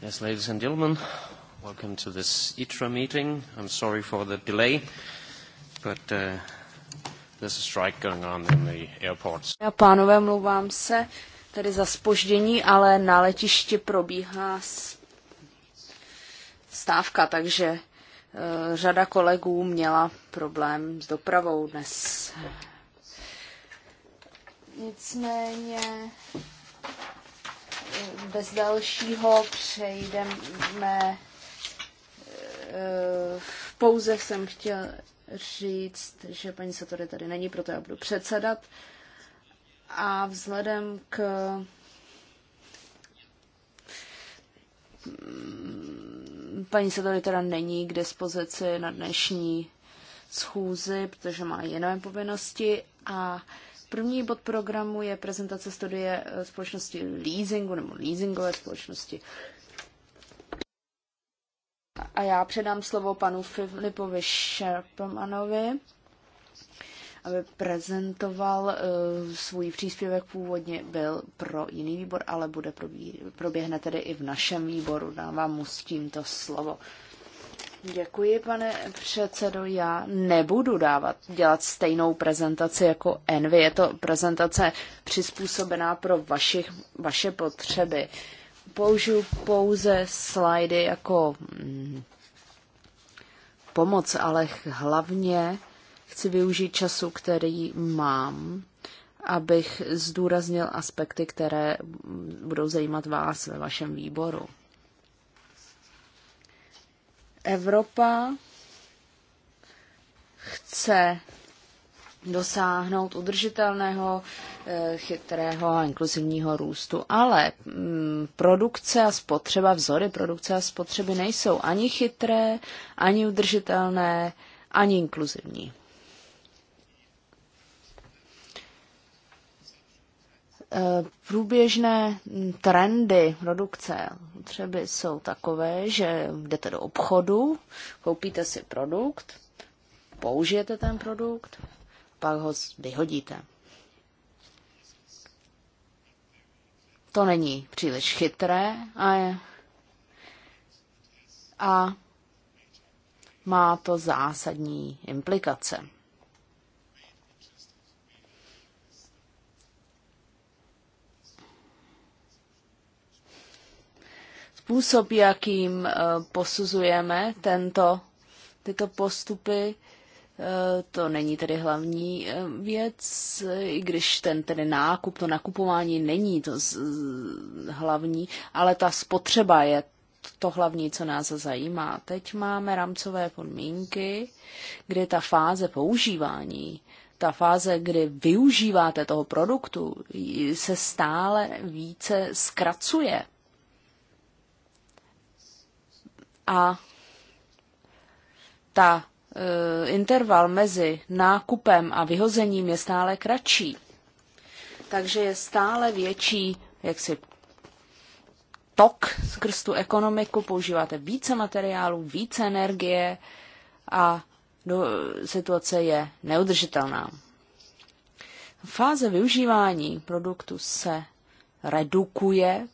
Yes, ladies and gentlemen, welcome to this ITRA meeting. I'm sorry for the delay, but uh, there's a strike going on in the airports. Já pánové, mluvám se tady za spoždění, ale na letišti probíhá stávka, takže uh, řada kolegů měla problém s dopravou dnes. Nicméně bez dalšího přejdeme. Eh, pouze jsem chtěl říct, že paní Satory tady není, proto já budu předsedat. A vzhledem k mm, paní Satory teda není k dispozici na dnešní schůzi, protože má jiné povinnosti a První bod programu je prezentace studie eh, společnosti leasingu nebo leasingové společnosti. A já předám slovo panu Filipovi Šerpmanovi, aby prezentoval uh, svůj příspěvek. Původně byl pro jiný výbor, ale bude probí, proběhne tedy i v našem výboru. Dávám mu s tímto slovo. Uh, Děkuji, pane předsedo. Já nebudu dávat dělat stejnou prezentaci jako Envy. Je to prezentace přizpůsobená pro vašich vaše potřeby. Použiju pouze slajdy jako mm, pomoc, ale hlavně chci využít času, který mám, abych zdůraznil aspekty, které budou zajímat vás ve vašem výboru. Evropa chce dosáhnout udržitelného, eh, chytrého a inkluzivního růstu. Ale mm, produkce a spotřeba, vzory produkce a spotřeby nejsou ani chytré, ani udržitelné, ani inkluzivní. Průběžné trendy produkce třeba jsou takové, že jdete do obchodu, koupíte si produkt, použijete ten produkt, pak ho vyhodíte. To není příliš chytré a, je, a má to zásadní implikace. Způsob, jakým eh, posuzujeme tento, tyto postupy, eh, to není tedy hlavní eh, věc, i když ten tedy nákup, to nakupování není to z, hlavní, ale ta spotřeba je to hlavní, co nás zajímá. Teď máme rámcové podmínky, kdy ta fáze používání, ta fáze, kdy využíváte toho produktu, se stále více zkracuje. A ta e, interval mezi nákupem a vyhozením je stále kratší. Takže je stále větší jak si tok skrz tu ekonomiku, používáte více materiálů, více energie a do, situace je neudržitelná. Fáze využívání produktu se redukuje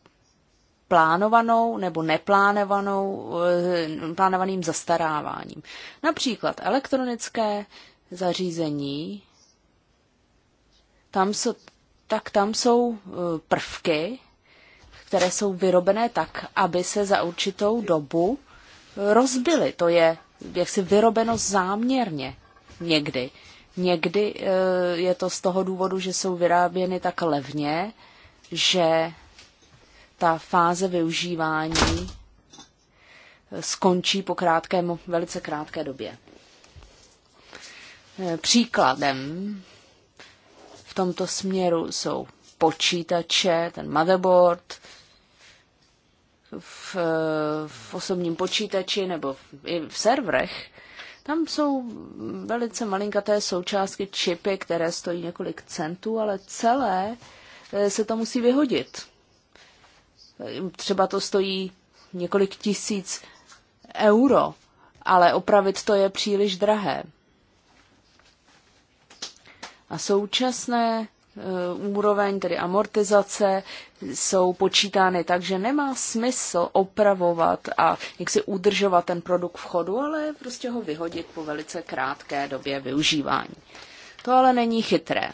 plánovanou nebo neplánovanou, eh, plánovaným zastaráváním. Například elektronické zařízení, tam jsou, tak tam jsou eh, prvky, které jsou vyrobené tak, aby se za určitou dobu rozbily. To je jaksi vyrobeno záměrně někdy. Někdy eh, je to z toho důvodu, že jsou vyráběny tak levně, že ta fáze využívání skončí po krátkém, velice krátké době. Eh, příkladem v tomto směru jsou počítače, ten motherboard, v, eh, v osobním počítači nebo v, i v serverech, tam jsou velice malinkaté součástky čipy, které stojí několik centů, ale celé eh, se to musí vyhodit. Třeba to stojí několik tisíc euro, ale opravit to je příliš drahé. A současné eh, úroveň, tedy amortizace, jsou počítány tak, že nemá smysl opravovat a jak si udržovat ten produkt v chodu, ale prostě ho vyhodit po velice krátké době využívání. To ale není chytré.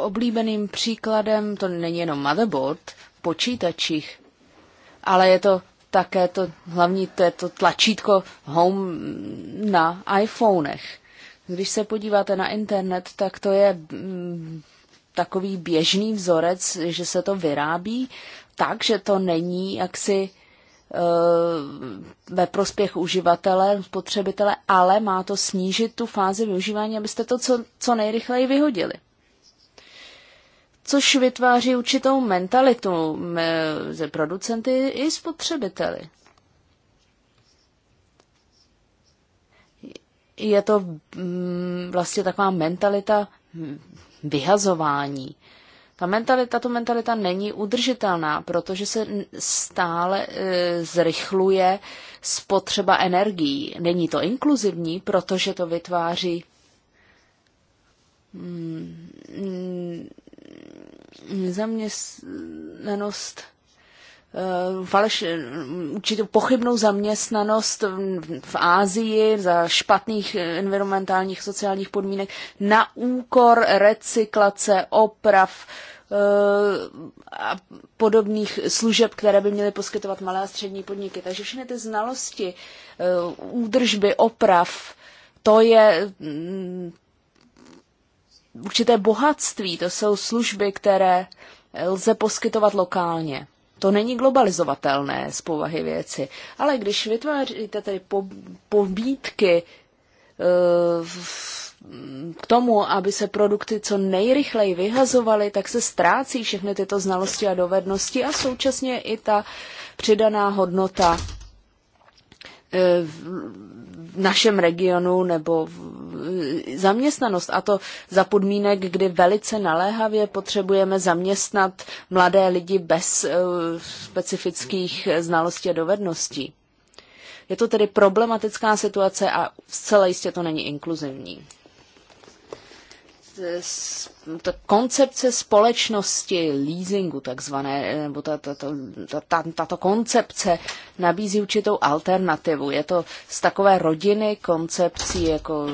Oblíbeným příkladem to není jenom motherboard počítačích, ale je to také to hlavní to, je to tlačítko home na iPhonech. Když se podíváte na internet, tak to je mm, takový běžný vzorec, že se to vyrábí tak, že to není jaksi eh, ve prospěch uživatele, spotřebitele, ale má to snížit tu fázi využívání, abyste to co, co nejrychleji vyhodili což vytváří určitou mentalitu ze producenty i spotřebiteli. Je to mm, vlastně taková mentalita mm, vyhazování. Ta mentalita, to mentalita není udržitelná, protože se stále e, zrychluje spotřeba energií. Není to inkluzivní, protože to vytváří mm, Zaměstnanost eh, faleš, určitou pochybnou zaměstnanost v Ázii za špatných environmentálních sociálních podmínek na úkor recyklace, oprav eh, a podobných služeb, které by měly poskytovat malé a střední podniky. Takže všechny ty znalosti, eh, údržby, oprav, to je mm, určité bohatství, to jsou služby, které lze poskytovat lokálně. To není globalizovatelné z povahy věci, ale když vytváříte tedy po, pobídky e, k tomu, aby se produkty co nejrychleji vyhazovaly, tak se ztrácí všechny tyto znalosti a dovednosti a současně i ta přidaná hodnota e, našem regionu nebo zaměstnanost. A to za podmínek, kdy velice naléhavě potřebujeme zaměstnat mladé lidi bez eh, specifických znalostí a dovedností. Je to tedy problematická situace a zcela jistě to není inkluzivní. Eh, koncepce společnosti leasingu takzvané, eh, nebo tato, tato, tato koncepce nabízí určitou alternativu. Je to z takové rodiny koncepcí jako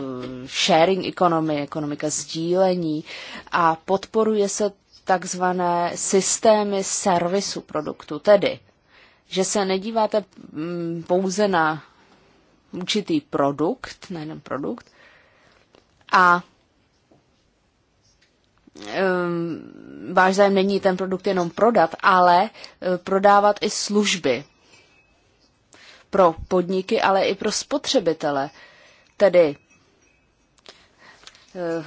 sharing economy, ekonomika sdílení a podporuje se takzvané systémy servisu produktu, tedy že se nedíváte mm, pouze na určitý produkt, nejenom produkt, a Ehm, váš zájem není ten produkt jenom prodat, ale eh, prodávat i služby pro podniky, ale i pro spotřebitele. Tedy eh,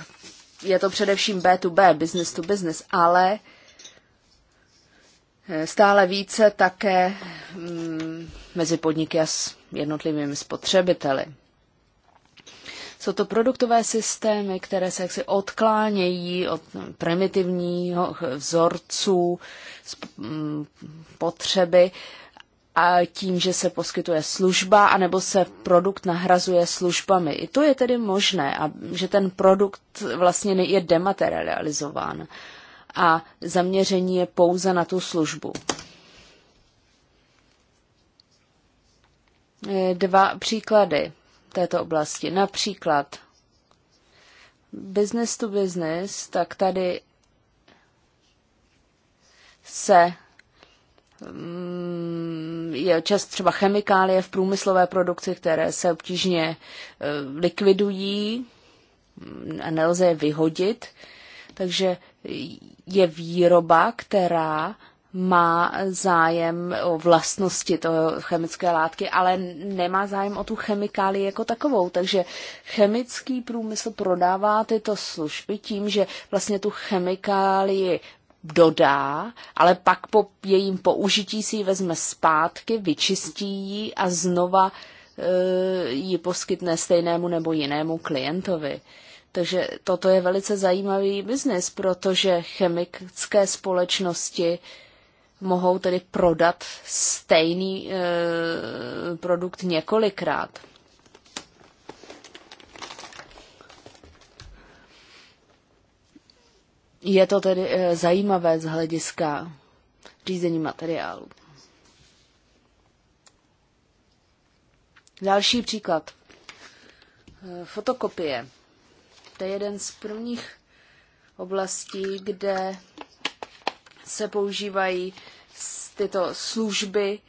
je to především B2B, business to business, ale eh, stále více také mm, mezi podniky a s jednotlivými spotřebiteli. Jsou to produktové systémy, které se jaksi odklánějí od primitivního vzorců mm, potřeby a tím, že se poskytuje služba, anebo se produkt nahrazuje službami. I to je tedy možné, a že ten produkt vlastně je dematerializován a zaměření je pouze na tu službu. Eh, dva příklady této oblasti. Například business to business, tak tady se mm, je čas třeba chemikálie v průmyslové produkci, které se obtížně e, likvidují mm, a nelze je vyhodit. Takže je výroba, která má zájem o vlastnosti toho chemické látky, ale nemá zájem o tu chemikálii jako takovou. Takže chemický průmysl prodává tyto služby tím, že vlastně tu chemikálii dodá, ale pak po jejím použití si ji vezme zpátky, vyčistí ji a znova e, ji poskytne stejnému nebo jinému klientovi. Takže toto je velice zajímavý biznis, protože chemické společnosti e, mohou tedy prodat stejný e, produkt několikrát. Je to tedy e, zajímavé z hlediska řízení materiálu. Další příklad. E, fotokopie. To je jeden z prvních oblastí, kde se používají tyto služby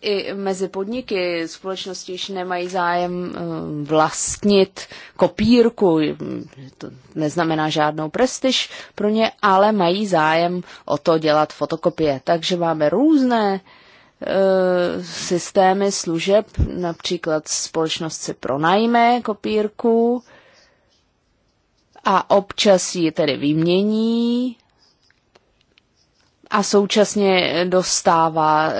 i mezi podniky. Společnosti již nemají zájem um, vlastnit kopírku, to neznamená žádnou prestiž pro ně, ale mají zájem o to dělat fotokopie. Takže máme různé uh, systémy služeb, například společnost si pronajme kopírku a občas ji tedy vymění a současně dostává eh,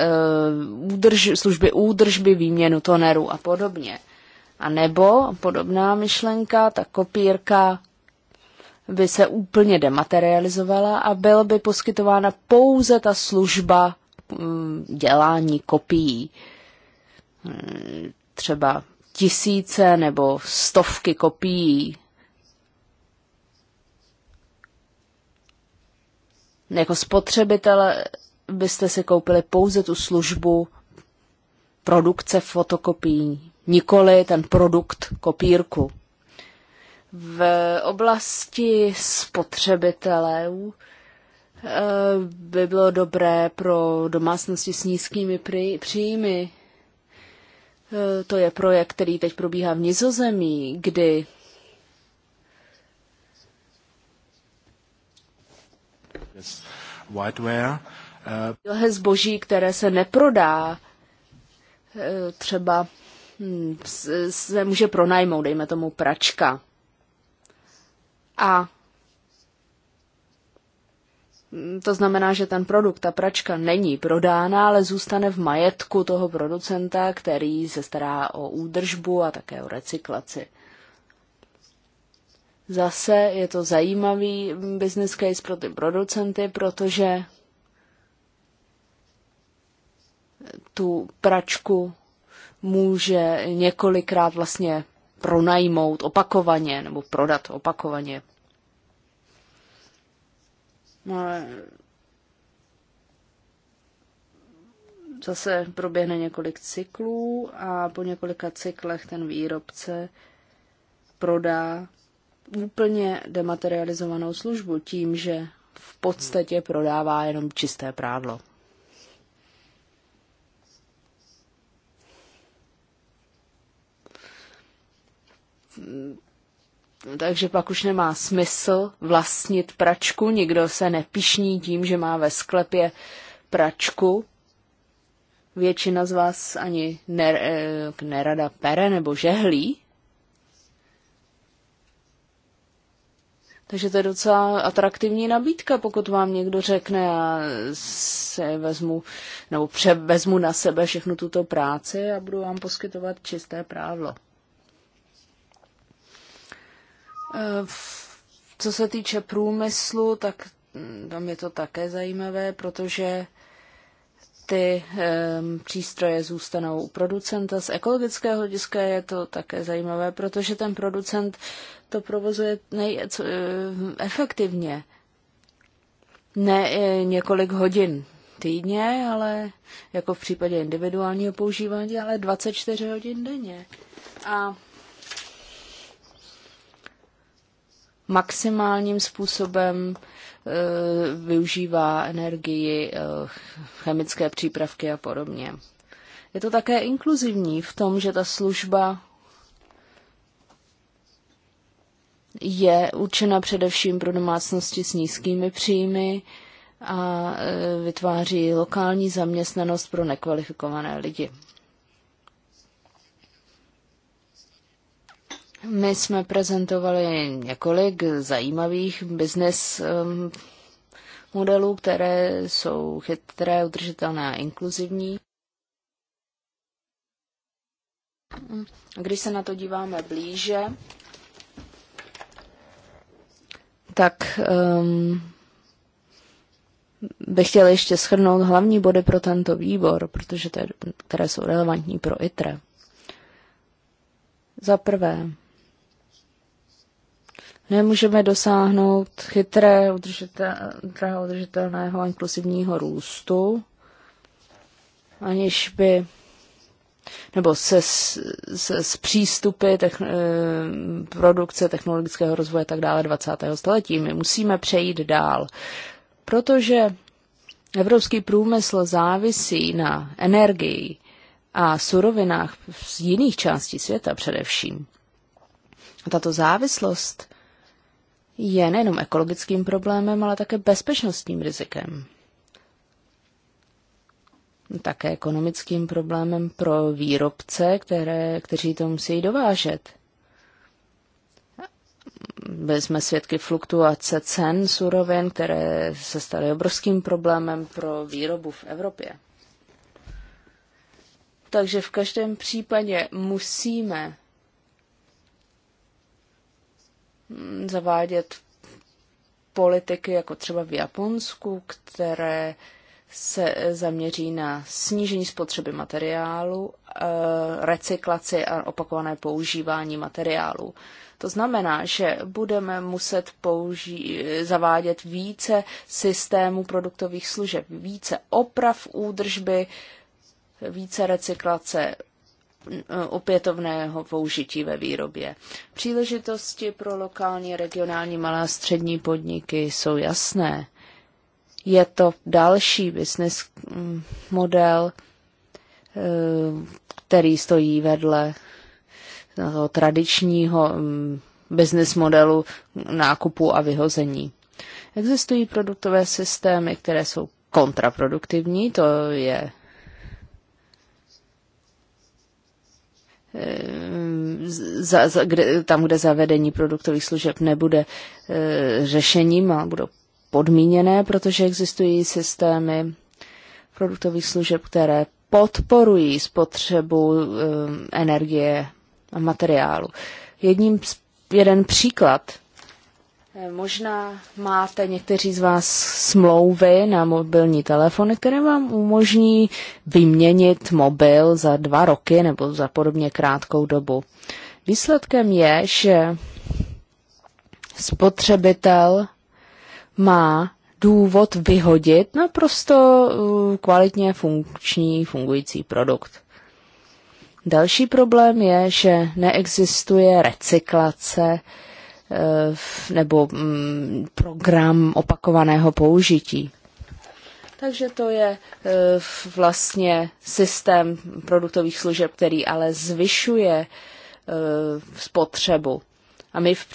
údrž, služby údržby, výměnu toneru a podobně. A nebo podobná myšlenka, ta kopírka by se úplně dematerializovala a byla by poskytována pouze ta služba mm, dělání kopií. Hmm, třeba tisíce nebo stovky kopií jako spotřebitel byste si koupili pouze tu službu produkce fotokopií, nikoli ten produkt kopírku. V oblasti spotřebitelů eh, by bylo dobré pro domácnosti s nízkými příjmy. Eh, to je projekt, který teď probíhá v Nizozemí, kdy Dlhé eh, zboží, které se neprodá, eh, třeba hm, se může pronajmout, dejme tomu pračka. A hm, to znamená, že ten produkt, ta pračka není prodána, ale zůstane v majetku toho producenta, který se stará o údržbu a také o recyklaci. Zase je to zajímavý business case pro ty producenty, protože tu pračku může několikrát vlastně pronajmout opakovaně nebo prodat opakovaně. No ale zase proběhne několik cyklů a po několika cyklech ten výrobce prodá úplně dematerializovanou službu tím, že v podstatě prodává jenom čisté prádlo. Takže pak už nemá smysl vlastnit pračku, nikdo se nepišní tím, že má ve sklepě pračku. Většina z vás ani ner, eh, nerada pere nebo žehlí, Takže to je docela atraktivní nabídka, pokud vám někdo řekne a se vezmu, nebo převezmu na sebe všechnu tuto práci a budu vám poskytovat čisté právlo. Eh, co se týče průmyslu, tak mm, tam je to také zajímavé, protože ty ehm, přístroje zůstanou u producenta. Z ekologického hlediska je to také zajímavé, protože ten producent to provozuje nej, co, eh, efektivně. Ne eh, několik hodin týdně, ale jako v případě individuálního používání, ale 24 hodin denně. A maximálním způsobem e, využívá energii, e, chemické přípravky a podobně. Je to také inkluzivní v tom, že ta služba je určena především pro domácnosti s nízkými příjmy a e, vytváří lokální zaměstnanost pro nekvalifikované lidi. My jsme prezentovali několik zajímavých business modelů, které jsou chytré, udržitelné a inkluzivní. Když se na to díváme blíže, tak um, bych chtěl ještě schrnout hlavní body pro tento výbor, protože to je, které jsou relevantní pro ITRE. Za prvé, nemůžeme dosáhnout chytré, udržitel, udržitelného a inkluzivního růstu, aniž by nebo se, se, s přístupy techn, eh, produkce, technologického rozvoje tak dále 20. století. My musíme přejít dál, protože evropský průmysl závisí na energii a surovinách z jiných částí světa především. Tato závislost je nejenom ekologickým problémem, ale také bezpečnostním rizikem také ekonomickým problémem pro výrobce, které, kteří to musí dovážet. Byli jsme svědky fluktuace cen surovin, které se staly obrovským problémem pro výrobu v Evropě. Takže v každém případě musíme zavádět politiky, jako třeba v Japonsku, které se eh, zaměří na snížení spotřeby materiálu, eh, recyklaci a opakované používání materiálu. To znamená, že budeme muset použí, eh, zavádět více systémů produktových služeb, více oprav údržby, více recyklace opětovného použití ve výrobě. Příležitosti pro lokální, regionální, malé a střední podniky jsou jasné je to další business model, eh, který stojí vedle toho tradičního mm, business modelu nákupu a vyhození. Existují produktové systémy, které jsou kontraproduktivní, to je eh, za, za, kde, tam, kde zavedení produktových služeb nebude e, řešením ale budou podmíněné, protože existují systémy produktových služeb, které podporují spotřebu e, energie a materiálu. Jedním, jeden příklad. Eh, možná máte někteří z vás smlouvy na mobilní telefony, které vám umožní vyměnit mobil za dva roky nebo za podobně krátkou dobu. Výsledkem je, že spotřebitel má důvod vyhodit naprosto uh, kvalitně funkční, fungující produkt. Další problém je, že neexistuje recyklace uh, nebo mm, program opakovaného použití. Takže to je uh, vlastně systém produktových služeb, který ale zvyšuje spotřebu. A my v,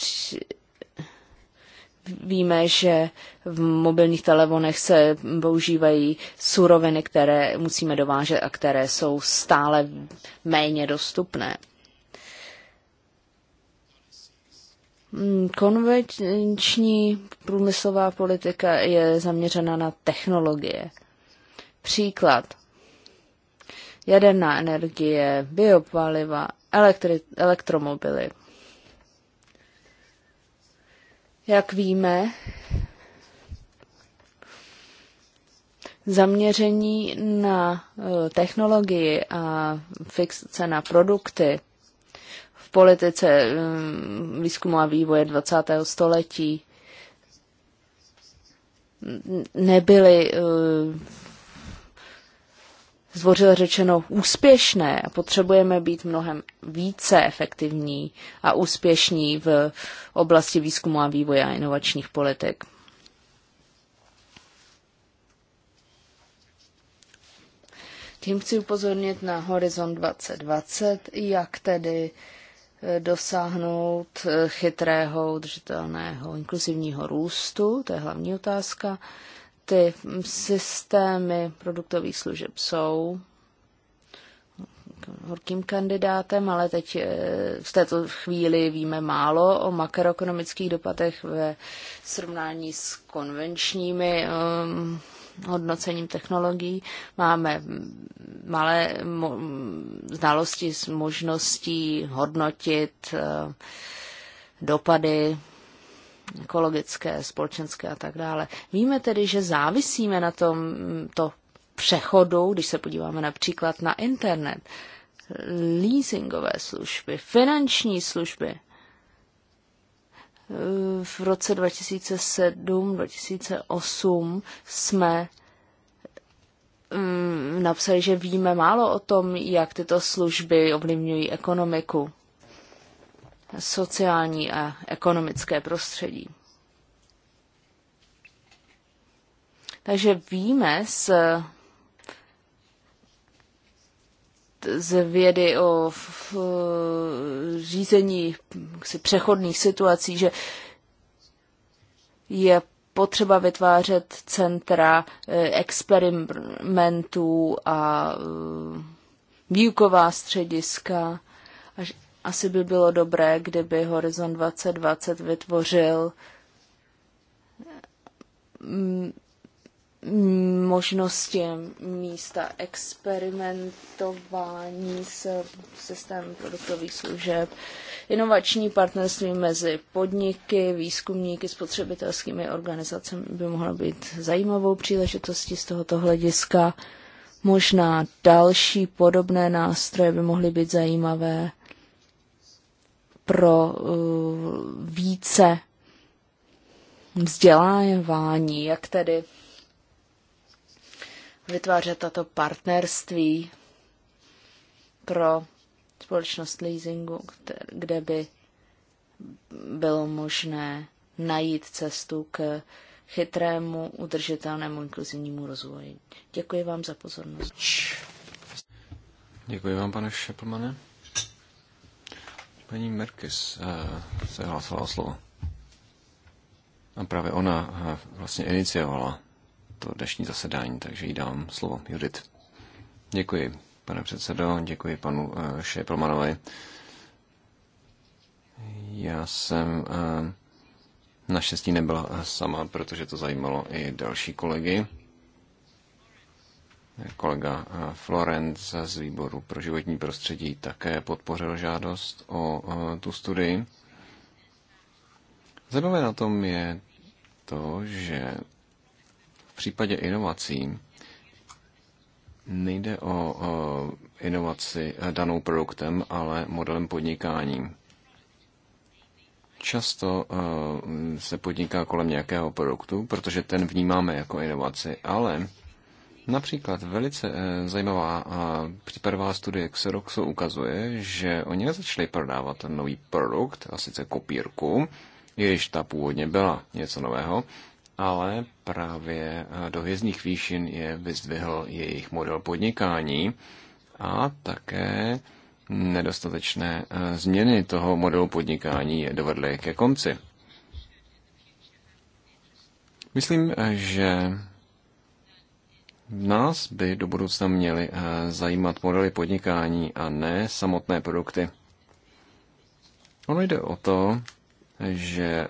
Víme, že v mobilních telefonech se používají suroviny, které musíme dovážet a které jsou stále méně dostupné. Hmm, konvenční průmyslová politika je zaměřena na technologie. Příklad. Jaderná energie, biopaliva, elektri- elektromobily, jak víme, zaměření na e, technologii a fixce na produkty v politice mm, výzkumu a vývoje 20. století nebyly e, zvořil řečeno úspěšné a potřebujeme být mnohem více efektivní a úspěšní v oblasti výzkumu a vývoje a inovačních politik. Tím chci upozornit na Horizon 2020, jak tedy eh, dosáhnout eh, chytrého, udržitelného, inkluzivního růstu, to je hlavní otázka ty systémy produktových služeb jsou horkým kandidátem, ale teď eh, v této chvíli víme málo o makroekonomických dopadech ve srovnání s konvenčními um, hodnocením technologií. Máme malé mo- znalosti s možností hodnotit uh, dopady ekologické, společenské a tak dále. Víme tedy, že závisíme na tom to přechodu, když se podíváme například na internet, leasingové služby, finanční služby. V roce 2007-2008 jsme mm, napsali, že víme málo o tom, jak tyto služby ovlivňují ekonomiku sociální a ekonomické prostředí. Takže víme z, z vědy o v, řízení si přechodných situací, že je potřeba vytvářet centra eh, experimentů a eh, výuková střediska, a asi by bylo dobré, kdyby Horizon 2020 vytvořil mm, mm, možnosti místa experimentování s systémem produktových služeb, inovační partnerství mezi podniky, výzkumníky, spotřebitelskými organizacemi by mohlo být zajímavou příležitostí z tohoto hlediska. Možná další podobné nástroje by mohly být zajímavé pro eh, více vzdělávání, jak tedy vytvářet tato partnerství pro společnost leasingu, kde by bylo možné najít cestu k chytrému, udržitelnému, inkluzivnímu rozvoji. Děkuji vám za pozornost. Děkuji vám, pane Šeplmane. Paní Merkis eh, se hlásila o slovo. A právě ona eh, vlastně iniciovala to dnešní zasedání, takže jí dám slovo. Judit. Děkuji, pane předsedo, děkuji panu eh, Šeplmanovi. Já jsem naštěstí nebyla sama, protože to zajímalo i další kolegy. Kolega eh, Florenc z výboru pro životní prostředí také podpořil žádost o eh, tu studii. Zajímavé na tom je to, že v případě inovací nejde o eh, inovaci danou produktem, ale modelem podnikání. Často se podniká kolem nějakého produktu, protože ten vnímáme jako inovaci, ale Například velice eh, zajímavá případová studie Xeroxu ukazuje, že oni nezačali prodávat nový produkt, a sice kopírku, jež ta původně byla něco nového, ale právě eh, do hvězdních výšin je vyzdvihl jejich model podnikání a také nedostatečné eh, změny toho modelu podnikání dovedly ke konci. Myslím, že Nás by do budoucna měly eh, zajímat modely podnikání a ne samotné produkty. Ono jde o to, že eh,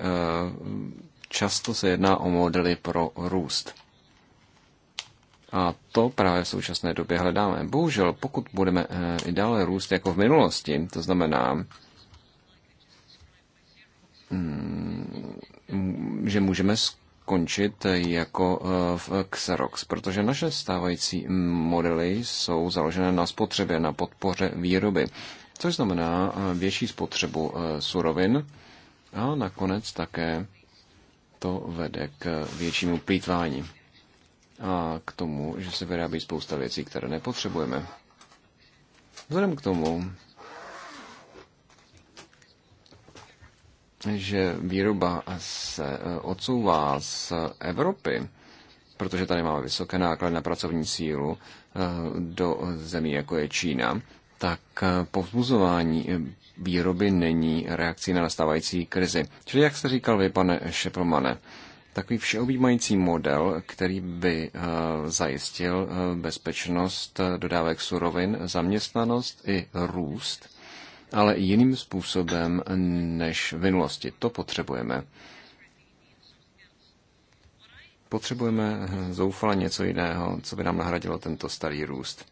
často se jedná o modely pro růst. A to právě v současné době hledáme. Bohužel, pokud budeme eh, i dále růst jako v minulosti, to znamená, mm, že můžeme končit jako eh, v Xerox, protože naše stávající modely jsou založené na spotřebě, na podpoře výroby, což znamená eh, větší spotřebu eh, surovin a nakonec také to vede k většímu plítvání a k tomu, že se vyrábí spousta věcí, které nepotřebujeme. Vzhledem k tomu, že výroba se e, odsouvá z Evropy, protože tady máme vysoké náklady na pracovní sílu e, do zemí, jako je Čína, tak e, povzbuzování výroby není reakcí na nastávající krizi. Čili, jak jste říkal vy, pane Šeplmane, takový všeobjímající model, který by zajistil bezpečnost dodávek surovin, zaměstnanost i růst, ale jiným způsobem než v minulosti. To potřebujeme. Potřebujeme hm, zoufale něco jiného, co by nám nahradilo tento starý růst.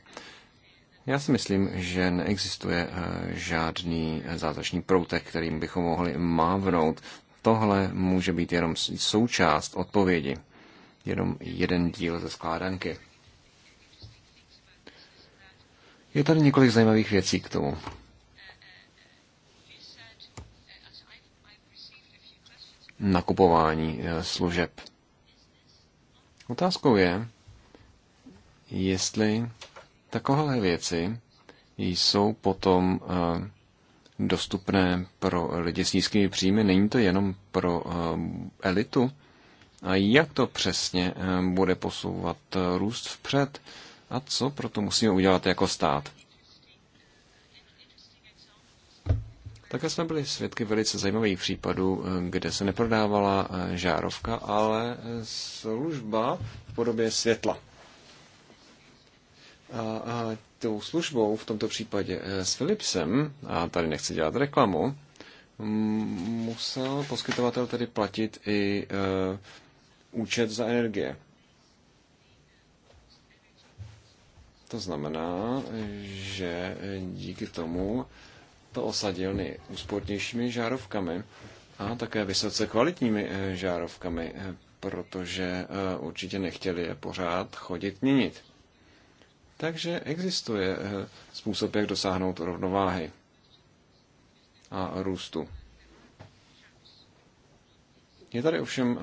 Já si myslím, že neexistuje hm, žádný zázračný proutek, kterým bychom mohli mávnout. Tohle může být jenom součást odpovědi, jenom jeden díl ze skládanky. Je tady několik zajímavých věcí k tomu. nakupování eh, služeb. Otázkou je, jestli takovéhle věci jsou potom eh, dostupné pro lidi s nízkými příjmy. Není to jenom pro eh, elitu? A jak to přesně bude posouvat růst vpřed? A co proto musíme udělat jako stát? Také jsme byli svědky velice zajímavých případů, eh, kde se neprodávala eh, žárovka, ale služba v podobě světla. A, a tou službou v tomto případě eh, s Philipsem, a tady nechci dělat reklamu, musel poskytovatel tedy platit i e, účet za energie. To znamená, že díky tomu to osadil úspornějšími žárovkami a také vysoce kvalitními eh, žárovkami, eh, protože eh, určitě nechtěli je pořád chodit měnit. Takže existuje způsob, jak dosáhnout rovnováhy a růstu. Je tady ovšem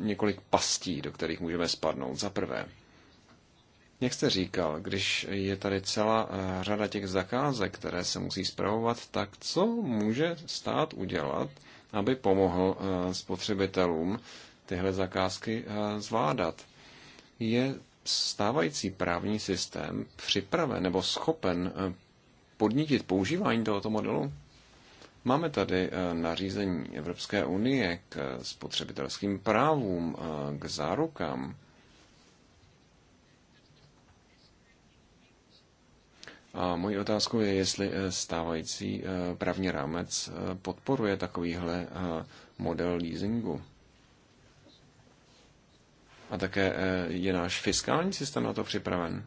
několik pastí, do kterých můžeme spadnout. Za prvé, jak jste říkal, když je tady celá eh, řada těch zakázek, které se musí zpravovat, tak co může stát udělat, aby pomohl eh, spotřebitelům tyhle zakázky eh, zvládat? Je stávající právní systém připraven nebo schopen podnítit používání tohoto modelu? Máme tady nařízení Evropské unie k spotřebitelským právům, k zárukám A mojí otázkou je, jestli eh, stávající eh, právní rámec eh, podporuje takovýhle model leasingu. A také je náš fiskální systém na to připraven.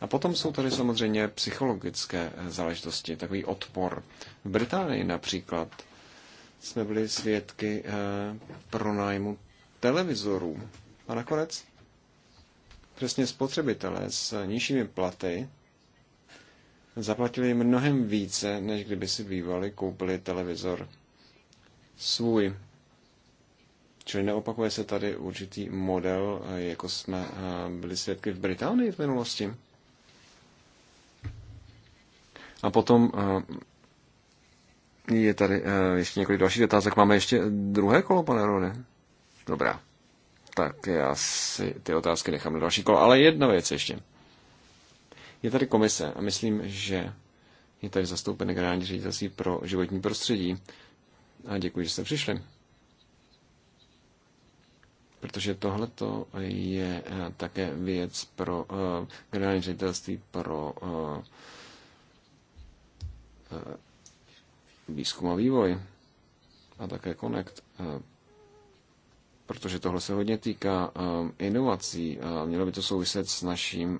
A potom jsou tady samozřejmě psychologické záležitosti, takový odpor. V Británii například jsme byli svědky pronájmu televizorů. A nakonec přesně spotřebitelé s nižšími platy zaplatili mnohem více, než kdyby si bývali koupili televizor svůj. Čili neopakuje se tady určitý model, jako jsme eh, byli svědky v Británii v minulosti. A potom eh, je tady eh, ještě několik dalších otázek. Máme ještě druhé kolo, pane Rony? Dobrá. Tak já si ty otázky nechám na další kolo. Ale jedna věc ještě. Je tady komise a myslím, že je tady zastoupen generální ředitelství pro životní prostředí. A děkuji, že jste přišli. Protože tohle je eh, také věc pro uh, generální ředitelství pro uh, výzkum a vývoj a také Connect, protože tohle se hodně týká inovací. Mělo by to souviset s naším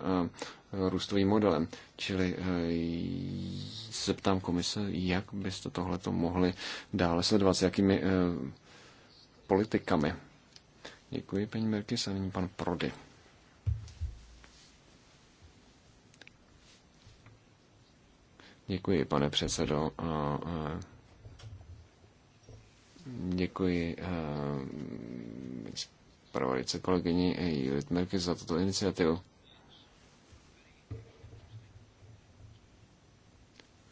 Eh, růstovým modelem. Čili eh, se ptám komise, jak byste tohleto mohli dále sledovat, s jakými eh, politikami. Děkuji, paní Merkis, a nyní pan Prody. Děkuji, pane předsedo. děkuji zpravodajce kolegyni Julit Merkis za tuto iniciativu.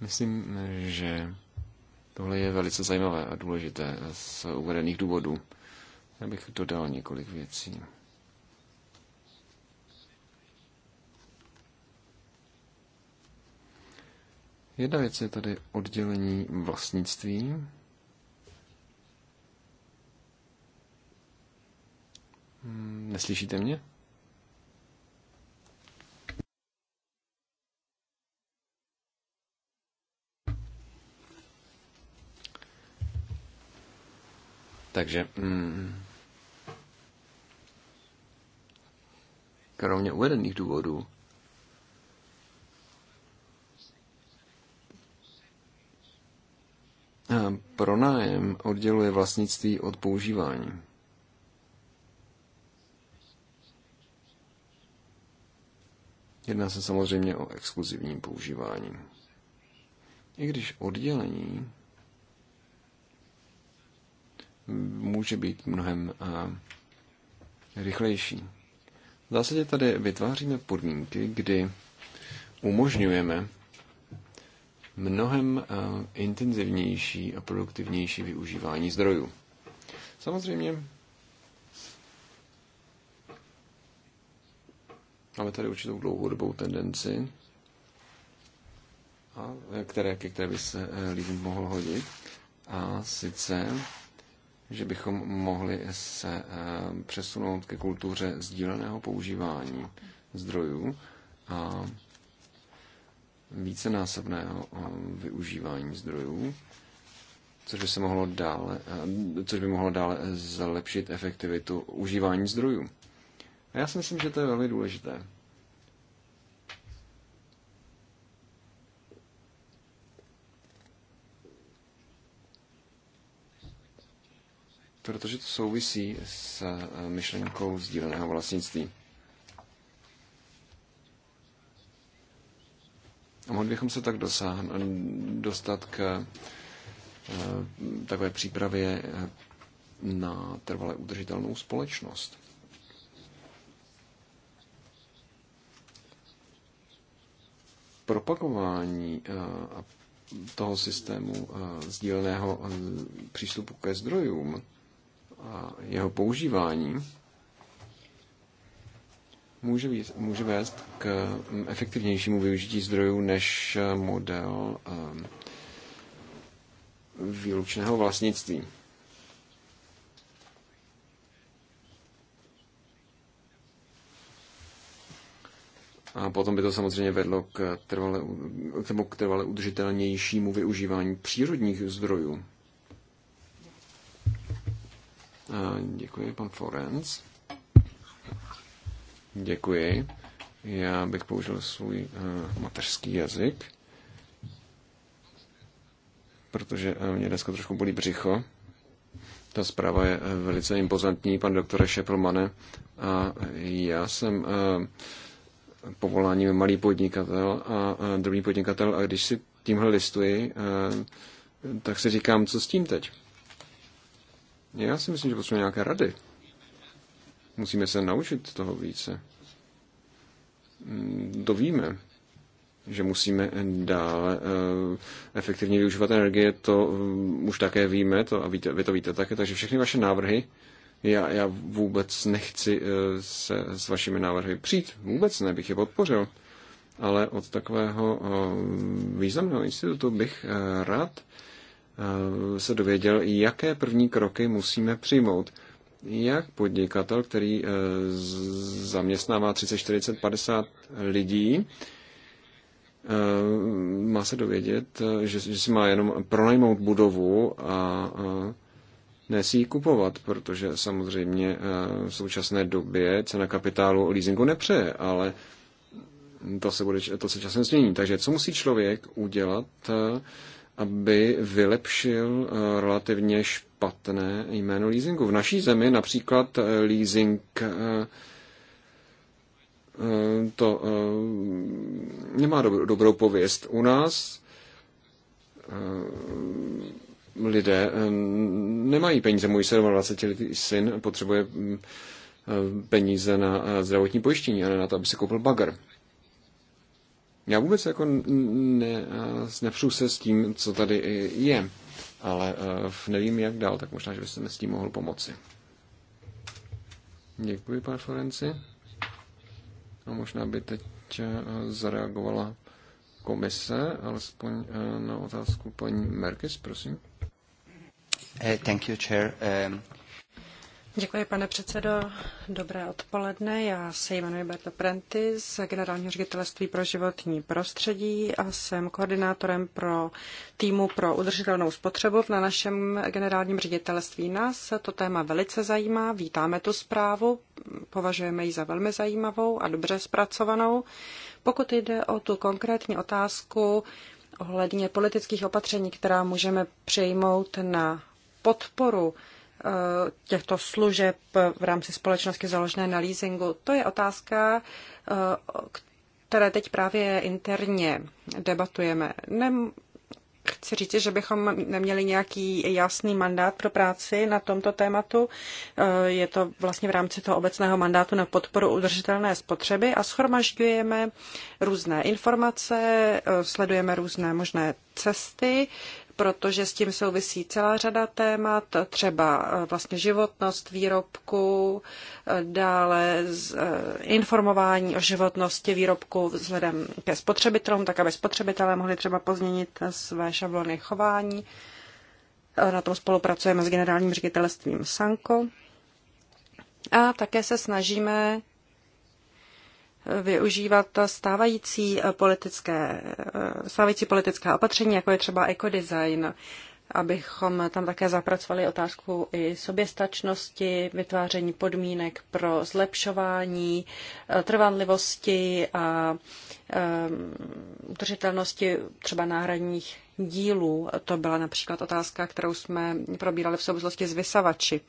Myslím, že tohle je velice zajímavé a důležité z uvedených důvodů. Já bych dodal několik věcí. Jedna věc je tady oddělení vlastnictví. Hmm, neslyšíte mě? Takže mm, kromě uvedených důvodů pronájem odděluje vlastnictví od používání. Jedná se samozřejmě o exkluzivní používání. I když oddělení může být mnohem eh, rychlejší. V zásadě tady vytváříme podmínky, kdy umožňujeme mnohem eh, intenzivnější a produktivnější využívání zdrojů. Samozřejmě máme tady určitou dlouhodobou tendenci, a které, ke které by se eh, lidem mohl hodit, a sice že bychom mohli se eh, přesunout ke kultuře sdíleného používání zdrojů a vícenásobného eh, využívání zdrojů, což by, se mohlo dále, eh, což by mohlo dále zlepšit efektivitu užívání zdrojů. A já si myslím, že to je velmi důležité. protože to souvisí s eh, myšlenkou sdíleného vlastnictví. A mohli bychom se tak dosáhn, dostat k eh, takové přípravě eh, na trvale udržitelnou společnost. Propagování toho systému sdíleného přístupu ke zdrojům a jeho používání může, víc, může vést k mm, efektivnějšímu využití zdrojů než eh, model eh, výlučného vlastnictví. A potom by to samozřejmě vedlo k trvale, k trvale udržitelnějšímu využívání přírodních zdrojů. Eh, děkuji, pan Florenc. Děkuji. Já bych použil svůj uh, mateřský jazyk, protože uh, mě dneska trošku bolí břicho. Ta zpráva je uh, velice impozantní, pan doktore Šeplmane. A já jsem uh, povoláním malý podnikatel a uh, druhý podnikatel a když si tímhle listuji, uh, tak si říkám, co s tím teď. Já si myslím, že potřebujeme nějaké rady. Musíme se naučit toho více. Dovíme, mm, že musíme dále eh, efektivně využívat energie, to mm, už také víme, to a víte, vy to víte také, takže všechny vaše návrhy, já, já vůbec nechci eh, se s vašimi návrhy přijít, vůbec ne, bych je podpořil, ale od takového eh, významného institutu bych rád Eh, se dověděl, jaké první kroky musíme přijmout. Jak podnikatel, který eh, zaměstnává 30, 40, 50 lidí, eh, má se dovědět, že, že si má jenom pronajmout budovu a ne si ji kupovat, protože samozřejmě v současné době cena kapitálu leasingu nepřeje, ale to se, bude, to se časem změní. Takže co musí člověk udělat, aby vylepšil eh, relativně špatné jméno leasingu. V naší zemi například eh, leasing eh, to nemá dobrou pověst. U nás lidé nemají peníze. Můj 27-letý syn potřebuje mm, peníze na zdravotní pojištění, ale na to, aby si koupil bagr. Já vůbec jako ne, nepřu se s tím, co tady je, ale e, nevím, jak dál, tak možná, že byste mi s tím mohl pomoci. Děkuji, pane Florenci. A no, možná by teď e, zareagovala komise, alespoň e, na otázku paní Merkis, prosím. Eh, thank you, Chair. Um... Děkuji, pane předsedo. Dobré odpoledne. Já se jmenuji Berta Prenty z Generálního ředitelství pro životní prostředí a jsem koordinátorem pro týmu pro udržitelnou spotřebu na našem generálním ředitelství. Nás to téma velice zajímá, vítáme tu zprávu, považujeme ji za velmi zajímavou a dobře zpracovanou. Pokud jde o tu konkrétní otázku ohledně politických opatření, která můžeme přijmout na podporu Eh, těchto služeb v rámci společnosti založené na leasingu. To je otázka, eh, které teď právě interně debatujeme. Nem, chci říct, že bychom neměli nějaký jasný mandát pro práci na tomto tématu. Eh, je to vlastně v rámci toho obecného mandátu na podporu udržitelné spotřeby a schromažďujeme různé informace, sledujeme různé možné cesty, protože s tím souvisí celá řada témat, třeba eh, vlastně životnost výrobku, eh, dále eh, informování o životnosti výrobku vzhledem ke spotřebitelům, tak aby spotřebitelé mohli třeba pozměnit své šablony chování. Na tom spolupracujeme s generálním ředitelstvím Sanko. A také se snažíme využívat stávající eh, politické, eh, stávající politická opatření, jako je třeba ekodesign, abychom tam také zapracovali otázku i soběstačnosti, vytváření podmínek pro zlepšování eh, trvanlivosti a ehm, udržitelnosti třeba náhradních dílů. To byla například otázka, kterou jsme probírali v souvislosti s vysavači.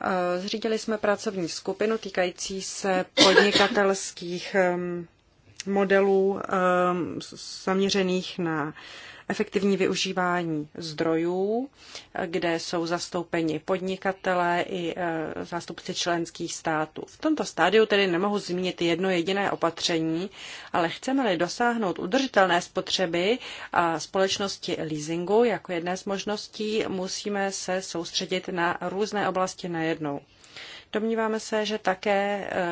Eh, zřídili jsme pracovní skupinu týkající se podnikatelských ehm, modelů ehm, zaměřených na efektivní využívání zdrojů, kde jsou zastoupeni podnikatelé i e, zástupci členských států. V tomto stádiu tedy nemohu zmínit jedno jediné opatření, ale chceme-li dosáhnout udržitelné spotřeby a společnosti leasingu jako jedné z možností, musíme se soustředit na různé oblasti najednou. Domníváme se, že také e,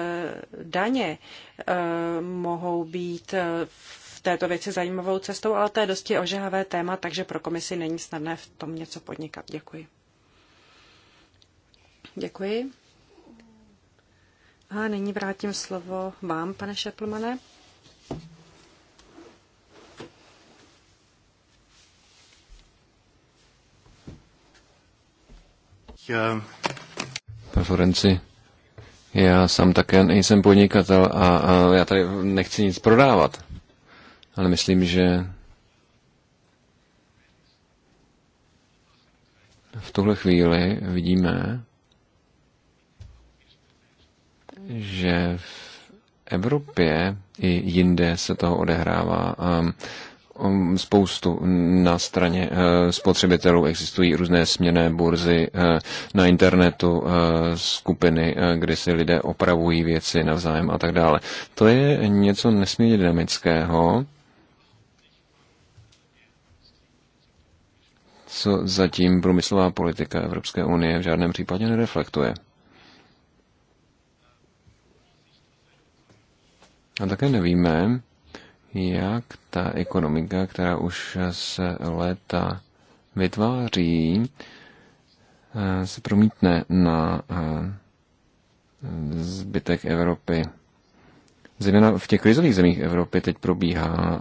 daně e, mohou být v v této věci zajímavou cestou, ale to je dosti ožehavé téma, takže pro komisi není snadné v tom něco podnikat. Děkuji. Děkuji. A nyní vrátím slovo vám, pane Šeplmane. Pane Florenci, já sám také nejsem podnikatel a, a já tady nechci nic prodávat ale myslím, že v tuhle chvíli vidíme, že v Evropě i jinde se toho odehrává ehm, ehm, spoustu na straně eh, spotřebitelů. Existují různé směné burzy eh, na internetu, eh, skupiny, kde si lidé opravují věci navzájem a tak dále. To je něco nesmírně dynamického co zatím průmyslová politika Evropské unie v žádném případě nereflektuje. A také nevíme, jak ta ekonomika, která už se léta vytváří, eh, se promítne na eh, zbytek Evropy zejména v těch krizových zemích Evropy teď probíhá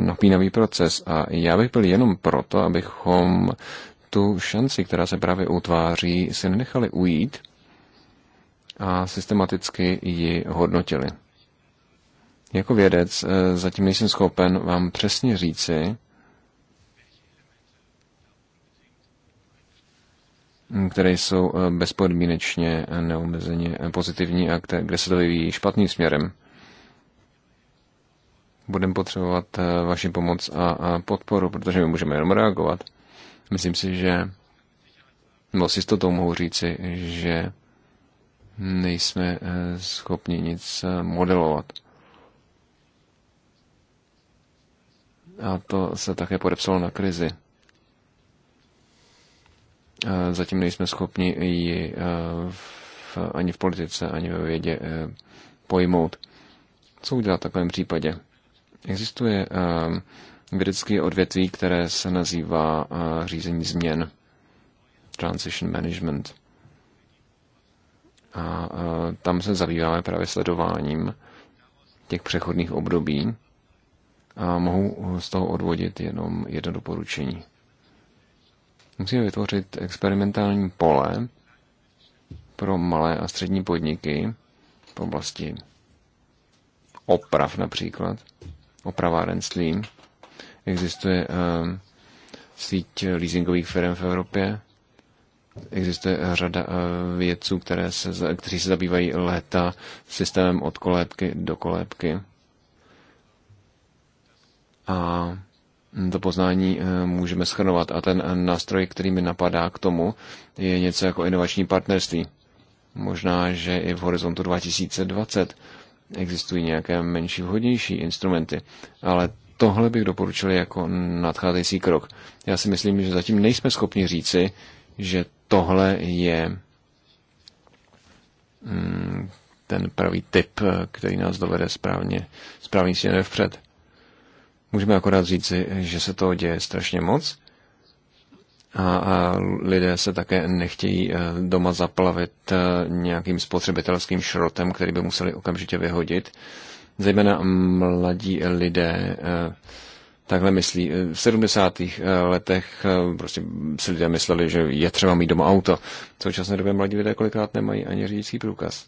napínavý proces a já bych byl jenom proto, abychom tu šanci, která se právě utváří, si nenechali ujít a systematicky ji hodnotili. Jako vědec e, zatím nejsem schopen vám přesně říci, které jsou e, bezpodmínečně e, neomezeně pozitivní a kde se to vyvíjí špatným směrem budeme potřebovat eh, vaši pomoc a, a podporu, protože my můžeme jenom reagovat. Myslím si, že, no s jistotou mohu říci, že nejsme eh, schopni nic eh, modelovat. A to se také podepsalo na krizi. Zatím nejsme schopni ji v, ani v politice, ani ve vědě pojmout. Co udělat v takovém případě? Existuje ehm, vědecké odvětví, které se nazývá eh, řízení změn, transition management. A eh, tam se zabýváme právě sledováním těch přechodných období a mohu z toho odvodit jenom jedno doporučení. Musíme vytvořit experimentální pole pro malé a střední podniky v oblasti oprav například, opravárenství. Existuje eh, síť leasingových firm v Evropě. Existuje řada eh, vědců, které se, kteří se zabývají léta systémem od kolébky do kolébky. A to poznání eh, můžeme schrnovat. A ten nástroj, který mi napadá k tomu, je něco jako inovační partnerství. Možná, že i v horizontu 2020 existují nějaké menší vhodnější instrumenty, ale tohle bych doporučil jako nadcházející krok. Já si myslím, že zatím nejsme schopni říci, že tohle je mm, ten pravý typ, který nás dovede správně, správně směrem vpřed. Můžeme akorát říci, že se toho děje strašně moc a lidé se také nechtějí eh, doma zaplavit eh, nějakým spotřebitelským šrotem, který by museli okamžitě vyhodit. Zejména mladí lidé eh, takhle myslí. V 70. letech prostě si lidé mysleli, že je třeba mít doma auto. V současné době mladí lidé kolikrát nemají ani řidičský průkaz.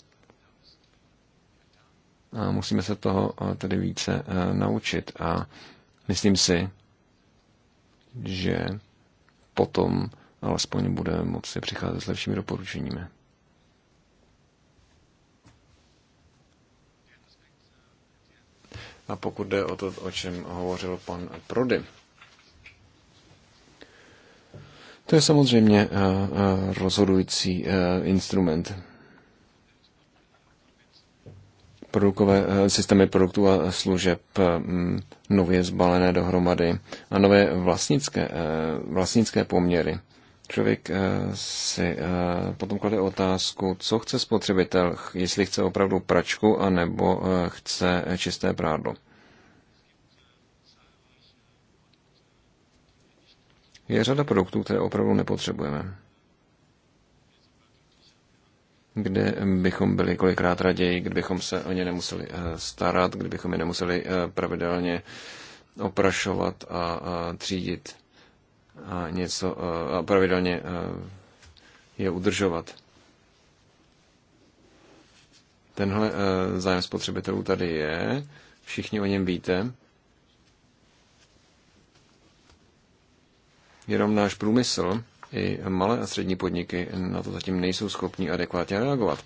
A musíme se toho tedy více naučit. A myslím si, že potom alespoň bude moci přicházet s lepšími doporučeními. A pokud jde o to, o čem hovořil pan Prody, to je samozřejmě eh, eh, rozhodující eh, instrument produkové, eh, systémy produktů a služeb mm, nově zbalené dohromady a nové vlastnické, eh, vlastnické poměry. Člověk eh, si potom klade otázku, co chce spotřebitel, jestli chce opravdu pračku, anebo chce čisté prádlo. Je řada produktů, které opravdu nepotřebujeme kde bychom byli kolikrát raději, kdybychom se o ně nemuseli eh, starat, kdybychom je nemuseli eh, pravidelně oprašovat a třídit a něco eh, a pravidelně je udržovat. Tenhle zájem spotřebitelů tady je, všichni o něm víte. Jenom náš průmysl i malé a střední podniky na to zatím nejsou schopní adekvátně reagovat.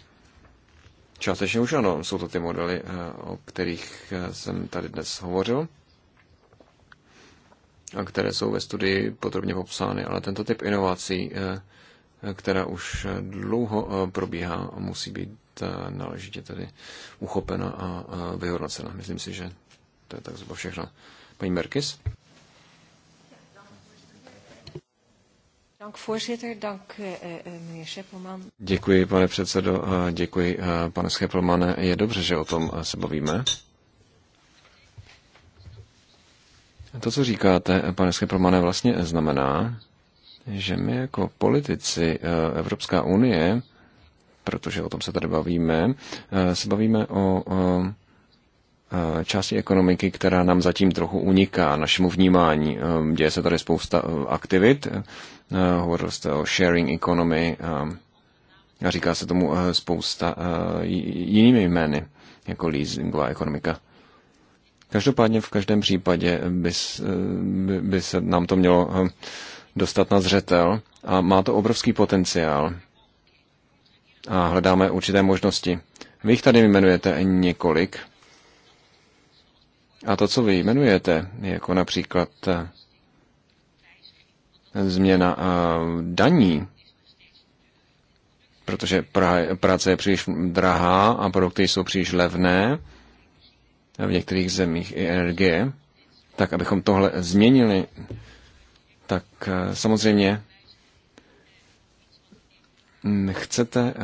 Částečně už ano, jsou to ty modely, eh, o kterých eh, jsem tady dnes hovořil a které jsou ve studii podrobně popsány, ale tento typ inovací, eh, která už dlouho probíhá, musí být náležitě tedy uchopena a vyhodnocena. Myslím si, že to je tak zhruba všechno. Paní Merkis? Eh, eh, eh, děkuji, pane předsedo, děkuji, pane Schepelmane. Je dobře, že o tom se bavíme. To, co říkáte, pane Schepelmane, vlastně znamená, že my jako politici Evropská unie, protože o tom se tady bavíme, se bavíme o Eh, části ekonomiky, která nám zatím trochu uniká našemu vnímání. Eh, děje se tady spousta eh, aktivit, hovořil jste o sharing economy, a říká se tomu spousta jinými jmény, jako leasingová ekonomika. Každopádně v každém případě by, by, by se nám to mělo dostat na zřetel a má to obrovský potenciál a hledáme určité možnosti. Vy jich tady jmenujete několik a to, co vy jmenujete, jako například eh, změna eh, daní, protože práce je příliš drahá a produkty jsou příliš levné, v některých zemích i energie, tak abychom tohle změnili, tak eh, samozřejmě chcete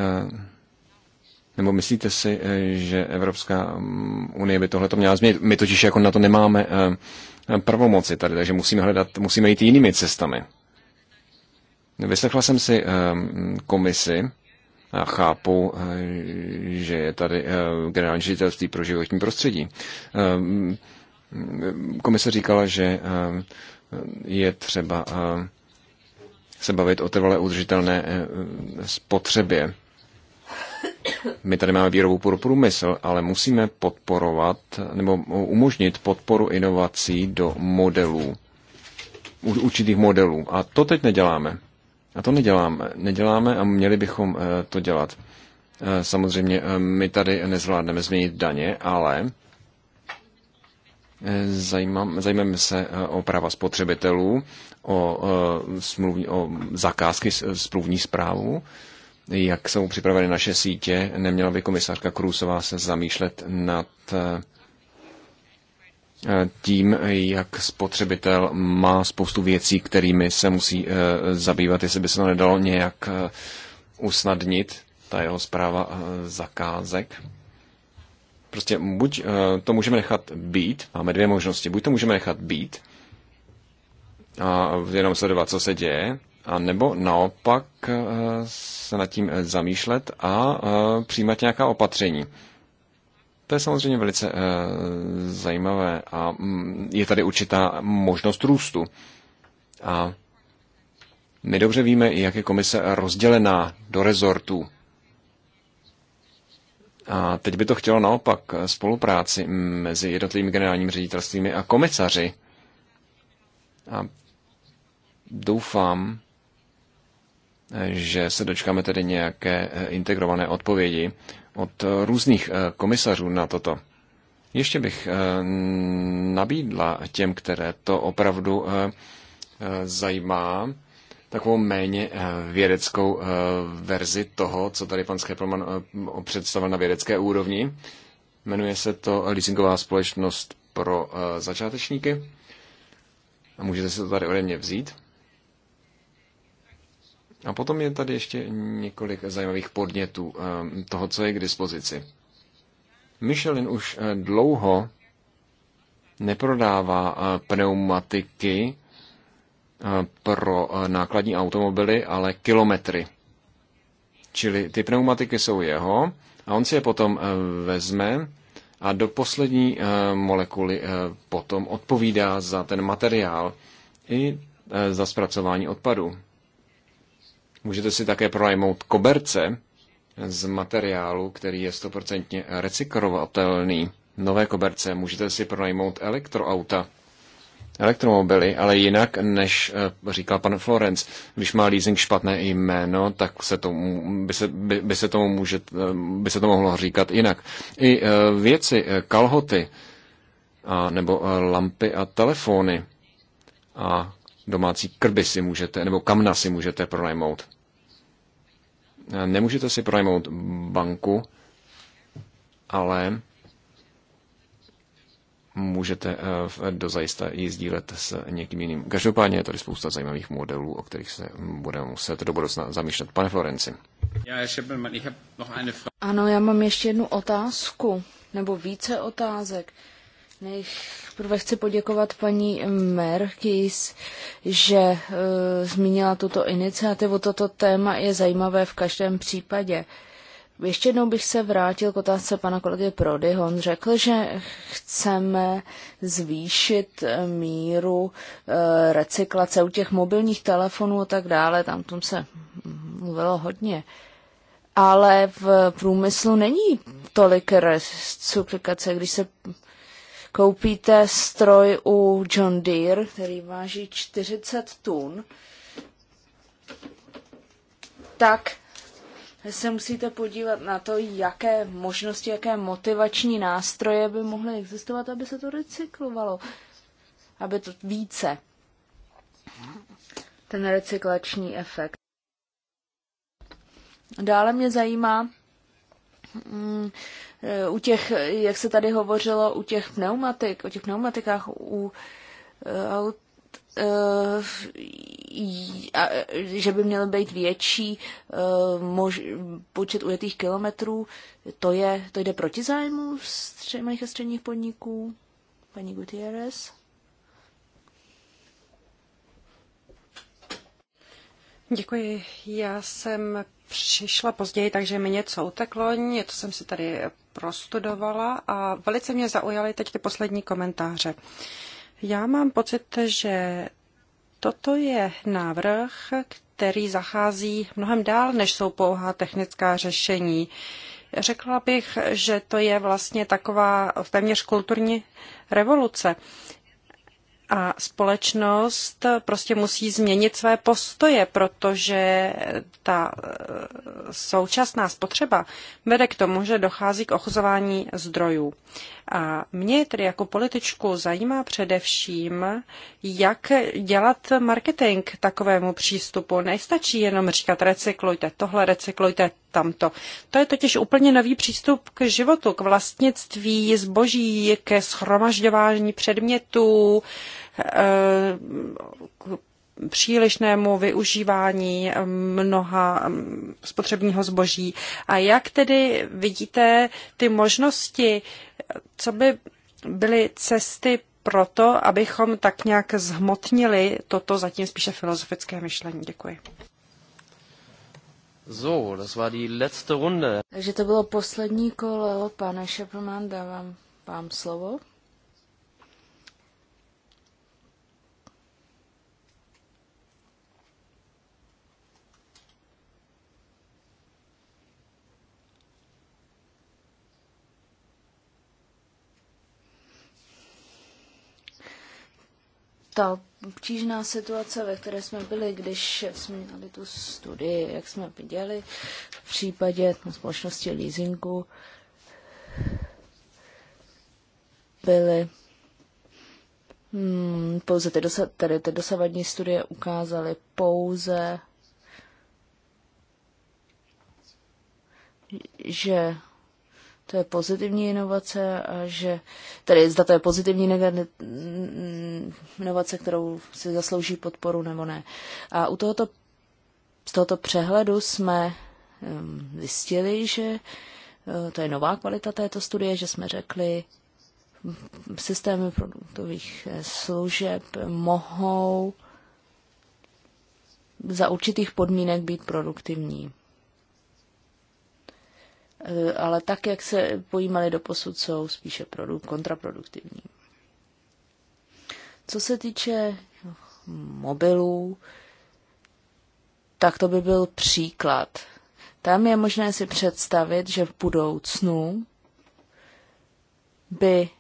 nebo myslíte si, eh, že Evropská mm, unie by tohle to měla změnit? My totiž jako na to nemáme eh, pravomoci tady, takže musíme hledat, musíme jít jinými cestami. Vyslechla jsem si eh, komisi a chápu, že je tady generální ředitelství pro životní prostředí. Komise říkala, že je třeba se bavit o trvalé udržitelné spotřebě my tady máme výrobu pro průmysl, ale musíme podporovat nebo umožnit podporu inovací do modelů, určitých modelů. A to teď neděláme. A to neděláme. Neděláme a měli bychom eh, to dělat. Eh, samozřejmě eh, my tady nezvládneme změnit daně, ale zajímáme se o práva spotřebitelů, o, smluvní, o zakázky, smluvní zprávou jak jsou připraveny naše sítě, neměla by komisařka Krůsová se zamýšlet nad eh, tím, jak spotřebitel má spoustu věcí, kterými se musí eh, zabývat, jestli by se to nedalo nějak eh, usnadnit, ta jeho zpráva zakázek. Prostě buď to můžeme nechat být, máme dvě možnosti, buď to můžeme nechat být a jenom sledovat, co se děje, a nebo naopak eh, se nad tím eh, zamýšlet a eh, přijímat nějaká opatření. To je samozřejmě velice zajímavé a mm, je tady určitá možnost růstu. A my dobře víme, jak je komise rozdělená do rezortů. A teď by to chtělo naopak spolupráci mezi jednotlivými generálními ředitelstvími a komisaři. A doufám, že se dočkáme tedy nějaké eh, integrované odpovědi od eh, různých eh, komisařů na toto. Ještě bych nabídla těm, které to opravdu zajímá, takovou méně vědeckou verzi toho, co tady pan Schepelman představil na vědecké úrovni. Jmenuje se to leasingová společnost pro začátečníky. A můžete si to tady ode mě vzít. A potom je tady ještě několik zajímavých podnětů eh, toho, co je k dispozici. Michelin už eh, dlouho neprodává eh, pneumatiky pro nákladní automobily, ale kilometry. Čili ty pneumatiky jsou jeho a on si je potom vezme a do poslední molekuly potom odpovídá za ten materiál i za zpracování odpadu. Můžete si také pronajmout koberce z materiálu, který je stoprocentně recyklovatelný. Nové koberce můžete si pronajmout elektroauta, elektromobily, ale jinak, než eh, říkal pan Florence, když má leasing špatné jméno, tak se tomu, by, se, by, by, se tomu může, eh, by se to mohlo říkat jinak. I eh, věci, kalhoty, a, nebo lampy a telefony a domácí krby si můžete, nebo kamna si můžete pronajmout. Nemůžete si pronajmout banku, ale můžete eh, dozajista ji sdílet s někým jiným. Každopádně je tady spousta zajímavých modelů, o kterých se budeme muset do budoucna zamýšlet. Pane Florenci. Ano, já mám ještě jednu otázku, nebo více otázek. Nech Prvé chci poděkovat paní Merkis, že e, zmínila tuto iniciativu. Toto téma je zajímavé v každém případě. Ještě jednou bych se vrátil k otázce pana kolegy Prody. On řekl, že chceme zvýšit e, míru e, recyklace u těch mobilních telefonů a tak dále. Tam tom se mluvilo hodně. Ale v průmyslu není tolik recyklace, když se koupíte stroj u John Deere, který váží 40 tun, tak se musíte podívat na to, jaké možnosti, jaké motivační nástroje by mohly existovat, aby se to recyklovalo, aby to více ten recyklační efekt. Dále mě zajímá mm, u těch, jak se tady hovořilo, u těch pneumatik, o těch pneumatikách u eh, aut, eh, že by měl být větší eh, mož, počet ujetých kilometrů, to, je, to jde proti zájmu střed, malých a středních podniků? Paní Gutierrez? Děkuji. Já jsem přišla později, takže mi něco uteklo, něco jsem si tady prostudovala a velice mě zaujaly teď ty poslední komentáře. Já mám pocit, že toto je návrh, který zachází mnohem dál, než jsou pouhá technická řešení. Řekla bych, že to je vlastně taková téměř kulturní revoluce. A společnost prostě musí změnit své postoje, protože ta eh, současná spotřeba vede k tomu, že dochází k ochuzování zdrojů. A mě tedy jako političku zajímá především, jak dělat marketing takovému přístupu. Nestačí jenom říkat recyklujte tohle, recyklujte tamto. To je totiž úplně nový přístup k životu, k vlastnictví zboží, ke schromažďování předmětů, eh, k přílišnému využívání eh, mnoha mm, spotřebního zboží. A jak tedy vidíte ty možnosti, co by byly cesty pro to, abychom tak nějak zhmotnili toto zatím spíše filozofické myšlení? Děkuji. So, das war die letzte Runde. Takže to bylo poslední kolo, pane Šeprman, dávám vám slovo. Tak obtížná situace, ve které jsme byli, když jsme měli tu studii, jak jsme viděli, v případě společnosti leasingu byly hmm, pouze ty, dosa, tedy ty dosavadní studie ukázaly pouze, že to je pozitivní inovace a že, tedy zda to je pozitivní inovace, kterou si zaslouží podporu nebo ne. A u tohoto, z tohoto přehledu jsme zjistili, že e, to je nová kvalita této studie, že jsme řekli, systémy produktových e, služeb mohou za určitých podmínek být produktivní. Eh, ale tak, jak se pojímali do posud, jsou spíše kontraproduktivní. Co se týče mobilů, tak to by byl příklad. Tam je možné si představit, že v budoucnu by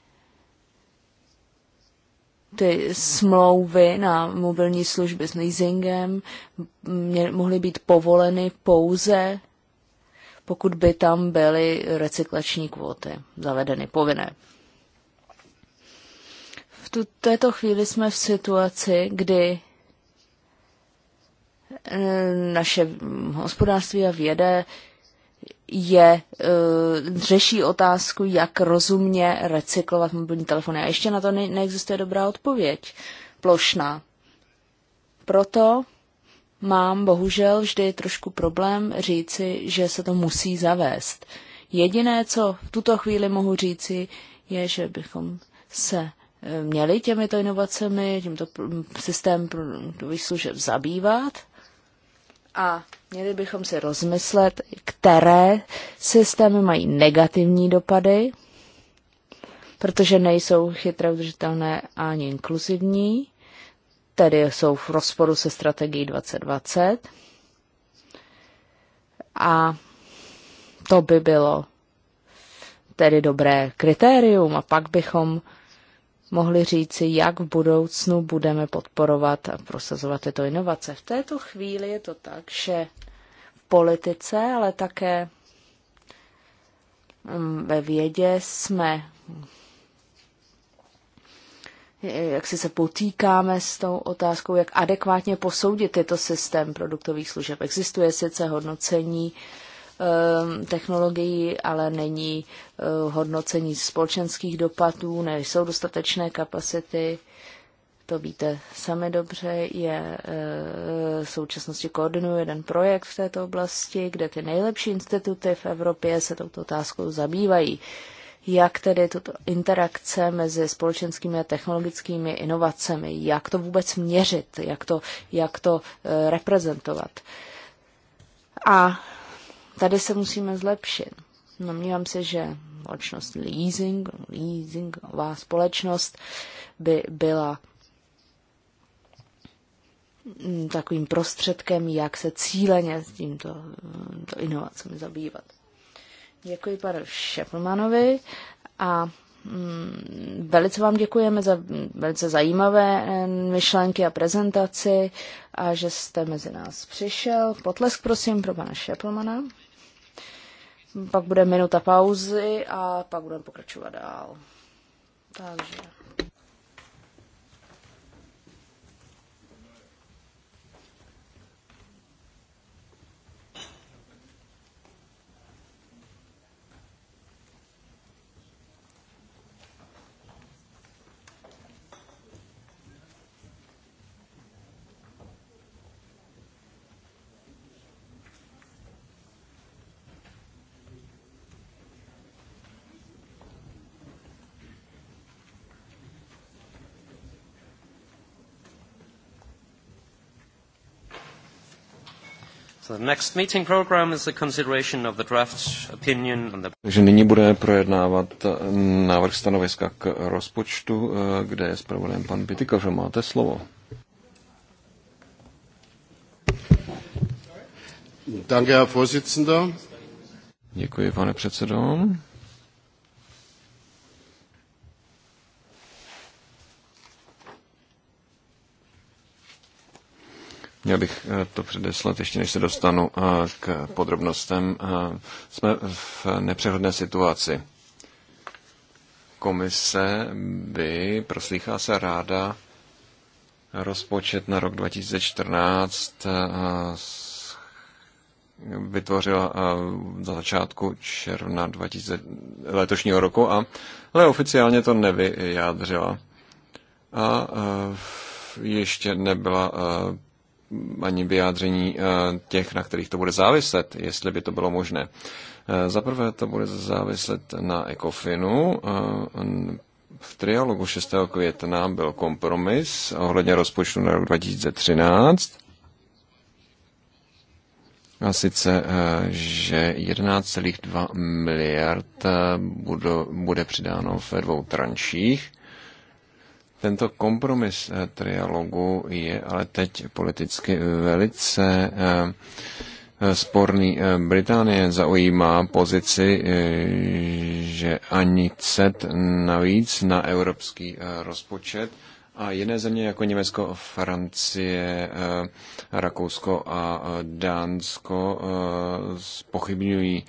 ty smlouvy na mobilní služby s leasingem mohly být povoleny pouze pokud by tam byly recyklační kvóty zavedeny, povinné. V tu, této chvíli jsme v situaci, kdy eh, naše hospodářství a věda je, eh, řeší otázku, jak rozumně recyklovat mobilní telefony. A ještě na to ne- neexistuje dobrá odpověď, plošná. Proto mám bohužel vždy trošku problém říci, že se to musí zavést. Jediné, co v tuto chvíli mohu říci, je, že bychom se eh, měli těmito inovacemi, tímto systém produktových služeb zabývat a měli bychom si rozmyslet, které systémy mají negativní dopady, protože nejsou chytré, udržitelné ani inkluzivní tedy jsou v rozporu se strategií 2020. A to by bylo tedy dobré kritérium a pak bychom mohli říci, jak v budoucnu budeme podporovat a prosazovat tyto inovace. V této chvíli je to tak, že v politice, ale také mm, ve vědě jsme jak si se potýkáme s tou otázkou, jak adekvátně posoudit tyto systém produktových služeb. Existuje sice hodnocení ehm, technologií, ale není eh, hodnocení společenských dopadů, nejsou dostatečné kapacity. To víte sami dobře, je eh, v současnosti koordinuje jeden projekt v této oblasti, kde ty nejlepší instituty v Evropě se touto otázkou zabývají jak tedy tuto interakce mezi společenskými a technologickými inovacemi, jak to vůbec měřit, jak to, jak to eh, reprezentovat. A tady se musíme zlepšit. Domnívám se, že společnost leasing, leasingová společnost by byla mm, takovým prostředkem, jak se cíleně s tímto eh, to inovacemi zabývat. Děkuji panu Šeplmanovi a mm, Velice vám děkujeme za velice zajímavé eh, myšlenky a prezentaci a že jste mezi nás přišel. Potlesk prosím pro pana Šeplmana. Pak bude minuta pauzy a pak budeme pokračovat dál. Takže. the next meeting program is the consideration of the draft opinion on the... Takže nyní bude projednávat eh, návrh stanoviska k rozpočtu, eh, kde je zpravodajem pan že Máte slovo. Danke, Herr Vorsitzender. Děkuji, pane předsedo. Měl bych eh, to předeslat, ještě než se dostanu eh, k podrobnostem. Eh, jsme v nepřehodné situaci. Komise by, proslýchá se ráda, rozpočet na rok 2014 vytvořila za začátku června 2000, letošního roku, a, ale oficiálně to nevyjádřila. A ještě nebyla ani vyjádření eh, těch, na kterých to bude záviset, jestli by to bylo možné. Eh, za prvé to bude záviset na ECOFINu. Eh, v trialogu 6. května byl kompromis ohledně rozpočtu na rok 2013. A sice, že 11,2 miliard bude přidáno ve dvou tranších tento kompromis eh, trialogu je ale teď politicky velice eh, eh, sporný. Británie zaujímá pozici, že ani cet navíc na evropský rozpočet a jiné země jako Německo, Francie, Rakousko a Dánsko spochybňují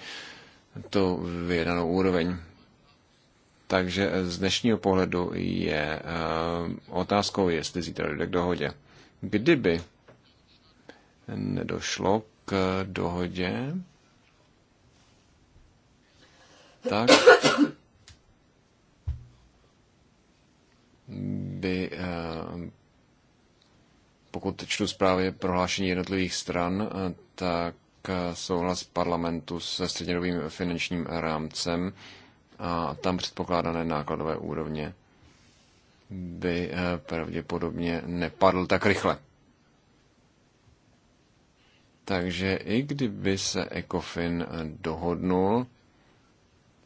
to vyjednanou úroveň. Takže z dnešního pohledu je eh, otázkou, jestli zítra dojde k dohodě. Kdyby nedošlo k dohodě, tak by, eh, pokud čtu zprávy prohlášení jednotlivých stran, eh, tak souhlas parlamentu se střednědobým finančním rámcem a tam předpokládané nákladové úrovně by eh, pravděpodobně nepadl tak rychle. Takže i kdyby se ECOFIN eh, dohodnul,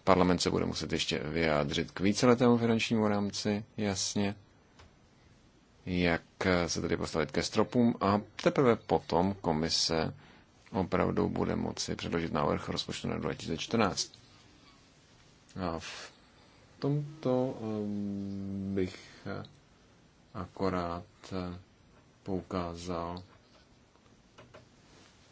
parlament se bude muset ještě vyjádřit k víceletému finančnímu rámci, jasně, jak eh, se tedy postavit ke stropům a teprve potom komise opravdu bude moci předložit návrh rozpočtu na 2014. A v tomto ehm, bych eh, akorát eh, poukázal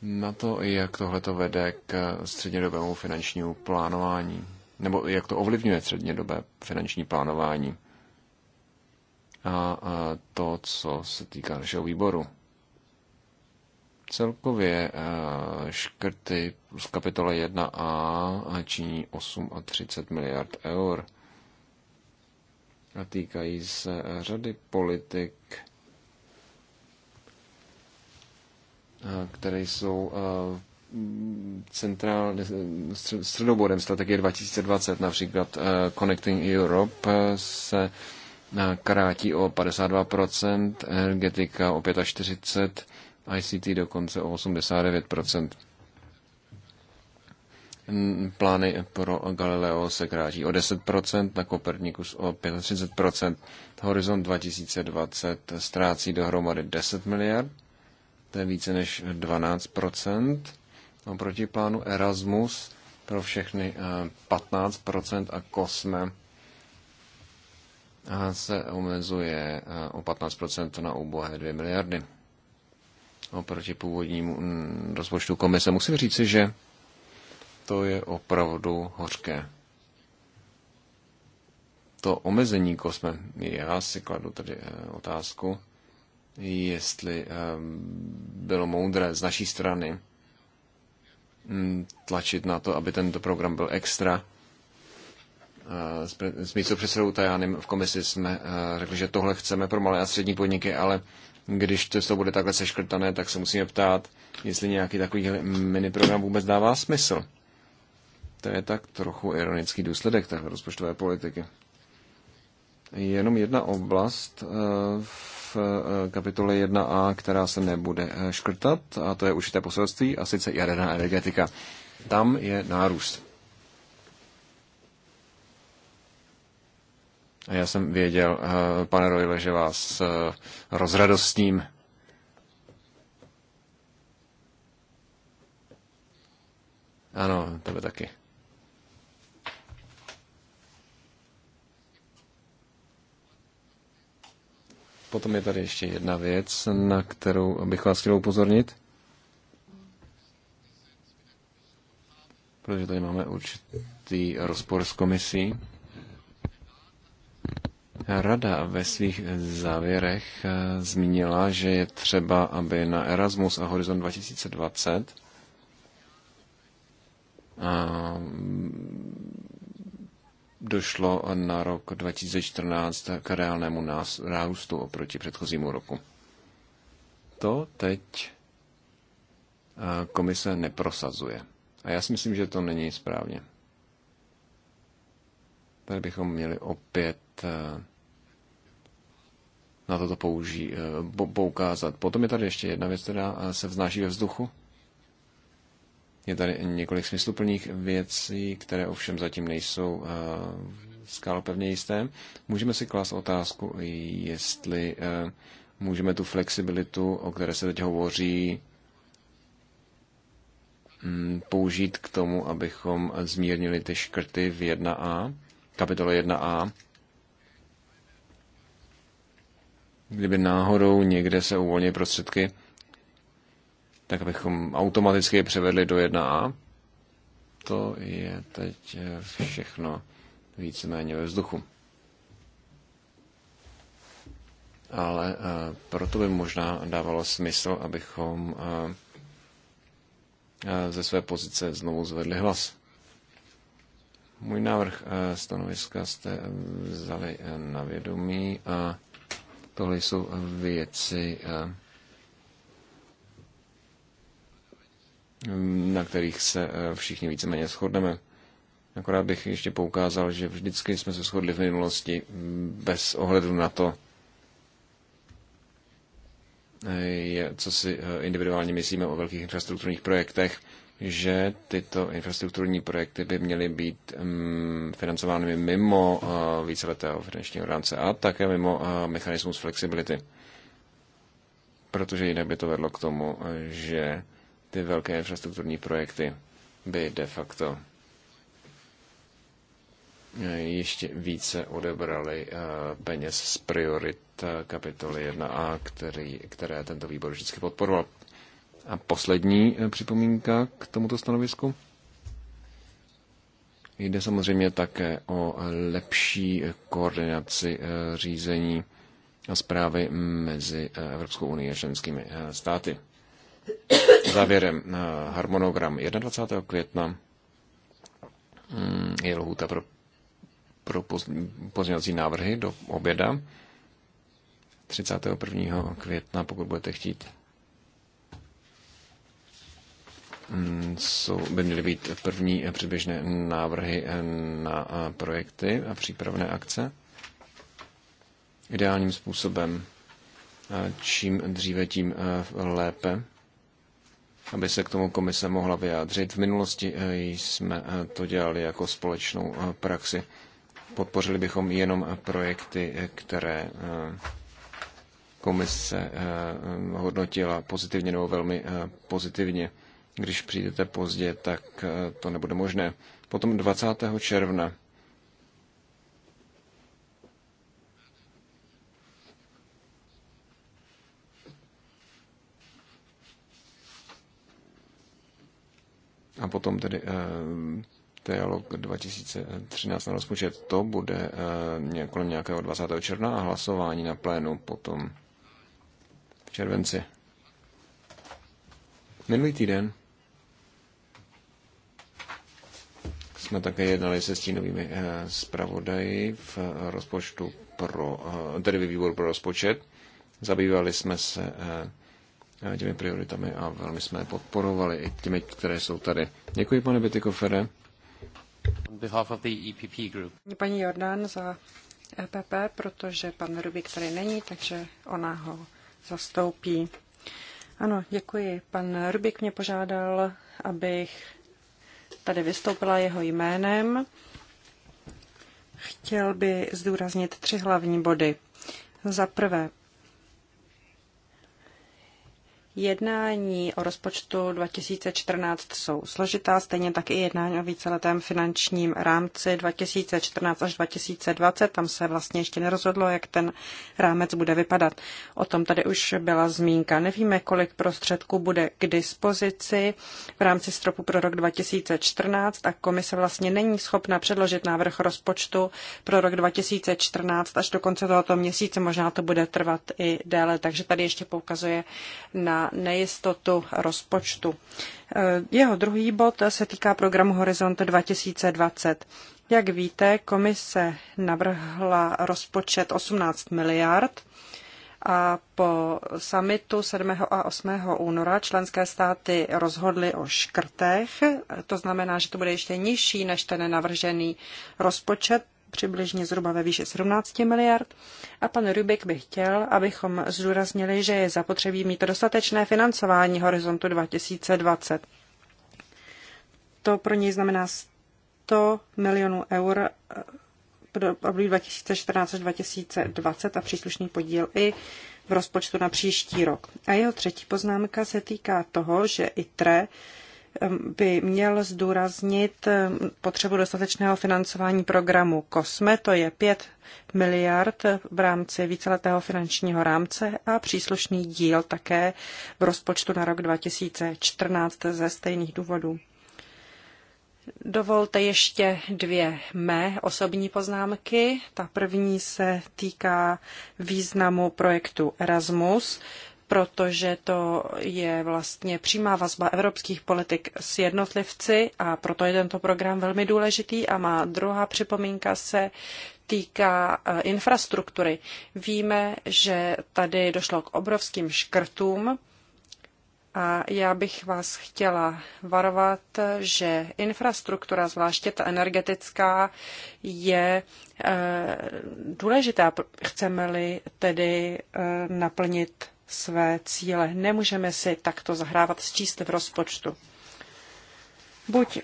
na to, jak tohle to vede k eh, střednědobému finančnímu plánování, nebo jak to ovlivňuje střednědobé finanční plánování a to, co se týká našeho výboru. Celkově eh, škrty z kapitoly 1a eh, činí 38 miliard eur a týkají se eh, řady politik, které jsou centrál, středobodem strategie 2020, například Connecting Europe se krátí o 52%, energetika o 45%, ICT dokonce o 89%. Plány pro Galileo se kráží o 10%, na Kopernikus o 35%. Horizont 2020 ztrácí dohromady 10 miliard, to je více než 12%. Oproti plánu Erasmus pro všechny 15% eh, a Kosme eh, se omezuje eh, o 15% na úbohé 2 miliardy oproti původnímu mm, rozpočtu komise. Musím říci, že to je opravdu hořké. To omezení kosme, já si kladu tady eh, otázku, jestli eh, bylo moudré z naší strany mm, tlačit na to, aby tento program byl extra. Eh, s předsedou Tajánem v komisi jsme řekli, že tohle chceme pro malé a střední podniky, ale když to, se bude takhle seškrtané, tak se musíme ptát, jestli nějaký takový program vůbec dává smysl. To je tak trochu ironický důsledek takhle rozpočtové politiky. Jenom jedna oblast eh, v eh, kapitole 1a, která se nebude eh, škrtat, a to je určité poselství, a sice jaderná energetika. Tam je nárůst. Já jsem věděl, eh, pane Rojle, že vás eh, rozradostním. Ano, tebe taky. Potom je tady ještě jedna věc, na kterou bych vás chtěl upozornit. Protože tady máme určitý rozpor s komisí. Rada ve svých závěrech eh, zmínila, že je třeba, aby na Erasmus a Horizon 2020 mm, došlo na rok 2014 k reálnému nárůstu oproti předchozímu roku. To teď eh, komise neprosazuje. A já si myslím, že to není správně. Tady bychom měli opět Eh, na toto použí, eh, poukázat. Potom je tady ještě jedna věc, která eh, se vznáší ve vzduchu. Je tady několik smysluplných věcí, které ovšem zatím nejsou pevně jisté. Můžeme si klást otázku, jestli můžeme tu flexibilitu, o které se teď hovoří, mm, použít k tomu, abychom zmírnili ty škrty v 1a, kapitole 1a, kdyby náhodou někde se uvolnili prostředky, tak abychom automaticky je převedli do 1A. To je teď všechno víceméně ve vzduchu. Ale eh, proto by možná dávalo smysl, abychom eh, eh, ze své pozice znovu zvedli hlas. Můj návrh stanoviska jste vzali na vědomí a Tohle jsou věci, eh, na kterých se eh, všichni víceméně shodneme. Akorát bych ještě poukázal, že vždycky jsme se shodli v minulosti bez ohledu na to, eh, co si individuálně myslíme o velkých infrastrukturních projektech že tyto infrastrukturní projekty by měly být mm, financovány mimo eh, víceletého finančního rámce a také mimo eh, mechanismus flexibility. Protože jinak by to vedlo k tomu, že ty velké infrastrukturní projekty by de facto eh, ještě více odebrali peněz z priorit kapitoly 1a, který, které tento výbor vždycky podporoval. A poslední eh, připomínka k tomuto stanovisku. Jde samozřejmě také o lepší koordinaci eh, řízení a zprávy mezi eh, Evropskou unii a členskými státy. Závěrem harmonogram 21. května mm, je lhůta pro, pro pozměňovací návrhy do oběda 31. května, pokud budete chtít. Mm, jsou, by měly být první předběžné návrhy eh, na eh, projekty a přípravné akce. Ideálním způsobem, eh, čím dříve, tím lépe, aby se k tomu komise mohla vyjádřit. V minulosti jsme to dělali jako společnou praxi. Podpořili bychom jenom projekty, které komise hodnotila pozitivně nebo velmi pozitivně. Když přijdete pozdě, tak eh, to nebude možné. Potom 20. června a potom tedy dialog eh, 2013 na rozpočet. To bude eh, kolem nějakého 20. června a hlasování na plénu potom v červenci. Minulý týden jsme také jednali se stínovými eh, zpravodaji v rozpočtu pro, eh, tedy ve výboru pro rozpočet. Zabývali jsme se eh, těmi prioritami a velmi jsme je podporovali i těmi, které jsou tady. Děkuji, pane Bitikofere. E paní Jordán za EPP, protože pan Rubik tady není, takže ona ho zastoupí. Ano, děkuji. Pan Rubik mě požádal, abych tady vystoupila jeho jménem. Chtěl by zdůraznit tři hlavní body. Za prvé, Jednání o rozpočtu 2014 jsou složitá, stejně tak i jednání o víceletém finančním rámci 2014 až 2020. Tam se vlastně ještě nerozhodlo, jak ten rámec bude vypadat. O tom tady už byla zmínka. Nevíme, kolik prostředků bude k dispozici v rámci stropu pro rok 2014 a komise vlastně není schopna předložit návrh rozpočtu pro rok 2014 až do konce tohoto měsíce. Možná to bude trvat i déle, takže tady ještě poukazuje na nejistotu rozpočtu. Eh, jeho druhý bod se týká programu Horizont 2020. Jak víte, komise navrhla rozpočet 18 miliard a po samitu 7. a 8. února členské státy rozhodly o škrtech. To znamená, že to bude ještě nižší než ten navržený rozpočet přibližně zhruba ve výši 17 miliard. A pan Rubik by chtěl, abychom zdůraznili, že je zapotřebí mít dostatečné financování horizontu 2020. To pro něj znamená 100 milionů eur eh, pro období 2014 až 2020 a příslušný podíl i v rozpočtu na příští rok. A jeho třetí poznámka se týká toho, že ITRE by měl zdůraznit eh, potřebu dostatečného financování programu COSME, to je 5 miliard v rámci víceletého finančního rámce a příslušný díl také v rozpočtu na rok 2014 ze stejných důvodů. Dovolte ještě dvě mé osobní poznámky. Ta první se týká významu projektu Erasmus protože to je vlastně přímá vazba evropských politik s jednotlivci a proto je tento program velmi důležitý. A má druhá připomínka se týká eh, infrastruktury. Víme, že tady došlo k obrovským škrtům a já bych vás chtěla varovat, že infrastruktura, zvláště ta energetická, je eh, důležitá, chceme-li tedy eh, naplnit své cíle. Nemůžeme si takto zahrávat s čísly v rozpočtu. Buď e,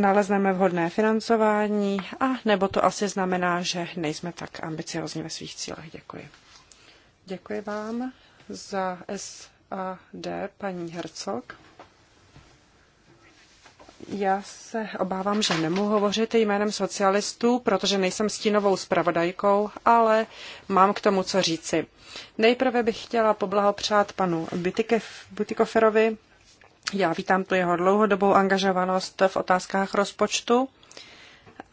nalezneme vhodné financování, a nebo to asi znamená, že nejsme tak ambiciozní ve svých cílech. Děkuji. Děkuji vám za SAD, paní Hercog. Já se obávám, že nemohu hovořit jménem socialistů, protože nejsem stínovou zpravodajkou, ale mám k tomu co říci. Nejprve bych chtěla poblahopřát panu Butikoferovi. Já vítám tu jeho dlouhodobou angažovanost v otázkách rozpočtu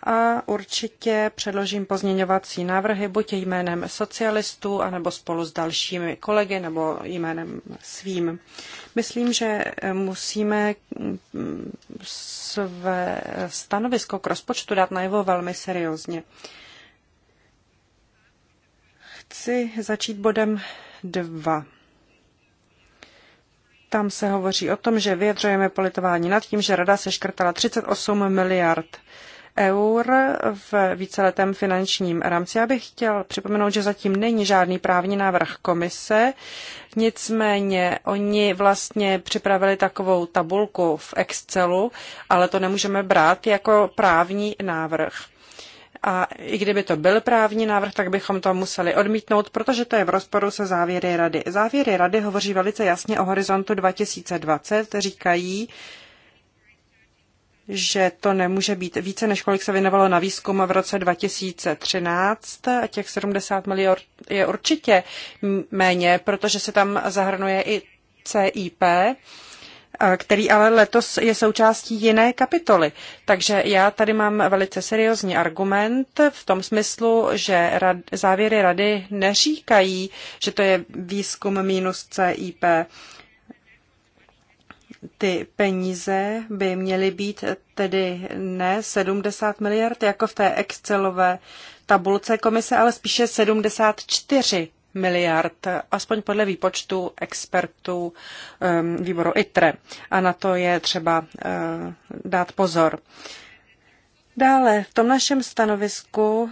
a určitě předložím pozměňovací návrhy buď jménem socialistů, anebo spolu s dalšími kolegy, nebo jménem svým. Myslím, že musíme své stanovisko k rozpočtu dát najevo velmi seriózně. Chci začít bodem dva. Tam se hovoří o tom, že vyjadřujeme politování nad tím, že Rada se škrtala 38 miliard eur v víceletém finančním rámci. Já bych chtěl připomenout, že zatím není žádný právní návrh komise, nicméně oni vlastně připravili takovou tabulku v Excelu, ale to nemůžeme brát jako právní návrh. A i kdyby to byl právní návrh, tak bychom to museli odmítnout, protože to je v rozporu se závěry rady. Závěry rady hovoří velice jasně o horizontu 2020, říkají, že to nemůže být více, než kolik se věnovalo na výzkum v roce 2013. Těch 70 miliard je určitě méně, protože se tam zahrnuje i CIP, který ale letos je součástí jiné kapitoly. Takže já tady mám velice seriózní argument v tom smyslu, že rad, závěry rady neříkají, že to je výzkum minus CIP ty peníze by měly být tedy ne 70 miliard, jako v té Excelové tabulce komise, ale spíše 74 miliard, aspoň podle výpočtu expertů um, výboru ITRE. A na to je třeba uh, dát pozor. Dále v tom našem stanovisku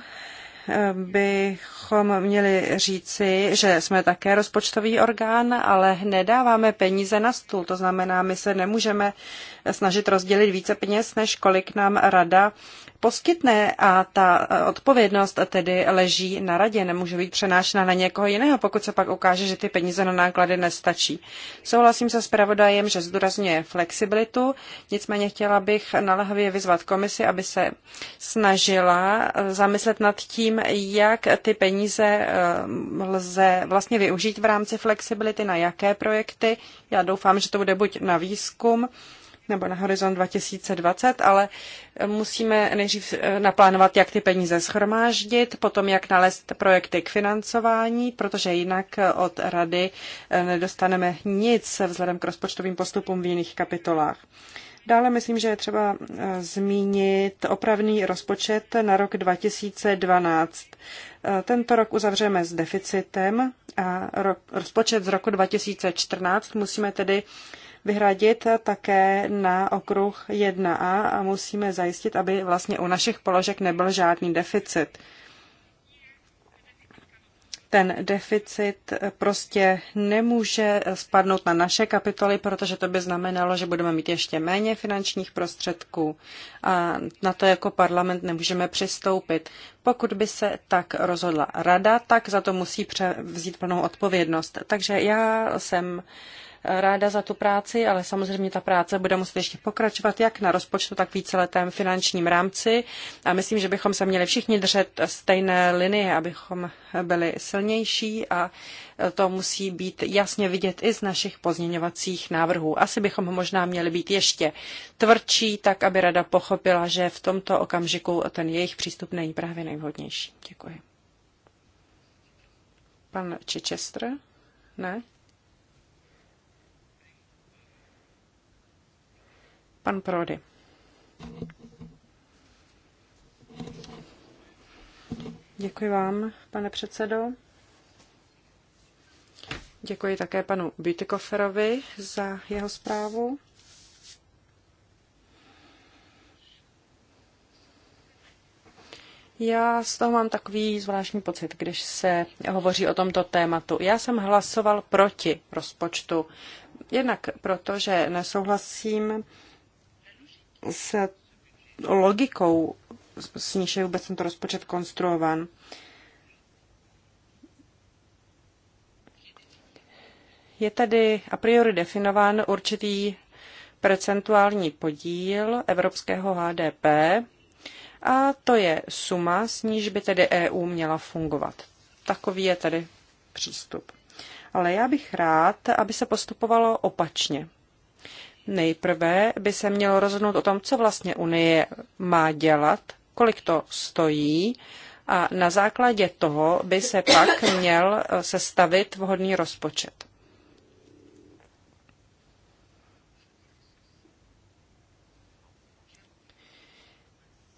bychom měli říci, že jsme také rozpočtový orgán, ale nedáváme peníze na stůl. To znamená, my se nemůžeme snažit rozdělit více peněz, než kolik nám rada poskytne a ta e, odpovědnost tedy leží na radě, nemůže být přenášena na někoho jiného, pokud se pak ukáže, že ty peníze na náklady nestačí. Souhlasím se s pravodajem, že zdůrazňuje flexibilitu, nicméně chtěla bych naléhavě vyzvat komisi, aby se snažila e, zamyslet nad tím, jak ty peníze e, lze vlastně využít v rámci flexibility, na jaké projekty. Já doufám, že to bude buď na výzkum, nebo na horizont 2020, ale musíme nejdřív eh, naplánovat, jak ty peníze schromáždit, potom jak nalézt projekty k financování, protože jinak eh, od rady eh, nedostaneme nic vzhledem k rozpočtovým postupům v jiných kapitolách. Dále myslím, že je třeba zmínit opravný rozpočet na rok 2012. Tento rok uzavřeme s deficitem a rozpočet z roku 2014 musíme tedy vyhradit také na okruh 1A a musíme zajistit, aby vlastně u našich položek nebyl žádný deficit. Ten deficit prostě nemůže spadnout na naše kapitoly, protože to by znamenalo, že budeme mít ještě méně finančních prostředků a na to jako parlament nemůžeme přistoupit. Pokud by se tak rozhodla rada, tak za to musí vzít plnou odpovědnost. Takže já jsem uh, ráda za tu práci, ale samozřejmě ta práce bude muset ještě pokračovat jak na rozpočtu, tak víceletém finančním rámci. A myslím, že bychom se měli všichni držet stejné linie, abychom byli silnější a to musí být jasně vidět i z našich pozměňovacích návrhů. Asi bychom možná měli být ještě tvrdší, tak aby rada pochopila, že v tomto okamžiku ten jejich přístup není právě nejvhodnější. Děkuji. Pan Čečestr? Ne? Pan Prody. Děkuji vám, pane předsedo. Děkuji také panu Bytykoferovi za jeho zprávu. Já z toho mám takový zvláštní pocit, když se hovoří o tomto tématu. Já jsem hlasoval proti rozpočtu. Jednak proto, že nesouhlasím s logikou, s níž je vůbec tento rozpočet konstruovan. Je tedy a priori definován určitý procentuální podíl evropského HDP a to je suma, s níž by tedy EU měla fungovat. Takový je tedy přístup. Ale já bych rád, aby se postupovalo opačně. Nejprve by se mělo rozhodnout o tom, co vlastně Unie má dělat, kolik to stojí a na základě toho by se pak měl eh, sestavit vhodný rozpočet.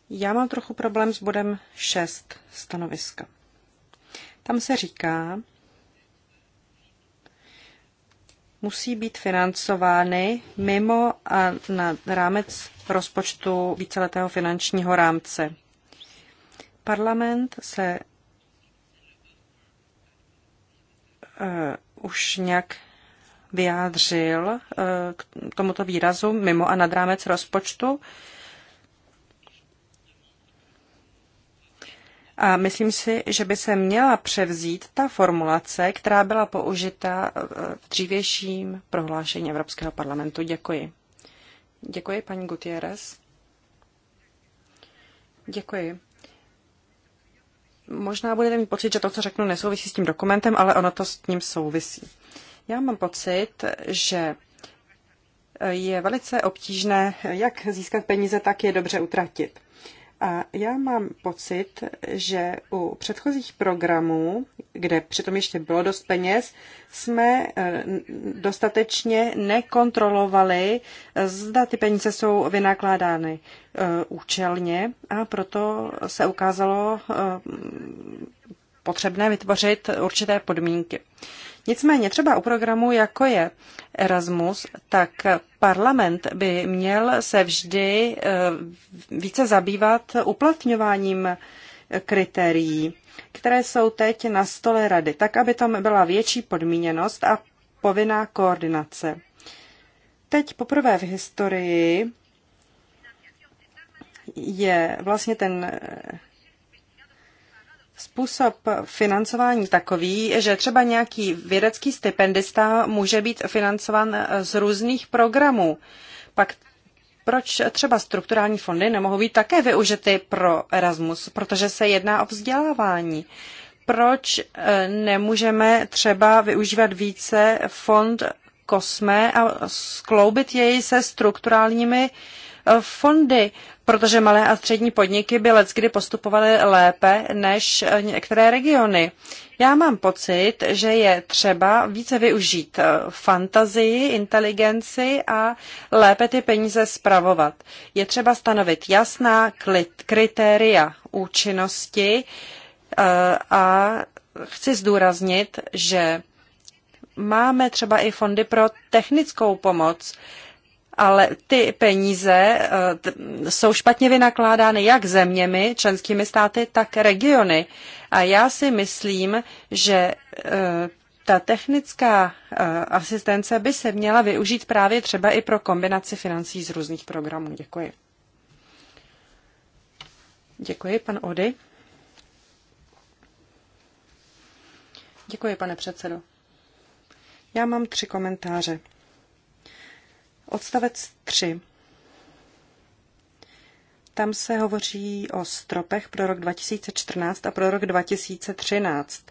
Já mám trochu problém s bodem 6 stanoviska. Tam se říká, musí být financovány mimo a na rámec rozpočtu víceletého finančního rámce. Parlament se uh, už nějak vyjádřil uh, k tomuto výrazu mimo a nad rámec rozpočtu. Uh, A myslím si, že by se měla převzít ta formulace, která byla použita eh, v dřívějším prohlášení Evropského parlamentu. Děkuji. Děkuji, paní Gutierrez. Děkuji. Možná budete mít pocit, že to, co řeknu, nesouvisí s tím dokumentem, ale ono to s ním souvisí. Já mám pocit, že je velice obtížné, jak získat peníze, tak je dobře utratit. A já mám pocit, že u předchozích programů, kde přitom ještě bylo dost peněz, jsme e, dostatečně nekontrolovali, e, zda ty peníze jsou vynakládány e, účelně a proto se ukázalo potřebné vytvořit určité podmínky. Nicméně třeba u programu, jako je Erasmus, tak parlament by měl se vždy eh, více zabývat uplatňováním kritérií, které jsou teď na stole rady, tak aby tam byla větší podmíněnost a povinná koordinace. Teď poprvé v historii je vlastně ten způsob financování takový, že třeba nějaký vědecký stipendista může být financován eh, z různých programů. Pak proč třeba strukturální fondy nemohou být také využity pro Erasmus, protože se jedná o vzdělávání. Proč eh, nemůžeme třeba využívat více fond Kosme a skloubit jej se strukturálními eh, fondy? protože malé a střední podniky by leckdy postupovaly lépe než některé regiony. Já mám pocit, že je třeba více využít eh, fantazii, inteligenci a lépe ty peníze spravovat. Je třeba stanovit jasná kritéria účinnosti eh, a chci zdůraznit, že máme třeba i fondy pro technickou pomoc, ale ty peníze eh, jsou špatně vynakládány jak zeměmi, členskými státy, tak regiony. A já si myslím, že eh, ta technická eh, asistence by se měla využít právě třeba i pro kombinaci financí z různých programů. Děkuji. Děkuji, pan Ody. Děkuji, pane předsedo. Já mám tři komentáře. Odstavec 3. Tam se hovoří o stropech pro rok 2014 a pro rok 2013.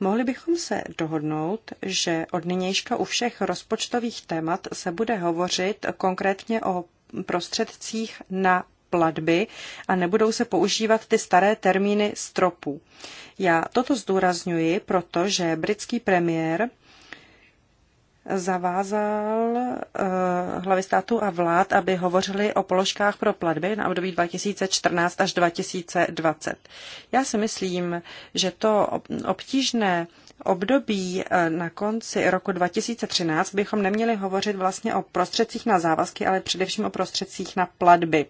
Mohli bychom se dohodnout, že od nynějška u všech rozpočtových témat se bude hovořit konkrétně o prostředcích na platby a nebudou se používat ty staré termíny stropů. Já toto zdůrazňuji, protože britský premiér zavázal eh, hlavy států a vlád, aby hovořili o položkách pro platby na období 2014 až 2020. Já si myslím, že to obtížné období eh, na konci roku 2013 bychom neměli hovořit vlastně o prostředcích na závazky, ale především o prostředcích na platby.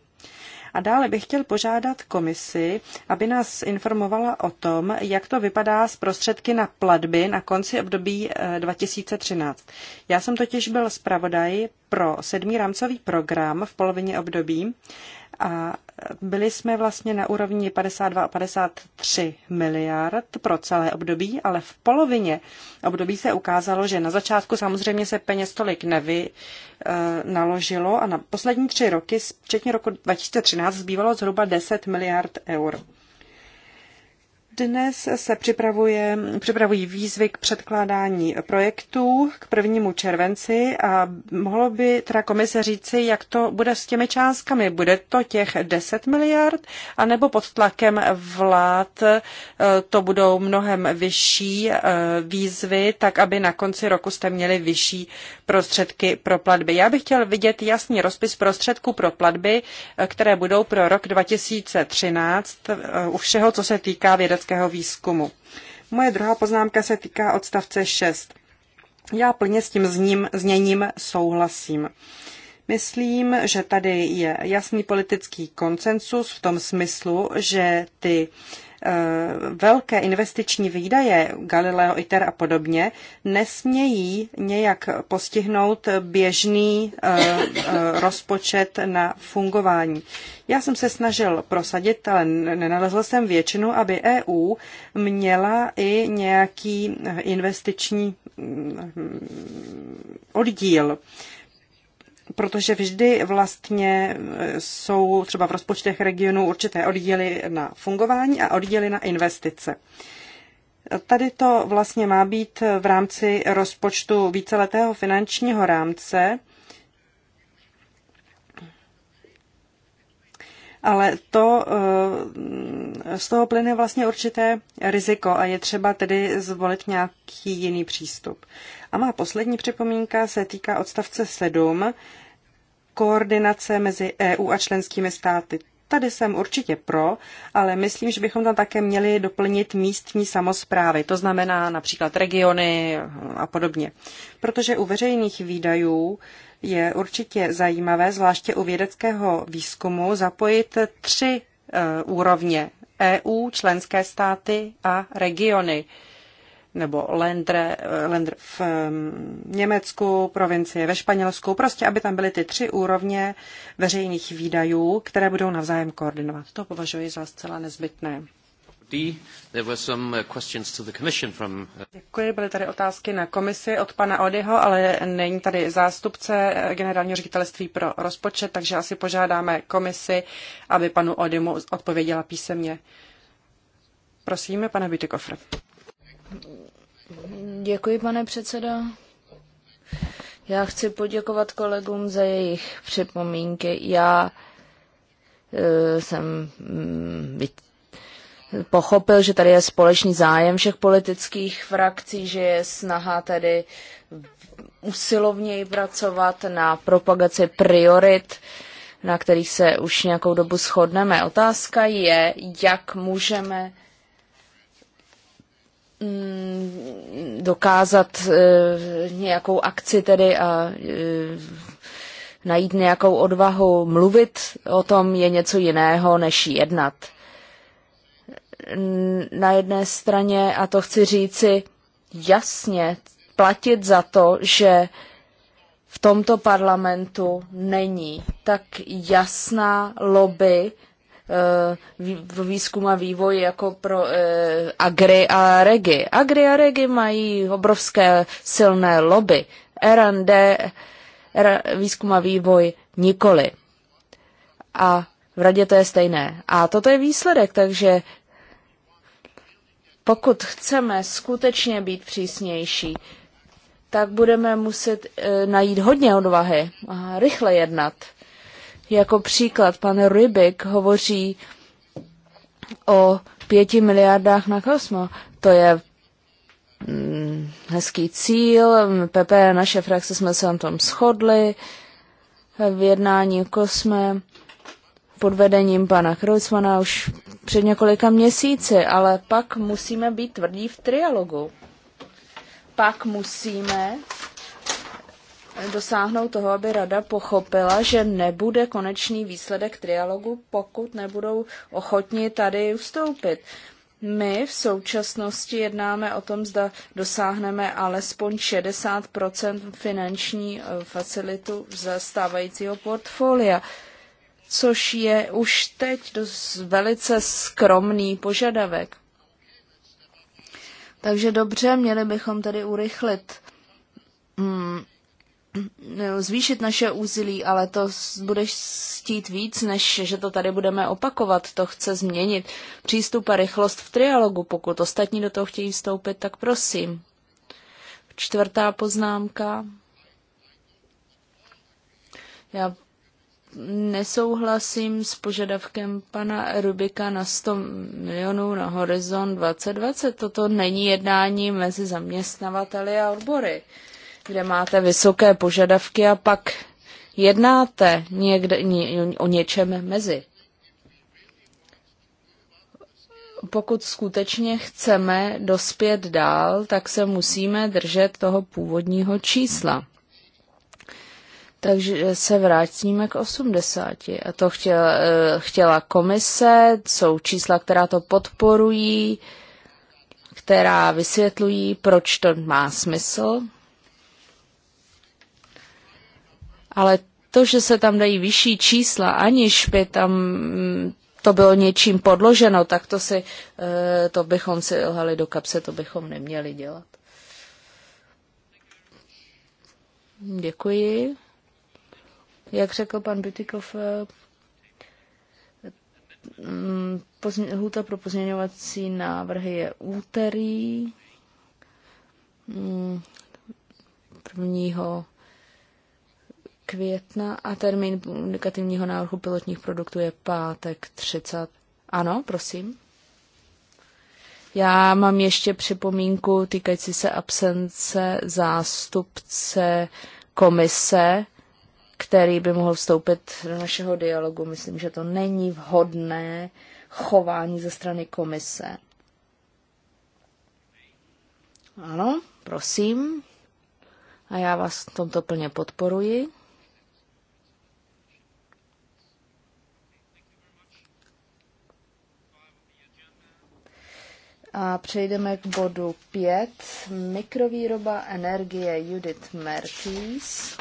A dále bych chtěl požádat komisi, aby nás informovala o tom, jak to vypadá s prostředky na platby na konci období 2013. Eh, Já jsem totiž byl zpravodaj pro sedmý rámcový program v polovině období a byli jsme vlastně na úrovni 52 a 53 miliard pro celé období, ale v polovině období se ukázalo, že na začátku samozřejmě se peněz tolik nevy eh, naložilo a na poslední tři roky, včetně roku 2013, zbývalo zhruba 10 miliard eur. Dnes se připravuje, připravují výzvy k předkládání projektů k prvnímu červenci a mohlo by teda komise říci, jak to bude s těmi částkami. Bude to těch 10 miliard, anebo pod tlakem vlád eh, to budou mnohem vyšší eh, výzvy, tak aby na konci roku jste měli vyšší prostředky pro platby. Já bych chtěl vidět jasný rozpis prostředků pro platby, eh, které budou pro rok 2013 u všeho, co se týká vědeckého vědeckého výzkumu. Moje druhá poznámka se týká odstavce 6. Já plně s tím zním, zněním souhlasím. Myslím, že tady je jasný politický konsensus v tom smyslu, že ty uh, Eh, velké investiční výdaje Galileo ITER a podobně nesmějí nějak postihnout běžný eh, eh, rozpočet na fungování. Já jsem se snažil prosadit, ale nenalezl jsem většinu, aby EU měla i nějaký investiční mm, mm, oddíl protože vždy vlastně e, jsou třeba v rozpočtech regionů určité oddíly na fungování a oddíly na investice. Tady to vlastně má být v rámci rozpočtu víceletého finančního rámce, ale to e, z toho plyne vlastně určité riziko a je třeba tedy zvolit nějaký jiný přístup. A má poslední připomínka se týká odstavce 7, koordinace mezi EU a členskými státy. Tady jsem určitě pro, ale myslím, že bychom tam také měli doplnit místní samozprávy, to znamená například regiony a podobně. Protože u veřejných výdajů je určitě zajímavé, zvláště u vědeckého výzkumu, zapojit tři e, úrovně EU, členské státy a regiony nebo Lendre, Lendre v Německu, provincie ve Španělsku, prostě aby tam byly ty tři úrovně veřejných výdajů, které budou navzájem koordinovat. To považuji za zcela nezbytné. Uh, uh, Děkuji, byly tady otázky na komisi od pana Odyho, ale není tady zástupce eh, generálního ředitelství pro rozpočet, takže asi požádáme komisi, aby panu Odymu odpověděla písemně. Prosíme, pane Bytykofr. Děkuji, pane předsedo. Já chci poděkovat kolegům za jejich připomínky. Já e, jsem mm, pochopil, že tady je společný zájem všech politických frakcí, že je snaha tedy usilovněji pracovat na propagaci priorit, na kterých se už nějakou dobu shodneme. Otázka je, jak můžeme Mm, dokázat eh, nějakou akci tedy a eh, najít nějakou odvahu mluvit o tom je něco jiného, než jednat. Na jedné straně, a to chci říci jasně, platit za to, že v tomto parlamentu není tak jasná lobby Eh, pro výzkum a vývoj jako pro eh, Agri a Regi. Agri a Regi mají obrovské silné lobby. R&D, výzkum a vývoj nikoli. A v radě to je stejné. A toto je výsledek, takže pokud chceme skutečně být přísnější, tak budeme muset e, najít hodně odvahy a rychle jednat. Jako příklad, pan Rybik hovoří o pěti miliardách na kosmo. To je mm, hezký cíl. PP, naše frakce jsme se na tom shodli v jednání kosme pod vedením pana Kreutzmana už před několika měsíci, ale pak musíme být tvrdí v trialogu. Pak musíme dosáhnout toho, aby rada pochopila, že nebude konečný výsledek trialogu, pokud nebudou ochotni tady ustoupit. My v současnosti jednáme o tom, zda dosáhneme alespoň 60 finanční eh, facilitu ze stávajícího portfolia, což je už teď dost velice skromný požadavek. Takže dobře, měli bychom tedy urychlit mm, Eh, zvýšit naše úsilí, ale to budeš stít víc, než že to tady budeme opakovat. To chce změnit přístup a rychlost v trialogu. Pokud ostatní do toho chtějí vstoupit, tak prosím. Čtvrtá poznámka. Já nesouhlasím s požadavkem pana Rubika na 100 milionů na horizont 2020. Toto není jednání mezi zaměstnavateli a odbory kde máte vysoké požadavky a pak jednáte někde ně, o něčem mezi. Pokud skutečně chceme dospět dál, tak se musíme držet toho původního čísla. Takže se vrátíme k 80. A to chtěla, eh, chtěla komise, jsou čísla, která to podporují, která vysvětlují, proč to má smysl. ale to, že se tam dají vyšší čísla, aniž by tam mm, to bylo něčím podloženo, tak to si, eh, to bychom si lhali do kapse, to bychom neměli dělat. Děkuji. Jak řekl pan Bytykov, eh, mm, lhůta pro pozměňovací návrhy je úterý mm, prvního května a termín negativního návrhu pilotních produktů je pátek 30. Ano, prosím. Já mám ještě připomínku týkající se absence zástupce komise, který by mohl vstoupit do našeho dialogu. Myslím, že to není vhodné chování ze strany komise. Ano, prosím. A já vás v tomto plně podporuji. A přejdeme k bodu 5. Mikrovýroba energie Judith Merkis.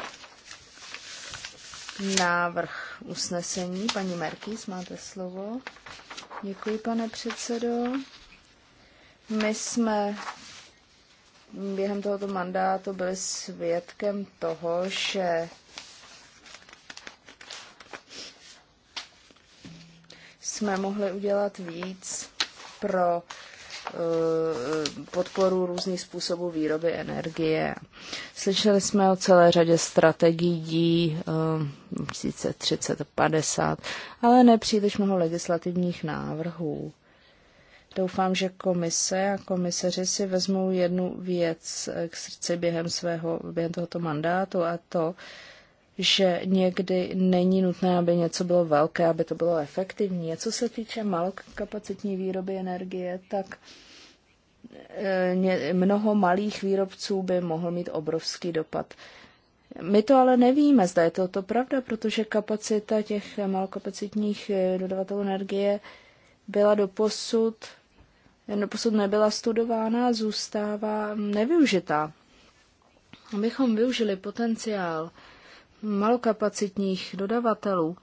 Návrh usnesení. Paní Merkis, máte slovo. Děkuji, pane předsedo. My jsme během tohoto mandátu byli svědkem toho, že jsme mohli udělat víc pro Eh, podporu různých způsobů výroby energie. Slyšeli jsme o celé řadě strategií 30, eh, 50, ale nepříliš mnoho legislativních návrhů. Doufám, že komise a komiseři si vezmou jednu věc eh, k srdci během svého, během tohoto mandátu a to, že někdy není nutné, aby něco bylo velké, aby to bylo efektivní. A co se týče malokapacitní výroby energie, tak e, mnoho malých výrobců by mohl mít obrovský dopad. My to ale nevíme, zda je to, to pravda, protože kapacita těch malokapacitních e, dodavatelů energie byla doposud, e, doposud nebyla studována, zůstává nevyužitá. Abychom využili potenciál malokapacitních dodavatelů,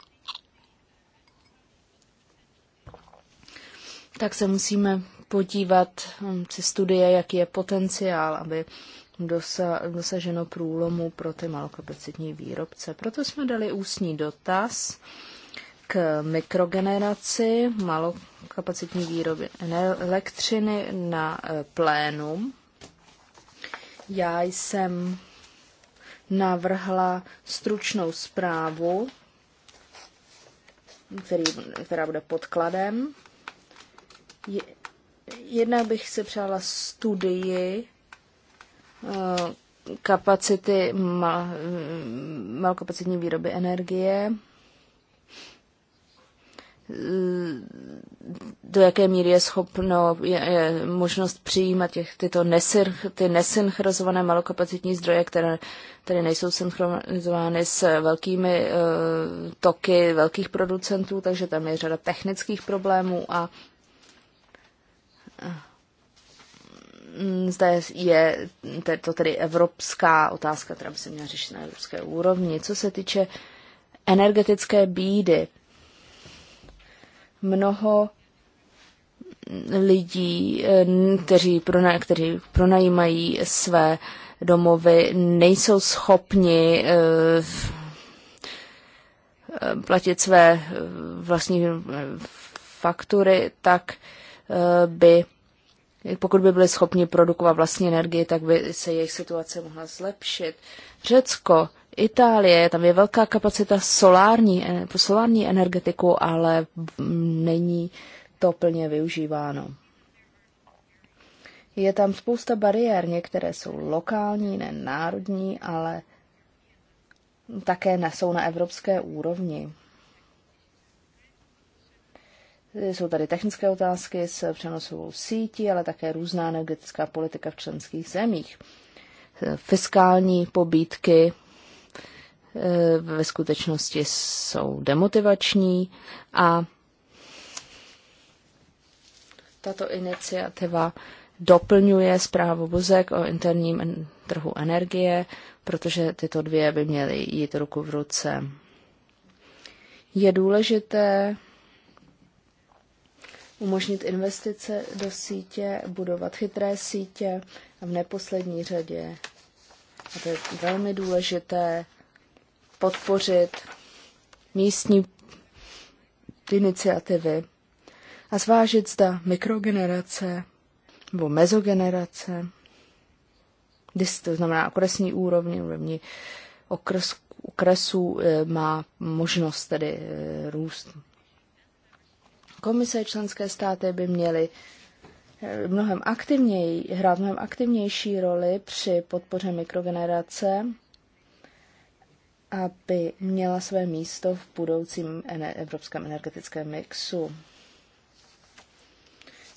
tak se musíme podívat si hm, studie, jaký je potenciál, aby dosaženo průlomu pro ty malokapacitní výrobce. Proto jsme dali ústní dotaz k mikrogeneraci malokapacitní výroby elektřiny na eh, plénum. Já jsem navrhla stručnou zprávu, který, která bude podkladem. Jednak bych si přála studii eh, kapacity, malokapacitní výroby energie, do jaké míry je schopno, je, je možnost přijímat těch, tyto nesyr, ty nesynchronizované malokapacitní zdroje, které tedy nejsou synchronizovány s velkými uh, toky velkých producentů, takže tam je řada technických problémů a eh, zde je to tedy evropská otázka, která by se měla řešit na evropské úrovni. Co se týče energetické bídy, mnoho lidí, eh, kteří, pronaj, kteří pronajímají své domovy, nejsou schopni eh, platit své eh, vlastní faktury, tak by, pokud by byli schopni produkovat vlastní energii, tak by se jejich situace mohla zlepšit. Řecko Itálie, tam je velká kapacita solární, eh, solární energetiku, ale není to plně využíváno. Je tam spousta bariér, některé jsou lokální, ne národní, ale také nesou na evropské úrovni. Jsou tady technické otázky s přenosovou sítí, ale také různá energetická politika v členských zemích. Fiskální pobídky E, ve skutečnosti jsou demotivační a tato iniciativa doplňuje zprávu Buzek o interním trhu energie, protože tyto dvě by měly jít ruku v ruce. Je důležité umožnit investice do sítě, budovat chytré sítě a v neposlední řadě, a to je velmi důležité, podpořit místní iniciativy a zvážit, zda mikrogenerace nebo mezogenerace, to znamená okresní úrovni, úrovni okres, okresů, eh, má možnost tedy eh, růst. Komise členské státy by měly eh, mnohem aktivněji, hrát mnohem aktivnější roli při podpoře mikrogenerace aby měla své místo v budoucím evropském energetickém mixu.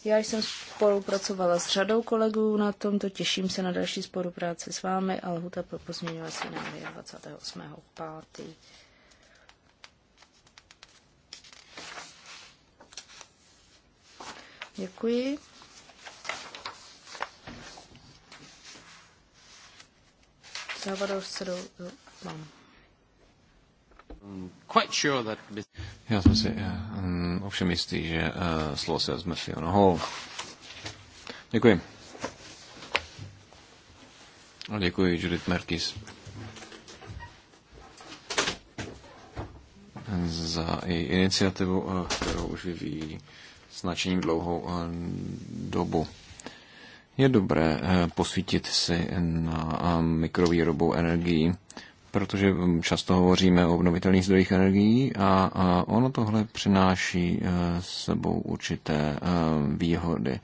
Já jsem spolupracovala s řadou kolegů na tomto, těším se na další spolupráci s vámi a lhuta pro pozměňovací návrhy 28.5. Děkuji. se do... mám. Já jsem si um, ovšem jistý, že uh, slovo se vezme Fiona Hall. Děkuji. A děkuji Judith Merkis za její iniciativu, eh, kterou už vyvíjí s nadšením dlouhou dobu. Je dobré posvítit si na mikrovýrobu energií, protože mm, často hovoříme o obnovitelných zdrojích energií a, a ono tohle přináší eh, s sebou určité eh, výhody,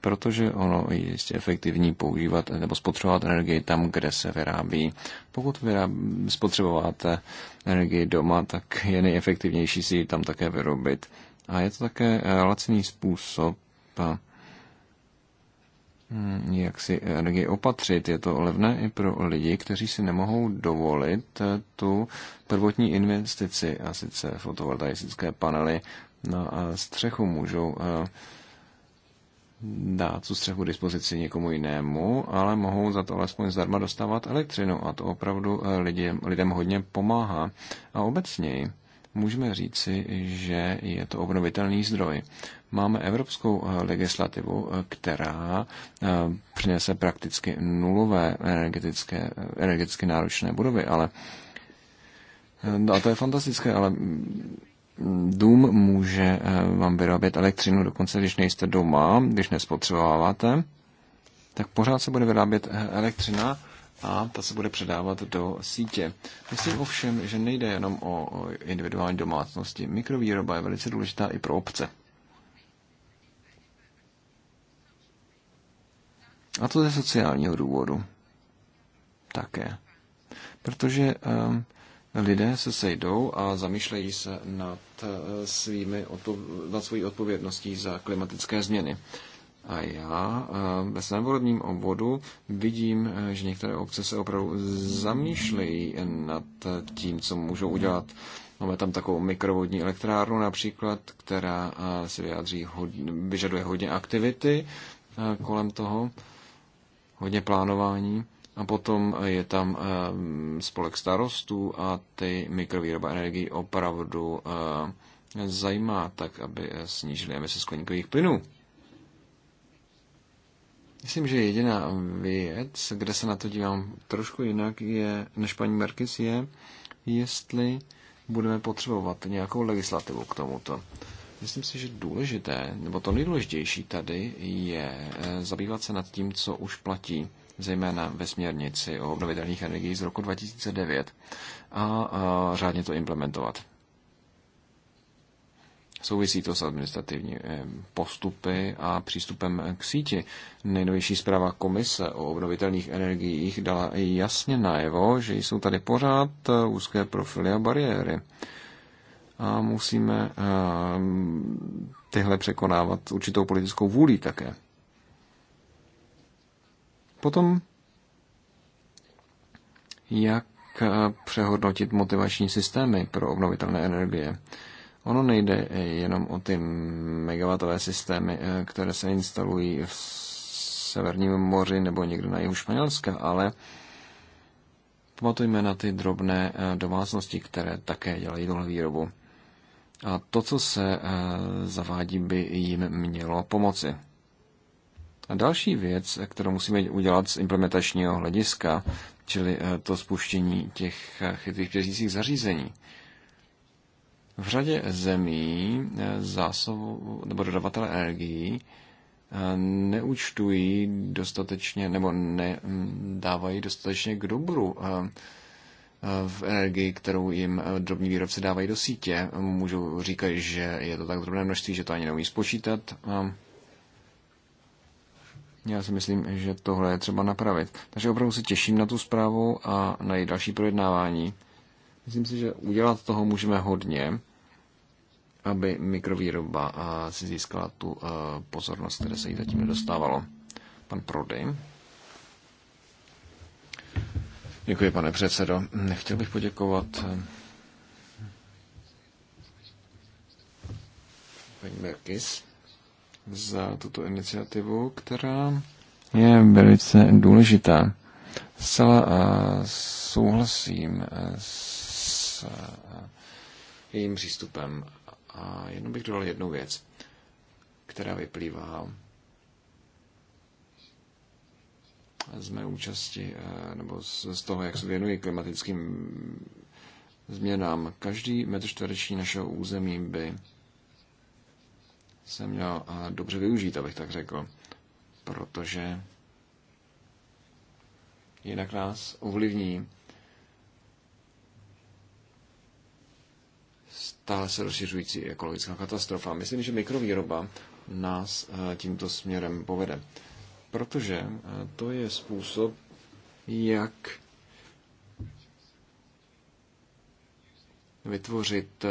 protože ono je jistě efektivní používat eh, nebo spotřebovat energii tam, kde se vyrábí. Pokud vyrábí, spotřebováte energii doma, tak je nejefektivnější si ji tam také vyrobit. A je to také laciný způsob Hmm, jak si energii opatřit. Je to levné i pro lidi, kteří si nemohou dovolit eh, tu prvotní investici, a sice fotovoltaické panely na eh, střechu můžou eh, dát tu střechu dispozici někomu jinému, ale mohou za to alespoň zdarma dostávat elektřinu a to opravdu lidem, lidem hodně pomáhá. A obecněji můžeme říci, že je to obnovitelný zdroj. Máme evropskou eh, legislativu, eh, která eh, přinese prakticky nulové energetické, energeticky náročné budovy, ale a to je fantastické, ale mm, dům může vám vyrábět elektřinu, dokonce když nejste doma, když nespotřebováváte, tak pořád se bude vyrábět elektřina a ta se bude předávat do sítě. Myslím ovšem, že nejde jenom o individuální domácnosti. Mikrovýroba je velice důležitá i pro obce. A to ze sociálního důvodu také. Protože um, lidé se sejdou a zamýšlejí se nad, eh, svými, nad svojí odpovědností za klimatické změny. A já eh, ve svém volebním obvodu vidím, eh, že některé obce se opravdu zamýšlejí nad eh, tím, co můžou udělat. Máme tam takovou mikrovodní elektrárnu například, která si vyjádří, vyžaduje hodně aktivity kolem toho, hodně plánování. A potom je tam spolek starostů a ty mikrovýroba energii opravdu zajímá tak, aby snížili emise skleníkových plynů. Myslím, že jediná věc, kde se na to dívám trošku jinak, je, než paní Merkis, je, jestli budeme potřebovat nějakou legislativu k tomuto. Myslím si, že důležité, nebo to nejdůležitější tady je eh, zabývat se nad tím, co už platí, zejména ve směrnici o obnovitelných energiích z roku 2009 a, a řádně to implementovat. Souvisí to s administrativní eh, postupy a přístupem k síti. Nejnovější zpráva komise o obnovitelných energiích dala jasně najevo, že jsou tady pořád eh, úzké profily a bariéry. A musíme eh, tyhle překonávat určitou politickou vůlí také. Potom, jak přehodnotit motivační systémy pro obnovitelné energie. Ono nejde jenom o ty megawatové systémy, eh, které se instalují v Severním moři nebo někde na jihu Španělska, ale pamatujme na ty drobné eh, domácnosti, které také dělají tuhle výrobu. A to, co se eh, zavádí, by jim mělo pomoci. A další věc, kterou musíme udělat z implementačního hlediska, čili to spuštění těch chytrých měřících zařízení. V řadě zemí eh, zásobu, nebo dodavatele energií eh, neúčtují dostatečně nebo nedávají mm, dostatečně k dobru eh, v energii, kterou jim drobní výrobci dávají do sítě. Můžu říkat, že je to tak drobné množství, že to ani neumí spočítat. Já si myslím, že tohle je třeba napravit. Takže opravdu se těším na tu zprávu a na její další projednávání. Myslím si, že udělat toho můžeme hodně, aby mikrovýroba eh, si získala tu eh, pozornost, které se jí zatím nedostávalo. Pan Prody. Děkuji, pane předsedo. Nechtěl bych poděkovat eh, paní Merkis za tuto iniciativu, která je velice důležitá. Zcela souhlasím s Eh, jejím přístupem. A jenom bych dodal jednu věc, která vyplývá z mé účasti, eh, nebo z toho, jak se věnuji klimatickým změnám. Každý metr čtvereční našeho území by se měl eh, dobře využít, abych tak řekl, protože jinak nás ovlivní ta se rozšiřující ekologická katastrofa. Myslím, že mikrovýroba nás eh, tímto směrem povede, protože eh, to je způsob, jak vytvořit eh,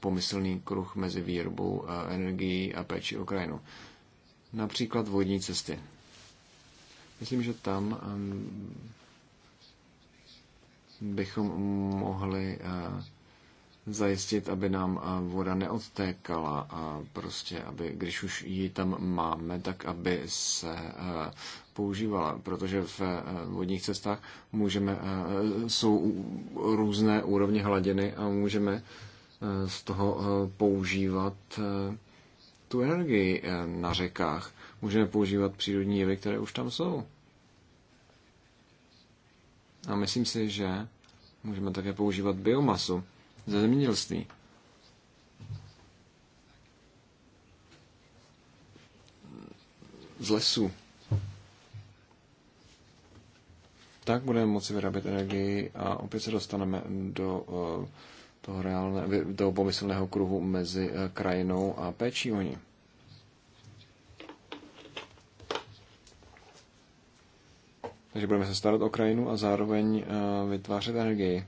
pomyslný kruh mezi výrobou energií a péči o krajinu. Například vodní cesty. Myslím, že tam ehm, bychom mohli zajistit, aby nám voda neodtékala a prostě, aby když už ji tam máme, tak aby se používala, protože v vodních cestách můžeme, jsou různé úrovně hladiny a můžeme z toho používat tu energii na řekách. Můžeme používat přírodní jevy, které už tam jsou. A myslím si, že můžeme také používat biomasu ze zemědělství. Z lesů. Tak budeme moci vyrábět energii a opět se dostaneme do eh, toho reálné, do pomyslného kruhu mezi eh, krajinou a péčí o ní. Takže budeme se starat o krajinu a zároveň eh, vytvářet energii.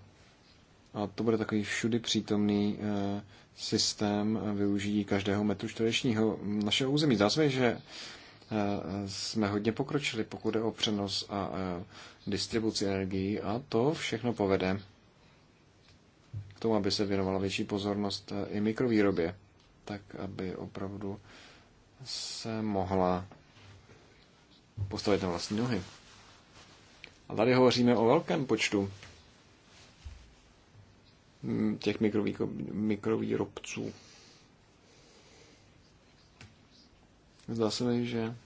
A to bude takový všudy přítomný eh, systém eh, využití každého metru čtverečního našeho území. Zdá se, že eh, jsme hodně pokročili, pokud je o přenos a distribuci energií a to všechno povede k tomu, aby se věnovala větší pozornost i mikrovýrobě, tak aby opravdu se mohla postavit na vlastní nohy. A tady hovoříme o velkém počtu Mm, těch mikrovýrobců. Zdá se mi, že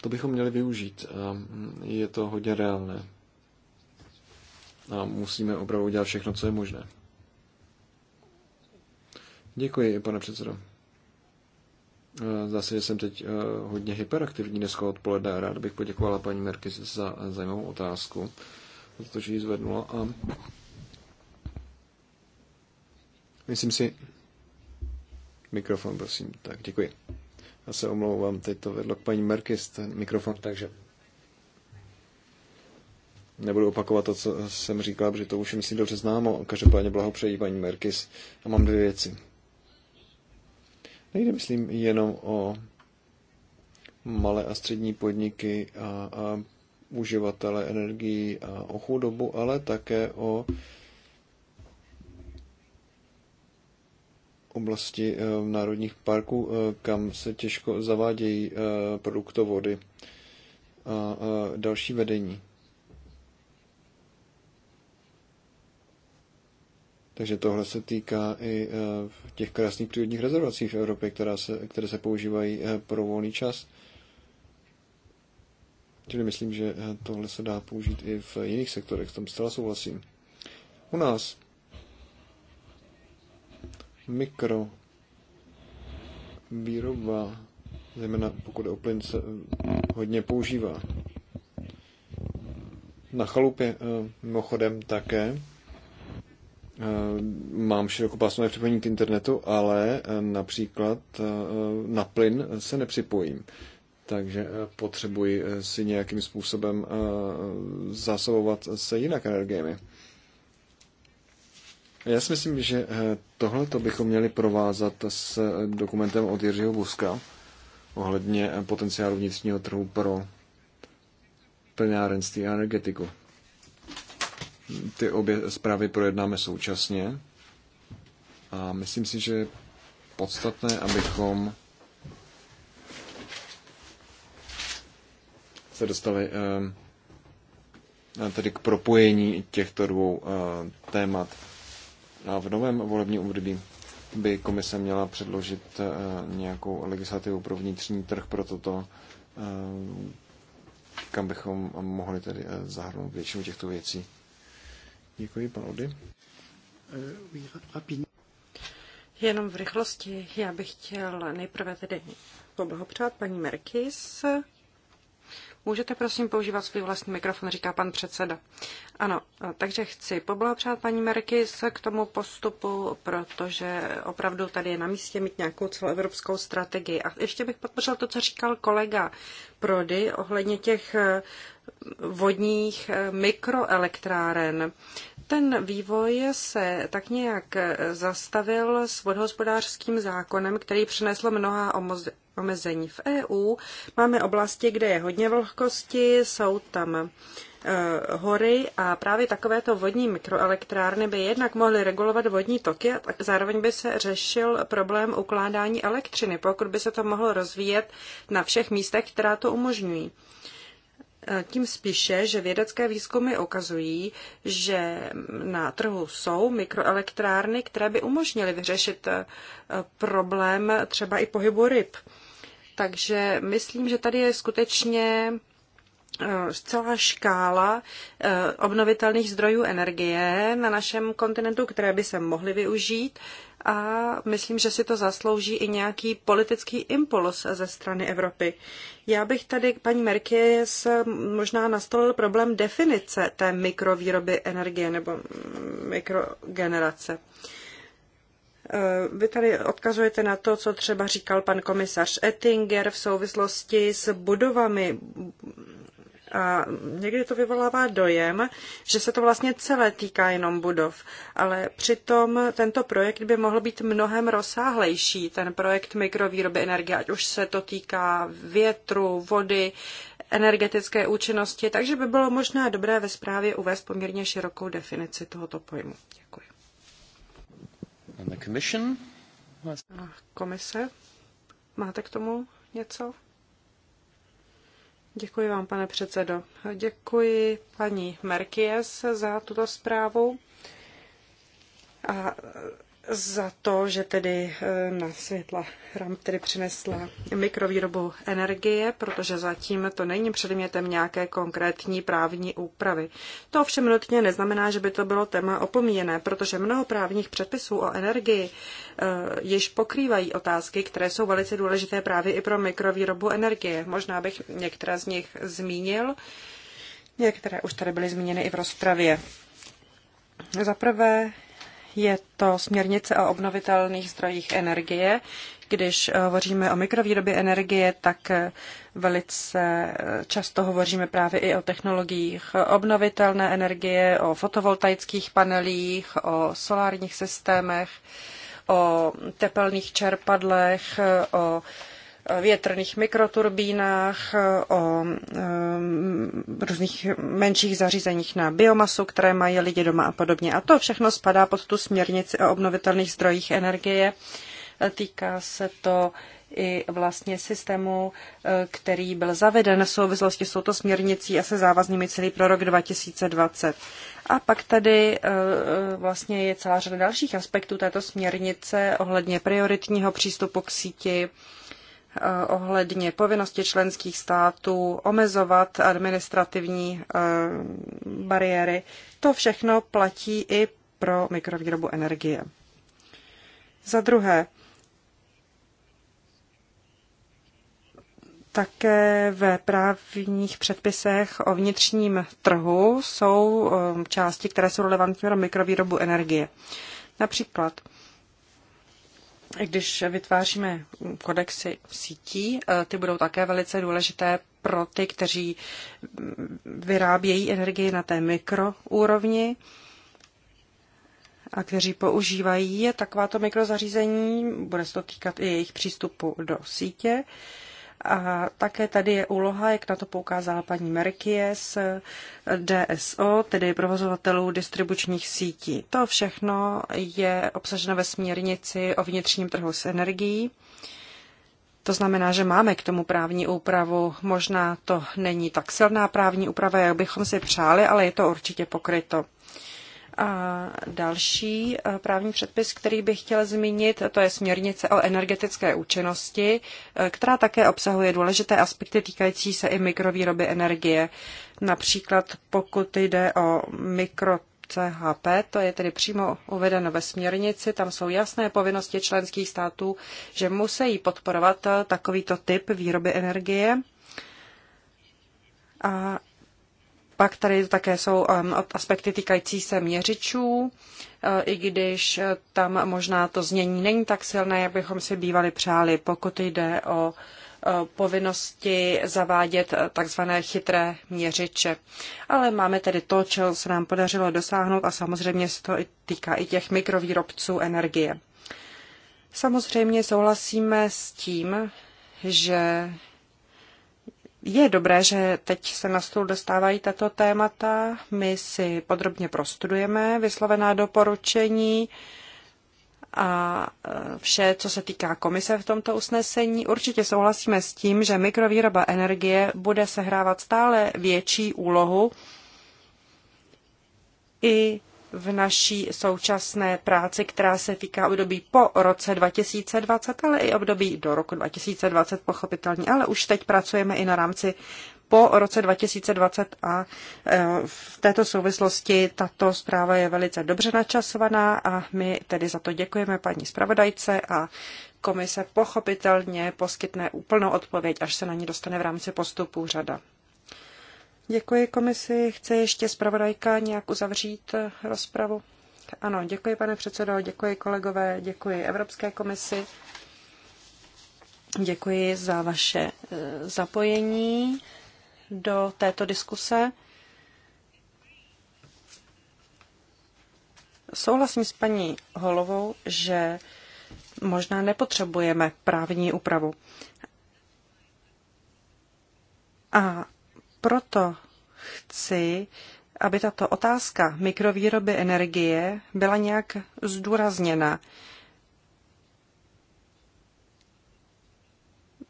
to bychom měli využít mm, je to hodně reálné. A musíme opravdu dělat všechno, co je možné. Děkuji, pane předsedo. Eh, zase že jsem teď eh, hodně hyperaktivní dneska odpoledne. Rád bych poděkovala paní Merkis za zajímavou otázku, protože ji zvednula. A myslím si, mikrofon, prosím. Tak, děkuji. Já se omlouvám, teď to vedlo k paní Merkis, ten mikrofon, takže nebudu opakovat to, co jsem říkal, protože to už je, myslím, dobře známo. Každopádně blahopřeji paní Merkis a mám dvě věci. Nejde, myslím, jenom o malé a střední podniky a, a uživatele energií a o chudobu, ale také o oblasti eh, národních parků, eh, kam se těžko zavádějí eh, produktovody a další vedení. Takže tohle se týká i eh, těch krásných přírodních rezervací v Evropě, která se, které se používají eh, pro volný čas. Čili myslím, že eh, tohle se dá použít i v jiných sektorech, s tom zcela souhlasím. U nás mikro výroba, zejména pokud o plyn se hodně používá. Na chalupě mimochodem také Eh, mám širokopásmové připojení k internetu, ale eh, například eh, na plyn se nepřipojím. Takže potřebuji si nějakým způsobem zásobovat se jinak energiemi. Já si myslím, že tohle to bychom měli provázat s dokumentem od Jiřího Buska ohledně potenciálu vnitřního trhu pro plnárenství a energetiku ty obě zprávy projednáme současně a myslím si, že je podstatné, abychom se dostali eh, tedy k propojení těchto dvou eh, témat. A v novém volebním období by komise měla předložit eh, nějakou legislativu pro vnitřní trh pro toto, kam bychom mohli tedy zahrnout většinu těchto věcí. Děkuji, pan Ody. Jenom v rychlosti. Já bych chtěl nejprve tedy poblahopřát paní Merkis. Můžete prosím používat svůj vlastní mikrofon, říká pan předseda. Ano, takže chci poblahopřát paní Merkis k tomu postupu, protože opravdu tady je na místě mít nějakou celoevropskou strategii. A ještě bych podpořil to, co říkal kolega Prody ohledně těch vodních eh, mikroelektráren. Ten vývoj se tak nějak eh, zastavil s vodohospodářským zákonem, který přinesl mnoha omezení. V EU máme oblasti, kde je hodně vlhkosti, jsou tam eh, hory a právě takovéto vodní mikroelektrárny by jednak mohly regulovat vodní toky a zároveň by se řešil problém ukládání elektřiny, pokud by se to mohlo rozvíjet na všech místech, která to umožňují. Eh, tím spíše, že vědecké výzkumy ukazují, že na trhu jsou mikroelektrárny, které by umožnily vyřešit eh, problém třeba i pohybu ryb. Takže myslím, že tady je skutečně eh, celá škála obnovitelných zdrojů energie na našem kontinentu, které by se mohly využít a myslím, že si to zaslouží i nějaký politický impuls ze strany Evropy. Já bych tady, paní Merkies, možná nastolil problém definice té mikrovýroby energie nebo mikrogenerace. Vy tady odkazujete na to, co třeba říkal pan komisař Ettinger v souvislosti s budovami a někdy to vyvolává dojem, že se to vlastně celé týká jenom budov, ale přitom tento projekt by mohl být mnohem rozsáhlejší, ten projekt mikrovýroby energie, ať už se to týká větru, vody, energetické účinnosti, takže by bylo možná dobré ve zprávě uvést poměrně širokou definici tohoto pojmu. Děkuji. And the commission? Komise, máte k tomu něco? Děkuji vám, pane předsedo. Děkuji paní Merkies za tuto zprávu. A za to, že tedy eh, na světla RAM tedy přinesla mikrovýrobu energie, protože zatím to není předmětem nějaké konkrétní právní úpravy. To ovšem nutně neznamená, že by to bylo téma opomíjené, protože mnoho právních předpisů o energii eh, již pokrývají otázky, které jsou velice důležité právě i pro mikrovýrobu energie. Možná bych některé z nich zmínil. Některé už tady byly zmíněny i v rozpravě. Za prvé je to směrnice o obnovitelných zdrojích energie. Když eh, hovoříme o mikrovýrobě energie, tak eh, velice eh, často hovoříme právě i o technologiích obnovitelné energie, o fotovoltaických panelích, o solárních systémech, o tepelných čerpadlech, o větrných mikroturbínách, o eh, různých menších zařízeních na biomasu, které mají lidi doma a podobně. A to všechno spadá pod tu směrnici o obnovitelných zdrojích energie. Týká se to i vlastně systému, eh, který byl zaveden v souvislosti s touto směrnicí a se závaznými celý pro rok 2020. A pak tady eh, vlastně je celá řada dalších aspektů této směrnice ohledně prioritního přístupu k síti, Eh, ohledně povinnosti členských států omezovat administrativní eh, bariéry. To všechno platí i pro mikrovýrobu energie. Za druhé, Také ve právních předpisech o vnitřním trhu jsou eh, části, které jsou relevantní pro mikrovýrobu energie. Například když vytváříme kodexy sítí, eh, ty budou také velice důležité pro ty, kteří vyrábějí energii na té mikroúrovni a kteří používají takováto mikrozařízení. Bude se to týkat i jejich přístupu do sítě. Uh, a také tady je úloha, jak na to poukázala paní Merkies, DSO, tedy provozovatelů distribučních sítí. To všechno je obsaženo ve směrnici o vnitřním trhu s energií. To znamená, že máme k tomu právní úpravu. Možná to není tak silná právní úprava, jak bychom si přáli, ale je to určitě pokryto další eh, právní předpis, který bych chtěl zmínit, to je směrnice o energetické účinnosti, eh, která také obsahuje důležité aspekty týkající se i mikrovýroby energie. Například pokud jde o mikro CHP, to je tedy přímo uvedeno ve směrnici, tam jsou jasné povinnosti členských států, že musí podporovat eh, takovýto typ výroby energie. A pak tady také jsou um, aspekty týkající se měřičů, uh, i když uh, tam možná to znění není tak silné, jak bychom si bývali přáli, pokud jde o uh, povinnosti zavádět takzvané chytré měřiče. Ale máme tedy to, čeho se nám podařilo dosáhnout a samozřejmě se to týká i těch mikrovýrobců energie. Samozřejmě souhlasíme s tím, že je dobré, že teď se na stůl dostávají tato témata. My si podrobně prostudujeme vyslovená doporučení a e, vše, co se týká komise v tomto usnesení. Určitě souhlasíme s tím, že mikrovýroba energie bude sehrávat stále větší úlohu i v naší současné práci, která se týká období po roce 2020, ale i období do roku 2020 pochopitelně, ale už teď pracujeme i na rámci po roce 2020 a e, v této souvislosti tato zpráva je velice dobře načasovaná a my tedy za to děkujeme paní zpravodajce a komise pochopitelně poskytne úplnou odpověď, až se na ní dostane v rámci postupu řada. Děkuji komisi. Chce ještě zpravodajka nějak uzavřít eh, rozpravu? Ano, děkuji pane předsedo, děkuji kolegové, děkuji Evropské komisi. Děkuji za vaše eh, zapojení do této diskuse. Souhlasím s paní Holovou, že možná nepotřebujeme právní úpravu. A proto chci, aby tato otázka mikrovýroby energie byla nějak zdůrazněna.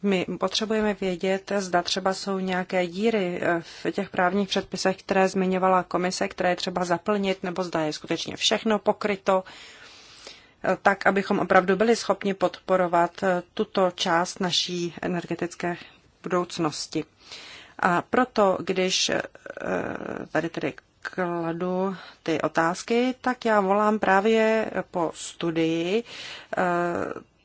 My potřebujeme vědět, zda třeba jsou nějaké díry eh, v těch právních předpisech, které zmiňovala komise, které je třeba zaplnit, nebo zda je skutečně všechno pokryto, eh, tak abychom opravdu byli schopni podporovat eh, tuto část naší energetické budoucnosti. A proto, když eh, tady tedy kladu ty otázky, tak já volám právě po studii eh,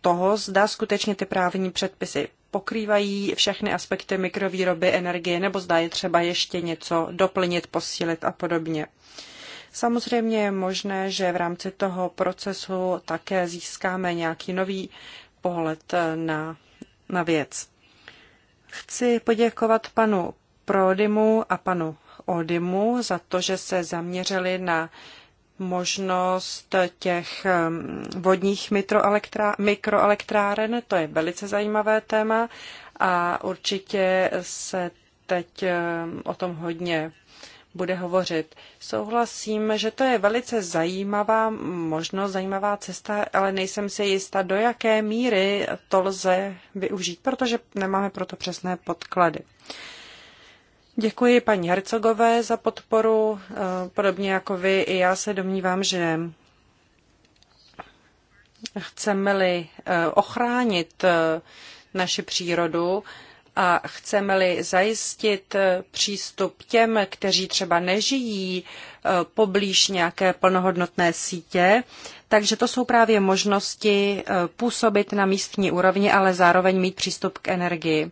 toho, zda skutečně ty právní předpisy pokrývají všechny aspekty mikrovýroby energie, nebo zda je třeba ještě něco doplnit, posílit a podobně. Samozřejmě je možné, že v rámci toho procesu také získáme nějaký nový pohled eh, na, na věc. Chci poděkovat panu Prodimu a panu Odimu za to, že se zaměřili na možnost těch um, vodních mikroelektráren. To je velice zajímavé téma a určitě se teď um, o tom hodně bude hovořit. Souhlasím, že to je velice zajímavá možnost, zajímavá cesta, ale nejsem si jistá, do jaké míry to lze využít, protože nemáme proto přesné podklady. Děkuji paní Hercogové za podporu. Eh, podobně jako vy, i já se domnívám, že chceme-li eh, ochránit eh, naši přírodu, a chceme-li zajistit eh, přístup těm, kteří třeba nežijí eh, poblíž nějaké plnohodnotné sítě, takže to jsou právě možnosti eh, působit na místní úrovni, ale zároveň mít přístup k energii.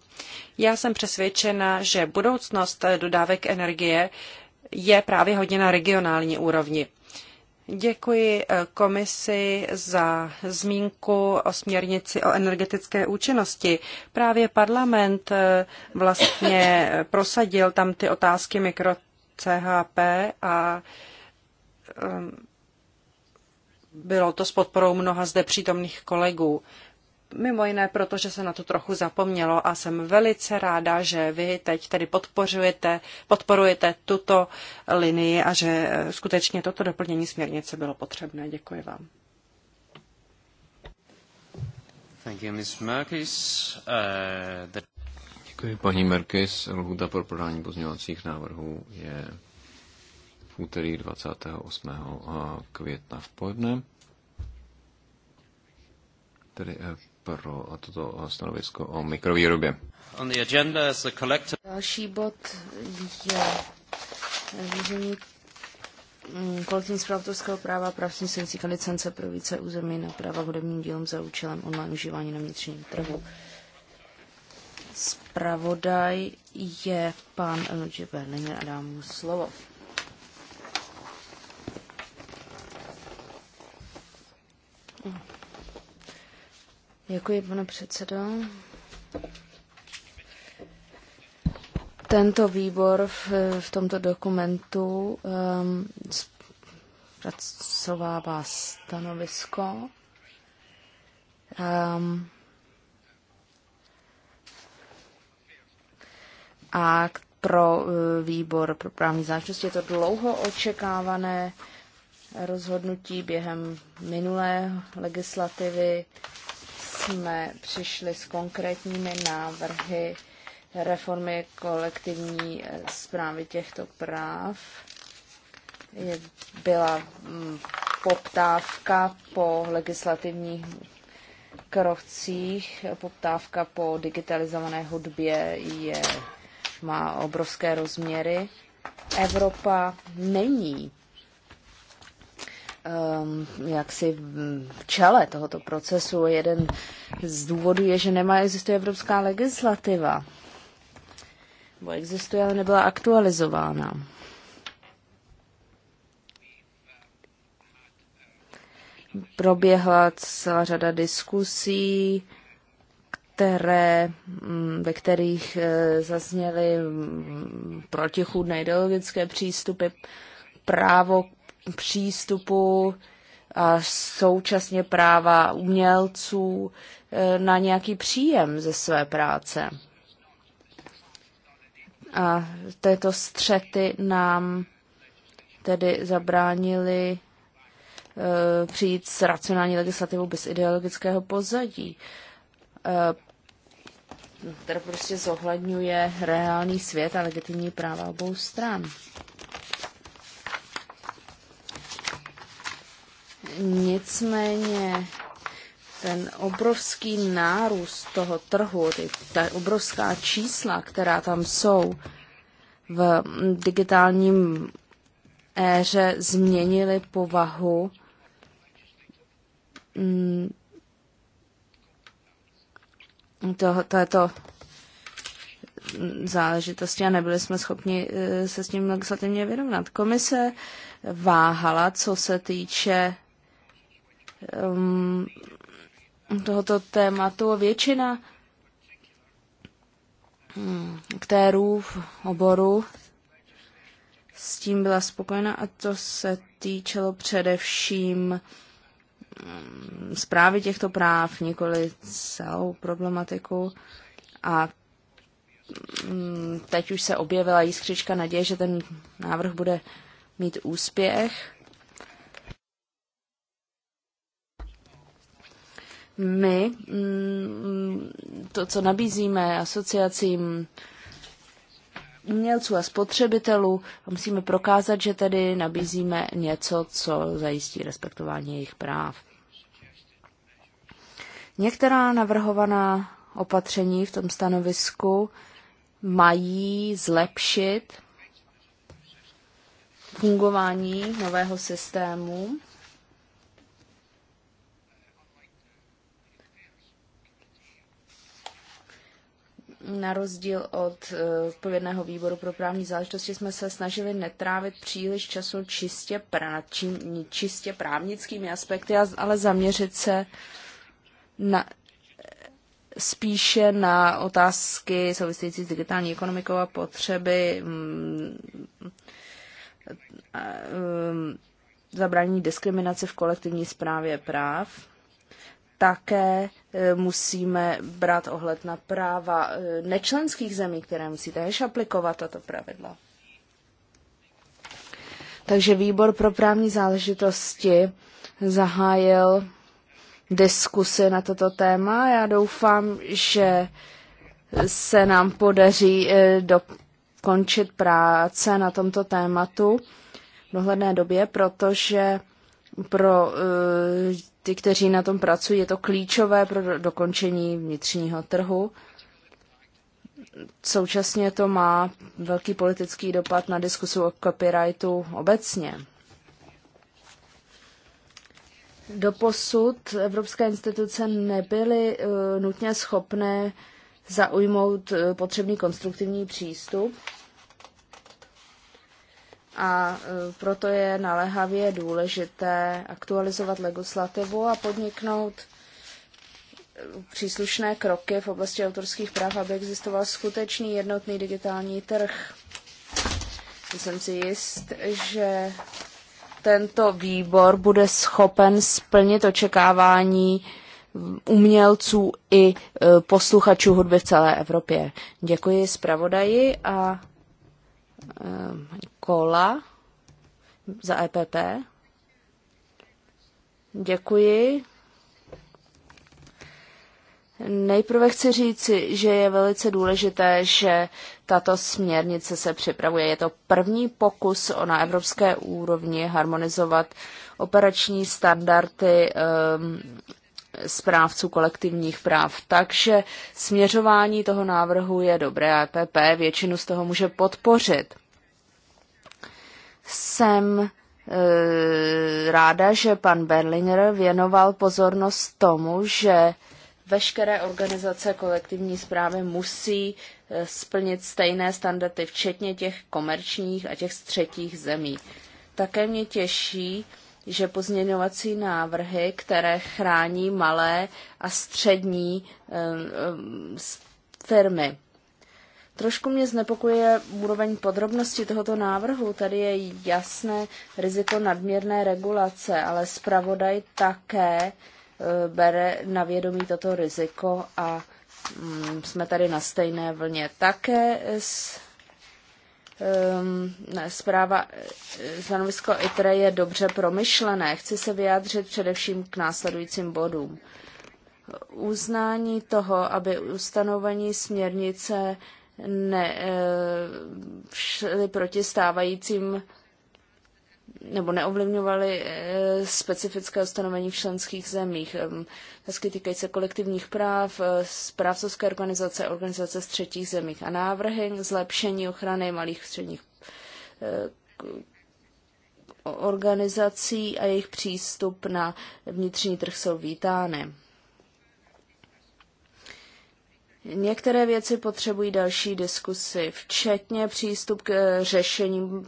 Já jsem přesvědčena, že budoucnost dodávek energie je právě hodně na regionální úrovni. Děkuji eh, komisi za zmínku o směrnici o energetické účinnosti. Právě parlament eh, vlastně eh, prosadil tam ty otázky mikro CHP a ehm, bylo to s podporou mnoha zde přítomných kolegů mimo jiné proto, že se na to trochu zapomnělo a jsem velice ráda, že vy teď tedy podporujete, podporujete tuto linii a že eh, skutečně toto doplnění směrnice bylo potřebné. Děkuji vám. Thank you, Ms. Merkis. Uh, the... Děkuji, paní Merkis. Lhuta pro podání pozměňovacích návrhů je v úterý 28. Eh, května v poledne tedy pro toto stanovisko o mikrovýrobě. Další bod je řízení mm, kolektivní zprávovatelského práva práv souvisejících licence pro více území na práva hudebním dílům za účelem online užívání na vnitřním trhu. Spravodaj je pan Luigi Berlinger a dám mu slovo. Mm. Děkuji, pane předsedo. Tento výbor v, v tomto dokumentu um, zpracovává stanovisko. Um, a pro uh, výbor pro právní záležitosti je to dlouho očekávané rozhodnutí během minulé legislativy jsme přišli s konkrétními návrhy reformy kolektivní eh, zprávy těchto práv. Je, byla mm, poptávka po legislativních krocích, poptávka po digitalizované hudbě je, má obrovské rozměry. Evropa není Ehm, jaksi v čele tohoto procesu. Jeden z důvodů je, že nemá existuje evropská legislativa. Bo existuje, ale nebyla aktualizována. Proběhla celá řada diskusí, které, mm, ve kterých e, zazněly mm, protichůdné ideologické přístupy, právo přístupu a současně práva umělců e, na nějaký příjem ze své práce. A této střety nám tedy zabránili e, přijít s racionální legislativou bez ideologického pozadí, která e, prostě zohledňuje reálný svět a legitimní práva obou stran. Nicméně ten obrovský nárůst toho trhu, ty, ta obrovská čísla, která tam jsou v digitálním éře, změnily povahu mm, toho, této záležitosti a nebyli jsme schopni eh, se s tím legislativně vyrovnat. Komise váhala, co se týče um, tohoto tématu. Většina um, aktérů v oboru s tím byla spokojena a to se týčelo především um, zprávy těchto práv, nikoli celou problematiku. A um, teď už se objevila jiskřička naděje, že ten návrh bude mít úspěch. my mm, to, co nabízíme asociacím umělců a spotřebitelů, musíme prokázat, že tedy nabízíme něco, co zajistí respektování jejich práv. Některá navrhovaná opatření v tom stanovisku mají zlepšit fungování nového systému na rozdíl od eh, odpovědného výboru pro právní záležitosti jsme se snažili netrávit příliš času čistě, prá, či, čistě právnickými aspekty, ale zaměřit se na, spíše na otázky související s digitální ekonomikou a potřeby mm, eh, mm, zabrání diskriminace v kolektivní správě práv také e, musíme brát ohled na práva e, nečlenských zemí, které musí též aplikovat tato pravidla. Takže výbor pro právní záležitosti zahájil diskusy na toto téma. Já doufám, že se nám podaří e, dokončit práce na tomto tématu v dohledné době, protože pro ty, kteří na tom pracují, je to klíčové pro dokončení vnitřního trhu. Současně to má velký politický dopad na diskusu o copyrightu obecně. Doposud evropské instituce nebyly e, nutně schopné zaujmout e, potřebný konstruktivní přístup a e, proto je naléhavě důležité aktualizovat legislativu a podniknout e, příslušné kroky v oblasti autorských práv, aby existoval skutečný jednotný digitální trh. Jsem si jist, že tento výbor bude schopen splnit očekávání umělců i e, posluchačů hudby v celé Evropě. Děkuji zpravodaji a Eh, kola za EPP. Děkuji. Nejprve chci říci, že je velice důležité, že tato směrnice se připravuje. Je to první pokus o na evropské úrovni harmonizovat operační standardy um, správců kolektivních práv. Takže směřování toho návrhu je dobré. EPP většinu z toho může podpořit. Jsem e, ráda, že pan Berlinger věnoval pozornost tomu, že veškeré organizace kolektivní zprávy musí eh, splnit stejné standardy, včetně těch komerčních a těch z třetích zemí. Také mě těší, že pozměňovací návrhy, které chrání malé a střední firmy. Trošku mě znepokuje úroveň podrobnosti tohoto návrhu. Tady je jasné riziko nadměrné regulace, ale zpravodaj také eh, bere na vědomí toto riziko a mm, jsme tady na stejné vlně. Také s Ehm, zpráva e, stanovisko ITRE je dobře promyšlené. Chci se vyjádřit především k následujícím bodům. Uznání toho, aby ustanovení směrnice ne, e, šly proti stávajícím nebo neovlivňovaly eh, specifické ustanovení v členských zemích. Ehm, hezky týkají se kolektivních práv, eh, správcovské organizace, organizace z třetích zemích a návrhy zlepšení ochrany malých středních eh, organizací a jejich přístup na vnitřní trh jsou vítány. Některé věci potřebují další diskusy, včetně přístup k řešením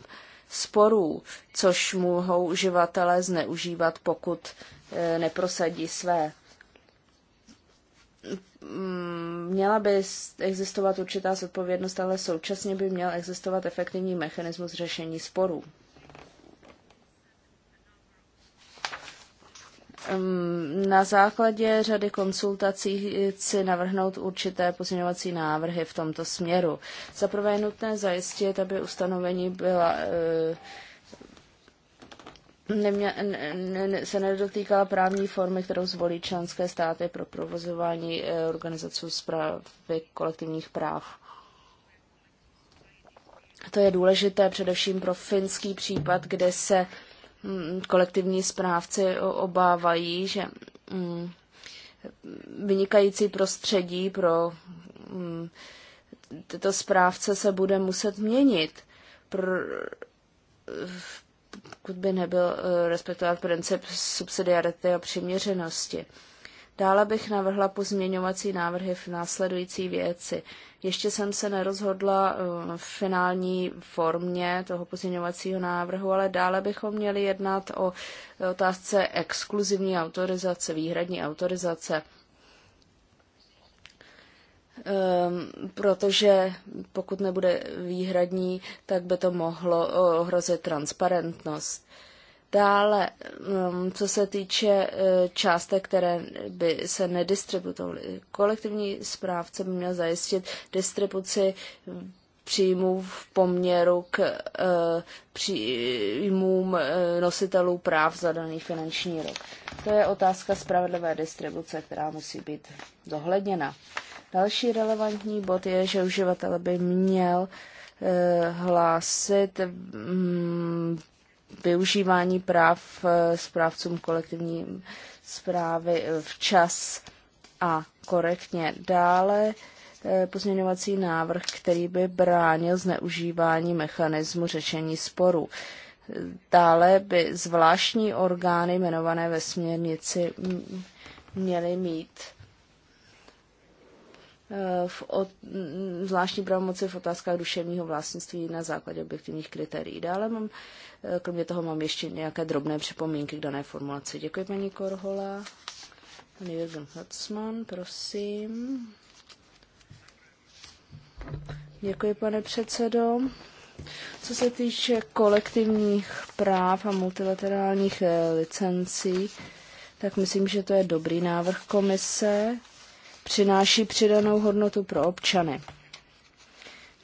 sporů, což mohou uživatelé zneužívat, pokud eh, neprosadí své. Mm, měla by existovat určitá zodpovědnost, ale současně by měl existovat efektivní mechanismus řešení sporů. Na základě řady konsultací chci navrhnout určité pozměňovací návrhy v tomto směru. Za prvé je nutné zajistit, aby ustanovení byla eh, nemě, ne, ne, se nedotýkala právní formy, kterou zvolí členské státy pro provozování eh, organizací zprávy kolektivních práv. To je důležité především pro finský případ, kde se Mm, kolektivní správci obávají, že mm, vynikající prostředí pro mm, tyto správce se bude muset měnit, pokud by nebyl eh, respektovat princip subsidiarity a přiměřenosti. Dále bych navrhla pozměňovací návrhy v následující věci. Ještě jsem se nerozhodla eh, v finální formě toho pozměňovacího návrhu, ale dále bychom měli jednat o otázce exkluzivní autorizace, výhradní autorizace. Um, protože pokud nebude výhradní, tak by to mohlo eh, ohrozit transparentnost. Uh, Dále, um, co se týče eh, částek, které by se nedistributovaly, kolektivní správce by měl zajistit distribuci příjmů v poměru k eh, příjmům eh, nositelů práv za daný finanční rok. To je otázka spravedlivé distribuce, která musí být dohledněna. Další relevantní bod je, že uživatel by měl hlásit mm, využívání práv eh, správcům kolektivní zprávy eh, včas a korektně. Dále eh, pozměňovací návrh, který by bránil zneužívání mechanismu řešení sporů. Dále by zvláštní orgány jmenované ve směrnici měly mít Eh, v od, mm, zvláštní pravomoci v otázkách duševního vlastnictví na základě objektivních kritérií. Dále mám, eh, kromě toho mám ještě nějaké drobné připomínky k dané formulaci. Děkuji, paní Korhola. Pani Jürgen Hatzmann, prosím. Děkuji, pane předsedo. Co se týče kolektivních práv a multilaterálních eh, licencí, tak myslím, že to je dobrý návrh komise přináší přidanou hodnotu pro občany.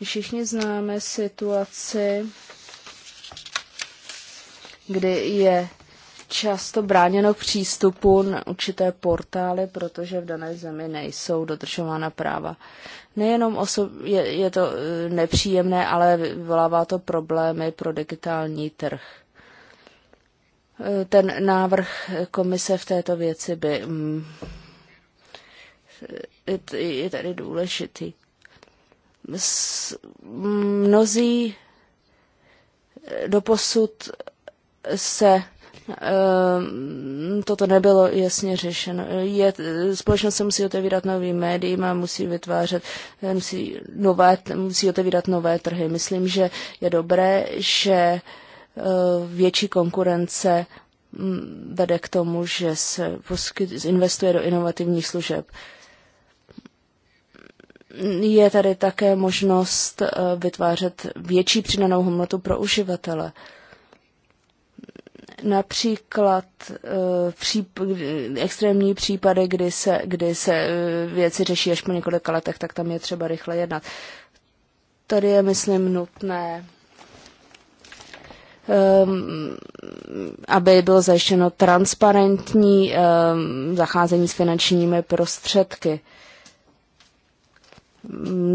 Všichni známe situaci, kdy je často bráněno přístupu na určité portály, protože v dané zemi nejsou dodržována práva. Nejenom osob, je, je to e, nepříjemné, ale vyvolává to problémy pro digitální trh. E, ten návrh komise v této věci by mm, je tady důležitý. Mnozí eh, doposud se eh, toto nebylo jasně řešeno. Je, společnost se musí otevírat novým médiím a musí vytvářet, eh, musí, nové, musí otevírat nové trhy. Myslím, že je dobré, že větší konkurence mm, vede k tomu, že se investuje do inovativních služeb je tady také možnost eh, vytvářet větší přidanou hodnotu pro uživatele. Například eh, příp, extrémní případy, kdy se, kdy se eh, věci řeší až po několika letech, tak tam je třeba rychle jednat. Tady je, myslím, nutné, ehm, aby bylo zajištěno transparentní ehm, zacházení s finančními prostředky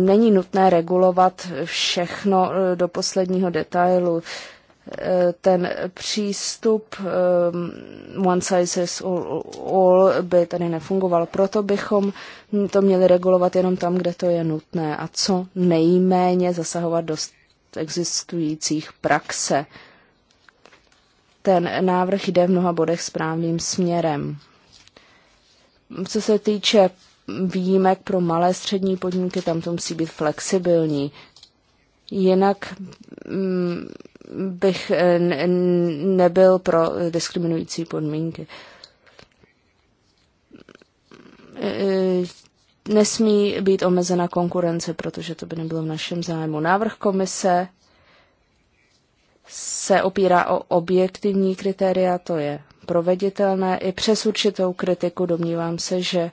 není nutné regulovat všechno eh, do posledního detailu. Eh, ten přístup eh, one size is all, all by tady nefungoval. Proto bychom to měli regulovat jenom tam, kde to je nutné a co nejméně zasahovat do existujících praxe. Ten návrh jde v mnoha bodech správným směrem. Co se týče výjimek pro malé střední podniky, tam to musí být flexibilní. Jinak mm, bych eh, nebyl pro diskriminující podmínky. Eh, eh, nesmí být omezena konkurence, protože to by nebylo v našem zájmu. Návrh komise se opírá o objektivní kritéria, to je proveditelné. I přes určitou kritiku domnívám se, že uh,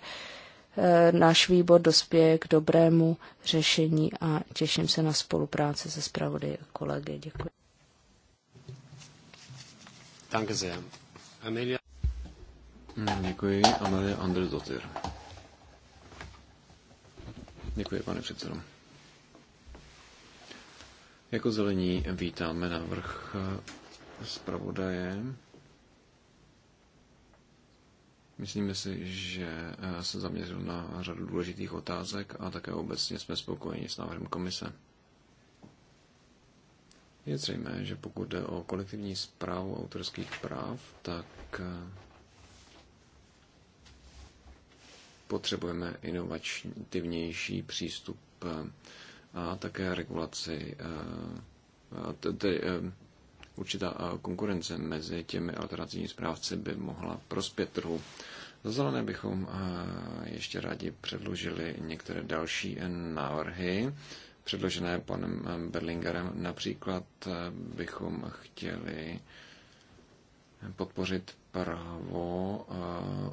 Eh, náš výbor dospěje k dobrému řešení a těším se na spolupráci se zpravodaji kolegy. Děkuji. Danke sehr. Amelia. Mm, děkuji. Amelia Andres Dotyr. Děkuji, pane předsedo. Jako zelení vítáme návrh eh, zpravodaje. Myslíme si, že eh, se zaměřil na řadu důležitých otázek a také obecně jsme spokojeni s návrhem komise. Je zřejmé, že pokud jde o kolektivní zprávu autorských práv, tak eh, potřebujeme inovativnější přístup eh, a také regulaci, tedy určitá eh, konkurence mezi těmi alternativními zprávci by mohla prospět trhu. Za zelené bychom eh, ještě rádi předložili některé další eh, návrhy, předložené panem Berlingerem. Například bychom chtěli podpořit právo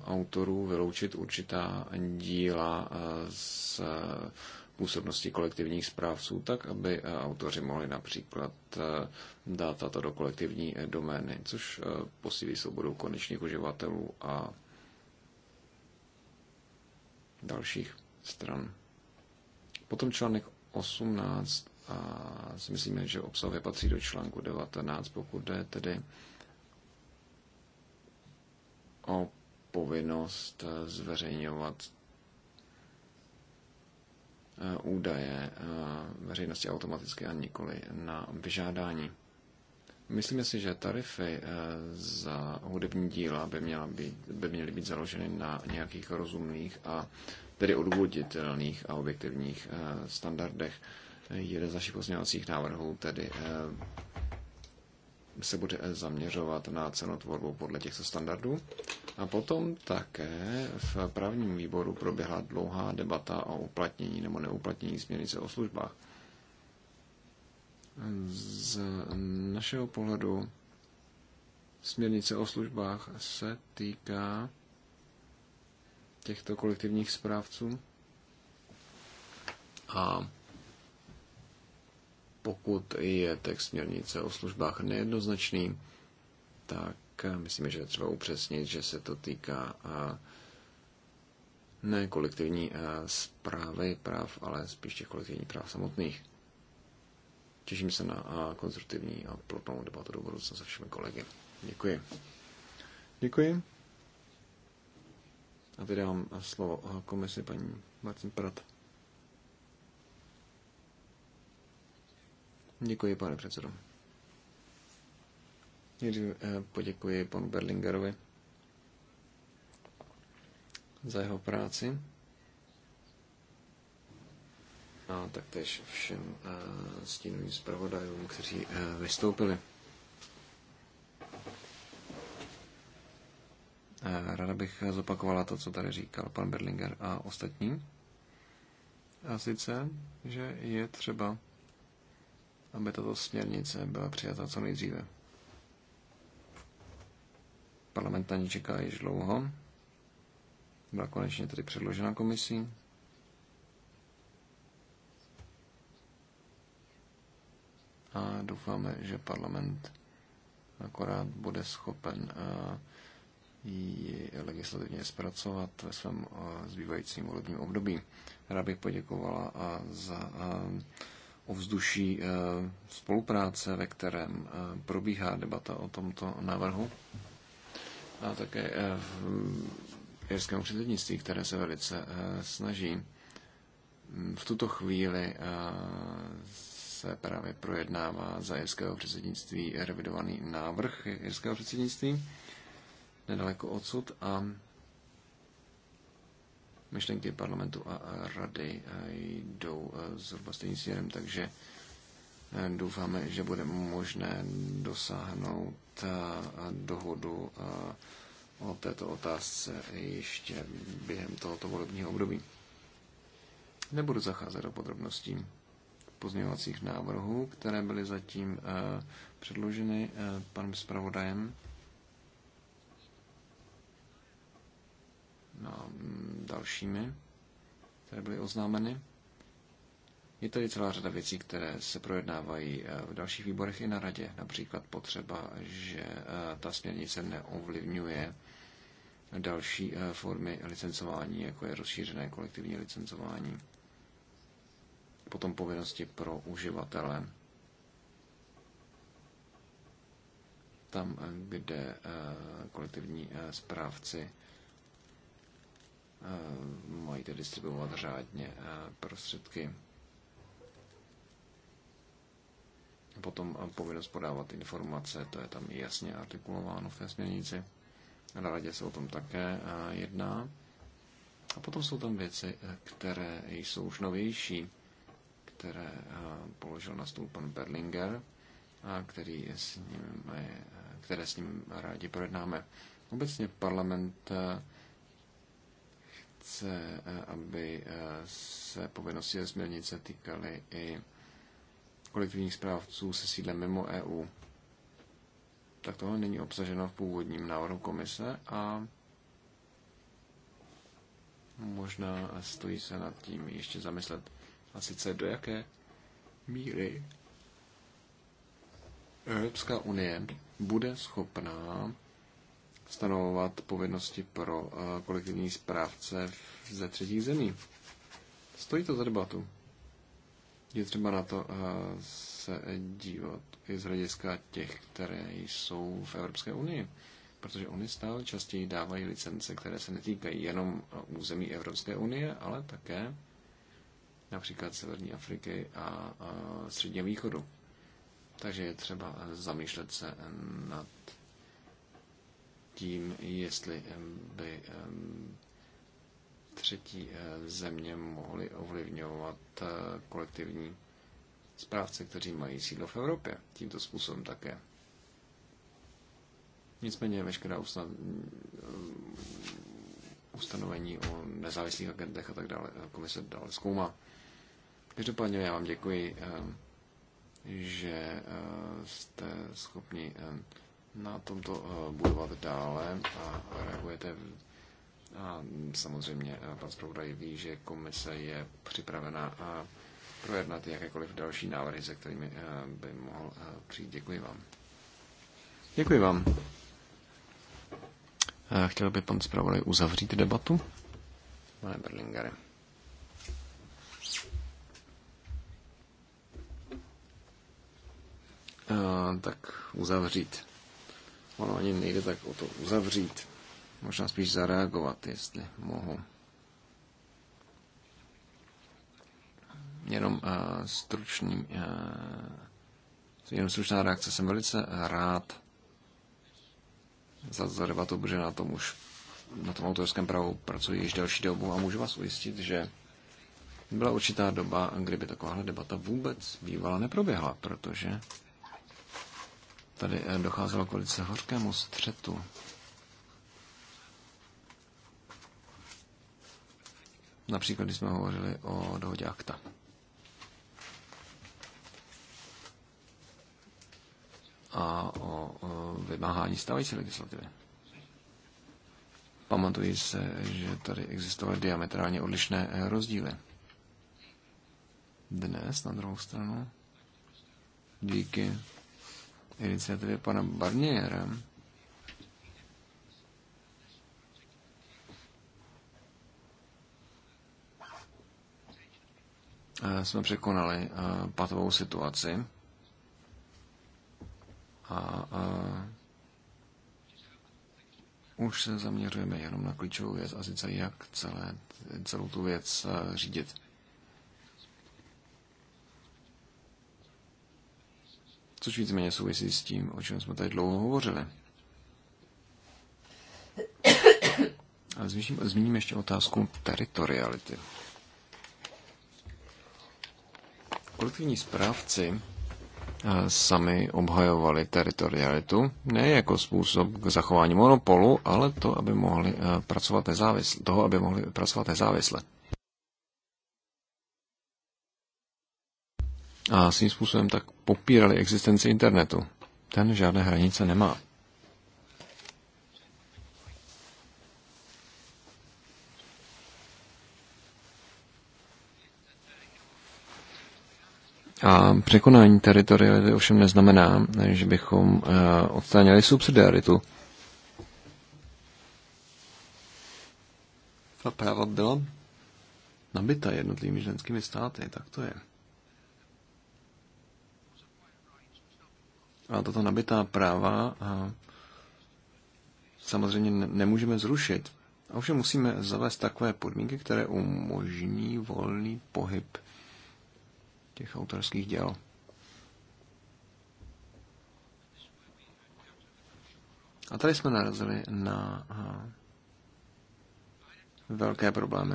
autorů vyloučit určitá díla z působnosti kolektivních správců, tak aby eh, autoři mohli například eh, dát tato do kolektivní eh, domény, což posílí svobodu konečných uživatelů a dalších stran. Potom článek 18 a si myslíme, že obsahuje patří do článku 19, pokud jde tedy o povinnost zveřejňovat Eh, údaje eh, veřejnosti automaticky a nikoli na vyžádání. Myslíme si, že tarify eh, za hudební díla by, měla být, by měly být založeny na nějakých rozumných a tedy odvoditelných a objektivních standardech. Jeden z našich pozměňovacích návrhů tedy se bude zaměřovat na cenotvorbu podle těchto standardů. A potom také v právním výboru proběhla dlouhá debata o uplatnění nebo neuplatnění směrnice o službách. Z našeho pohledu směrnice o službách se týká těchto kolektivních správců a pokud je text směrnice o službách nejednoznačný, tak eh, myslím, že je třeba upřesnit, že se to týká eh, ne kolektivní zprávy eh, práv, ale spíš těch kolektivních práv samotných. Těším se na konstruktivní a plodnou debatu do budoucna se všemi kolegy. Děkuji. Děkuji. A teď dám slovo komisi paní Martin Prat. Děkuji, pane předsedo. Nejdřív eh, poděkuji panu Berlingerovi za jeho práci a taktéž všem eh, stínovým zpravodajům, kteří eh, vystoupili. Rada bych zopakovala to, co tady říkal pan Berlinger a ostatní. A sice, že je třeba aby tato směrnice byla přijata co nejdříve. Parlament ani čeká již dlouho. Byla konečně tedy předložena komisí. A doufáme, že parlament akorát bude schopen eh, ji legislativně zpracovat ve svém eh, zbývajícím volebním období. Rád bych poděkovala eh, za ovzduší eh, spolupráce, ve kterém eh, probíhá debata o tomto návrhu a také eh, v jirskému předsednictví, které se velice snaží. V tuto chvíli se právě projednává za jirského předsednictví revidovaný návrh jirského předsednictví nedaleko odsud a myšlenky parlamentu a rady eh, jdou eh, zhruba stejným směrem, takže eh, doufáme, že bude možné dosáhnout dohodu o této otázce ještě během tohoto volebního období. Nebudu zacházet do podrobností pozměňovacích návrhů, které byly zatím předloženy panem zpravodajem. na mm, dalšími, které byly oznámeny. Je tady celá řada věcí, které se projednávají eh, v dalších výborech i na radě. Například potřeba, že eh, ta směrnice neovlivňuje další eh, formy licencování, jako je rozšířené kolektivní licencování. Potom povinnosti pro uživatele. Tam, kde kolektivní správci Eh, mají to distribuovat řádně eh, prostředky. Potom eh, povinnost podávat informace, to je tam jasně artikulováno v té směrnici. Na radě se o tom také jedná. A potom jsou tam věci, které jsou už novější, které položil na stůl pan Berlinger, a který s ním, které s ním rádi projednáme. Obecně parlament chce, eh, aby eh, se povinnosti ze směrnice týkaly i kolektivních správců se sídlem mimo EU. Tak tohle není obsaženo v původním návrhu komise a možná stojí se nad tím ještě zamyslet. A sice do jaké míry Evropská unie bude schopná stanovovat povinnosti pro eh, kolektivní správce ze třetích zemí. Stojí to za debatu. Je třeba na to eh, se dívat i z hlediska těch, které jsou v Evropské unii, protože oni stále častěji dávají licence, které se netýkají jenom území Evropské unie, ale také například Severní Afriky a, Středního východu. Takže je třeba zamýšlet se nad tím, jestli by třetí eh, země mohly ovlivňovat eh, kolektivní správce, kteří mají sídlo v Evropě. Tímto způsobem také. Nicméně veškerá mm, ustanovení o nezávislých agentech a tak dále eh, komise dále zkoumá. Každopádně já vám děkuji, že jste schopni na tomto eh, budovat dále a reagujete. A samozřejmě eh, pan zpravodaj ví, že komise je připravena a eh, projednat jakékoliv další návrhy, se kterými by mohl přijít. Děkuji vám. Děkuji vám. Chtěl by pan zpravodaj uzavřít debatu? Pane Berlingere. tak uzavřít. Ono ani nejde tak o to uzavřít. Možná spíš zareagovat, jestli mohu. Jenom uh, eh, stručný, uh, eh, jenom stručná reakce. Jsem velice rád za, za debatu, protože na tom už na tom autorském právu pracuji již delší dobu a můžu vás ujistit, že byla určitá doba, kdyby takováhle debata vůbec bývala neproběhla, protože Tady eh, docházelo k velice horkému střetu. Například, když jsme hovořili o dohodě akta. A o, o vymáhání stávající legislativy. Pamatuji se, že tady existovaly diametrálně odlišné eh, rozdíly. Dnes, na druhou stranu, díky iniciativě pana Barniera, eh, jsme překonali eh, patovou situaci a, a eh, už se zaměřujeme jenom na klíčovou věc a sice jak celé, celou tu věc řídit. což víceméně souvisí s tím, o čem jsme tady dlouho hovořili. A zmíním, zmíním ještě otázku teritoriality. Kolektivní správci eh, sami obhajovali teritorialitu, ne jako způsob k zachování monopolu, ale to, aby mohli eh, pracovat nezávisle, toho, aby mohli pracovat nezávisle. a svým způsobem tak popírali existenci internetu. Ten žádné hranice nemá. A překonání teritoriality ovšem neznamená, že bychom eh, odstranili subsidiaritu. Ta práva byla nabita jednotlivými ženskými státy, tak to je. A tato nabitá práva samozřejmě nemůžeme zrušit. Ovšem musíme zavést takové podmínky, které umožní volný pohyb těch autorských děl. A tady jsme narazili na velké problémy.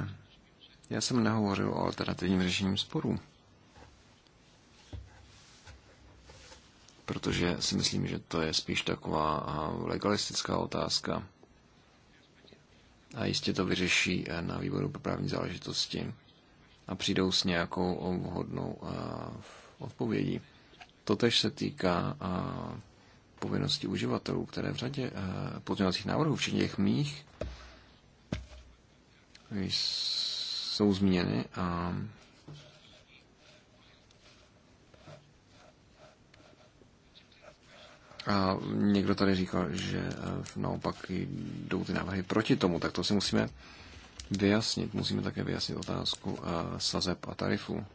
Já jsem nehovořil o alternativním řešení sporů. protože si myslím, že to je spíš taková legalistická otázka. A jistě to vyřeší e, na výboru pro právní záležitosti a přijdou s nějakou vhodnou e, odpovědí. Totež se týká povinnosti uživatelů, které v řadě e, pozměňovacích návrhů, včetně těch mých, jsou zmíněny a A někdo tady říkal, že eh, naopak jdou ty návrhy proti tomu, tak to si musíme vyjasnit. Musíme také vyjasnit otázku eh, sazeb a tarifů.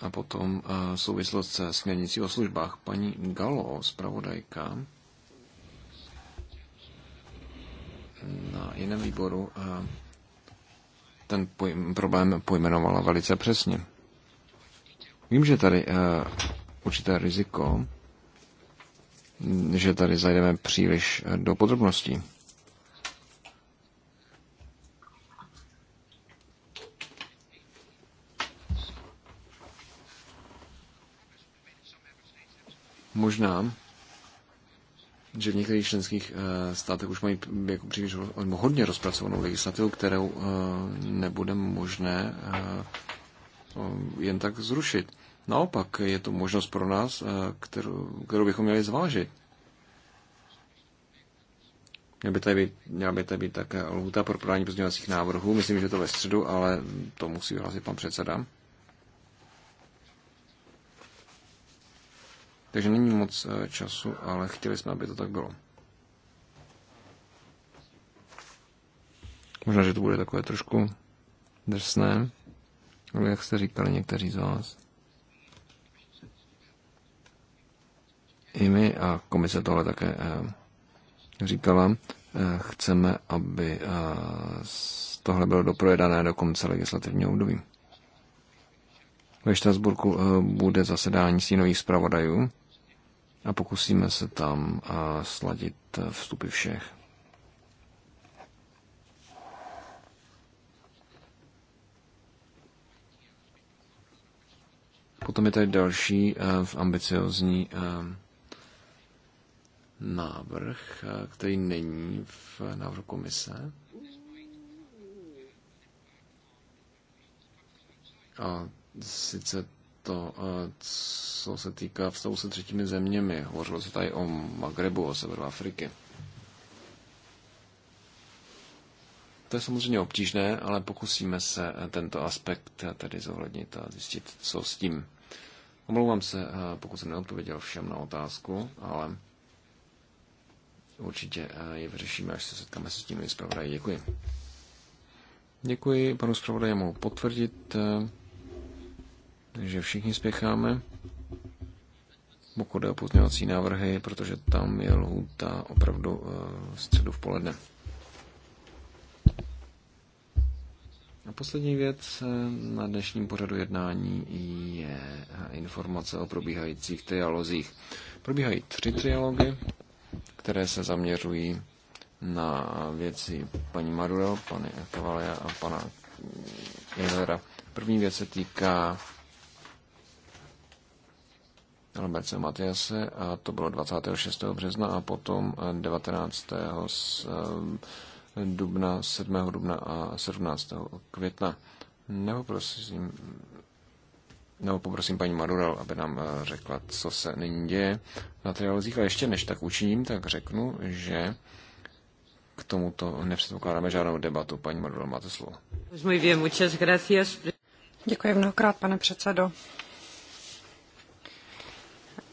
A potom eh, souvislost se směrnicí o službách. Paní Galo, zpravodajka, na jiném výboru ten pojm, problém pojmenovala velice přesně. Vím, že tady uh, určité riziko, že tady zajdeme příliš eh, do podrobností. Možná že v některých členských eh, státech už mají jako příliš hodně rozpracovanou legislativu, kterou eh, nebude možné eh, jen tak zrušit. Naopak je to možnost pro nás, kterou, kterou bychom měli zvážit. Měla by tady být, měla by tady být také lhuta pro podání pozměňovacích návrhů. Myslím, že to ve středu, ale to musí vyhlásit pan předseda. Takže není moc eh, času, ale chtěli jsme, aby to tak bylo. Možná, že to bude takové trošku drsné, ale jak jste říkali někteří z vás. I my a komise tohle také eh, říkala, eh, chceme, aby tohle bylo doprojedané do konce legislativního období. Ve Štrasburku bude zasedání stínových zpravodajů a pokusíme se tam eh, sladit eh, vstupy všech. Potom je tady další eh, v ambiciozní návrh, který není v návrhu komise. A sice to, eh, co se týká vztahu se třetími zeměmi. Hovořilo se tady o Magrebu, o severu Afriky. To je samozřejmě obtížné, ale pokusíme se eh, tento aspekt eh, tedy zohlednit a zjistit, co s tím. Omlouvám se, pokud jsem neodpověděl všem na otázku, ale určitě je vyřešíme, až se setkáme se tím zpravodají. Děkuji. Děkuji panu zpravodaji, mohu potvrdit. Takže všichni spěcháme, pokud jde o pozměňovací návrhy, protože tam je lhůta opravdu uh, středu v poledne. A poslední věc eh, na dnešním pořadu jednání je eh, informace o probíhajících trialozích. Probíhají tři trialogy, které se zaměřují na věci paní Maruel, pany Kavalia a pana Jezera. První věc se týká Alberce Matiase a to bylo 26. března a potom 19. Eh, dubna, 7. dubna a 17. května. Nebo prosím, nebo poprosím paní Madural, aby nám eh, řekla, co se nyní děje na trialozích. A ještě než tak učiním, tak řeknu, že k tomuto nepředpokládáme žádnou debatu. Paní Madural, máte slovo. Děkuji mnohokrát, pane předsedo.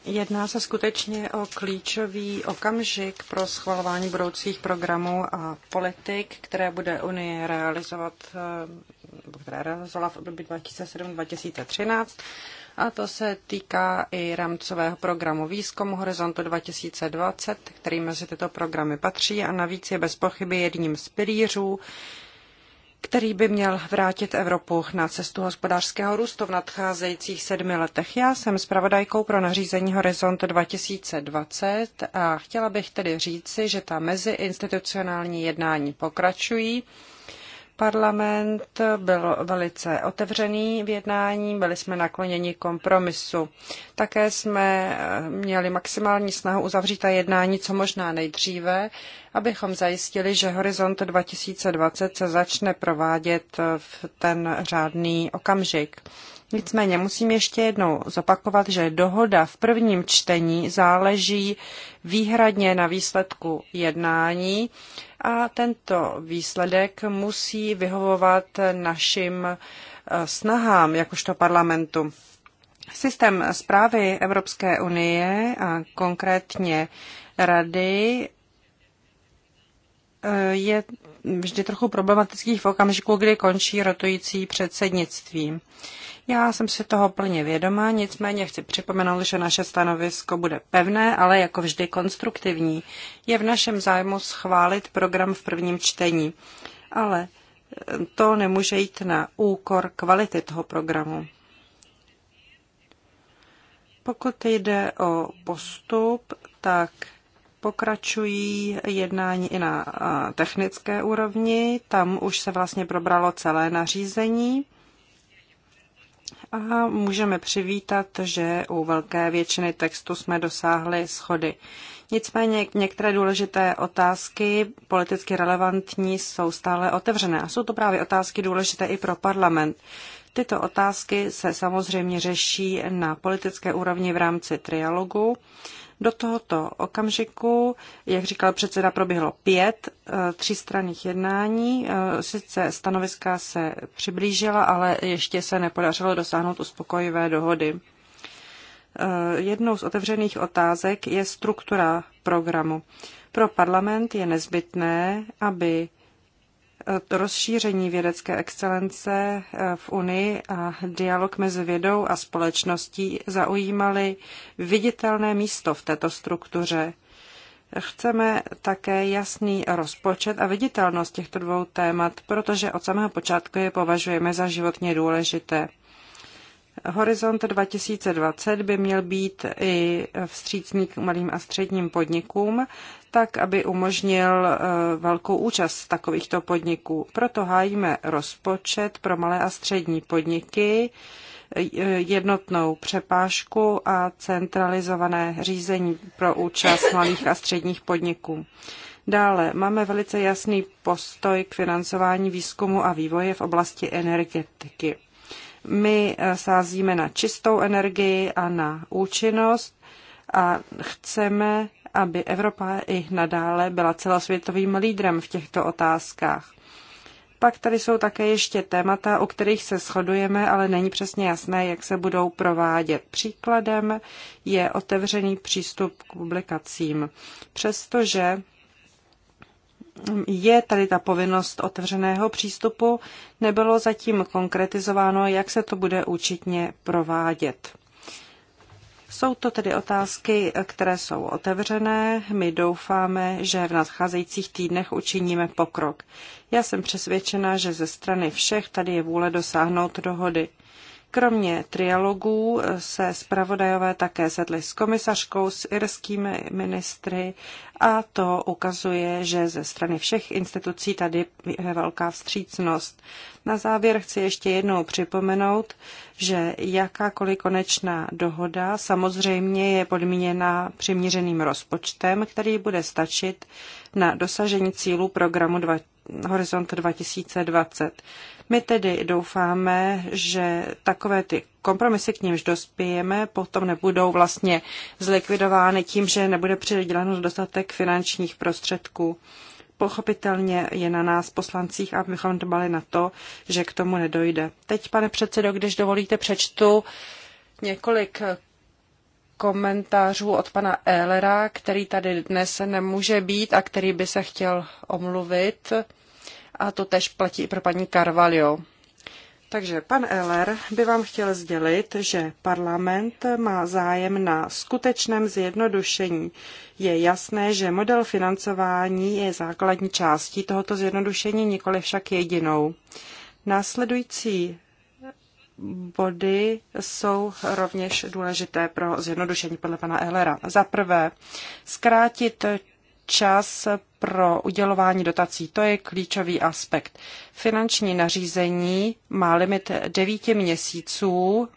Jedná se skutečně o klíčový okamžik pro schvalování budoucích programů a politik, které bude Unie realizovat, eh, které realizovala v období 2007-2013. A to se týká i rámcového programu výzkumu Horizontu 2020, který mezi tyto programy patří a navíc je bez pochyby jedním z pilířů který by měl vrátit Evropu na cestu hospodářského růstu v nadcházejících sedmi letech. Já jsem zpravodajkou pro nařízení Horizont 2020 a chtěla bych tedy říci, že ta meziinstitucionální jednání pokračují. Parlament byl velice otevřený v jednání, byli jsme nakloněni kompromisu. Také jsme eh, měli maximální snahu uzavřít ta jednání co možná nejdříve, abychom zajistili, že Horizont 2020 se začne provádět eh, v ten řádný okamžik. Nicméně musím ještě jednou zopakovat, že dohoda v prvním čtení záleží výhradně na výsledku jednání a tento výsledek musí vyhovovat našim eh, snahám jakožto parlamentu. Systém zprávy Evropské unie a konkrétně rady eh, je vždy trochu problematický v okamžiku, kdy končí rotující předsednictví. Já jsem si toho plně vědomá, nicméně chci připomenout, že naše stanovisko bude pevné, ale jako vždy konstruktivní. Je v našem zájmu schválit program v prvním čtení, ale eh, to nemůže jít na úkor kvality toho programu. Pokud jde o postup, tak pokračují jednání i na eh, technické úrovni. Tam už se vlastně probralo celé nařízení. A můžeme přivítat, že u velké většiny textu jsme dosáhli schody. Nicméně některé důležité otázky politicky relevantní jsou stále otevřené a jsou to právě otázky důležité i pro parlament. Tyto otázky se samozřejmě řeší na politické úrovni v rámci trialogu do tohoto okamžiku, jak říkal předseda, proběhlo pět eh, třístranných jednání. Eh, sice stanoviska se přiblížila, ale ještě se nepodařilo dosáhnout uspokojivé dohody. Eh, jednou z otevřených otázek je struktura programu. Pro parlament je nezbytné, aby to rozšíření vědecké excelence eh, v Unii a dialog mezi vědou a společností zaujímaly viditelné místo v této struktuře. Chceme také jasný rozpočet a viditelnost těchto dvou témat, protože od samého počátku je považujeme za životně důležité. Horizont 2020 by měl být i vstřícný k malým a středním podnikům, tak aby umožnil e, velkou účast takovýchto podniků. Proto hájíme rozpočet pro malé a střední podniky, e, jednotnou přepážku a centralizované řízení pro účast malých a středních podniků. Dále máme velice jasný postoj k financování výzkumu a vývoje v oblasti energetiky. My eh, sázíme na čistou energii a na účinnost a chceme, aby Evropa i nadále byla celosvětovým lídrem v těchto otázkách. Pak tady jsou také ještě témata, o kterých se shodujeme, ale není přesně jasné, jak se budou provádět. Příkladem je otevřený přístup k publikacím. Přestože je tady ta povinnost otevřeného přístupu, nebylo zatím konkretizováno, jak se to bude účetně provádět. Jsou to tedy otázky, které jsou otevřené. My doufáme, že v nadcházejících týdnech učiníme pokrok. Já jsem přesvědčena, že ze strany všech tady je vůle dosáhnout dohody. Kromě trialogů se zpravodajové také sedli s komisařkou, s irskými ministry a to ukazuje, že ze strany všech institucí tady je velká vstřícnost. Na závěr chci ještě jednou připomenout, že jakákoliv konečná dohoda samozřejmě je podmíněna přiměřeným rozpočtem, který bude stačit na dosažení cílů programu 2020. Horizont 2020. My tedy doufáme, že takové ty kompromisy, k nímž dospějeme, potom nebudou vlastně zlikvidovány tím, že nebude přiděleno dostatek finančních prostředků. Pochopitelně je na nás poslancích, abychom dbali na to, že k tomu nedojde. Teď, pane předsedo, když dovolíte, přečtu několik komentářů od pana Ehlera, který tady dnes nemůže být a který by se chtěl omluvit a to tež platí i pro paní Carvalho. Takže pan Eller by vám chtěl sdělit, že parlament má zájem na skutečném zjednodušení. Je jasné, že model financování je základní částí tohoto zjednodušení, nikoli však jedinou. Následující body jsou rovněž důležité pro zjednodušení podle pana Ehlera. Za prvé, zkrátit čas pro udělování dotací. To je klíčový aspekt. Finanční nařízení má limit 9 měsíců,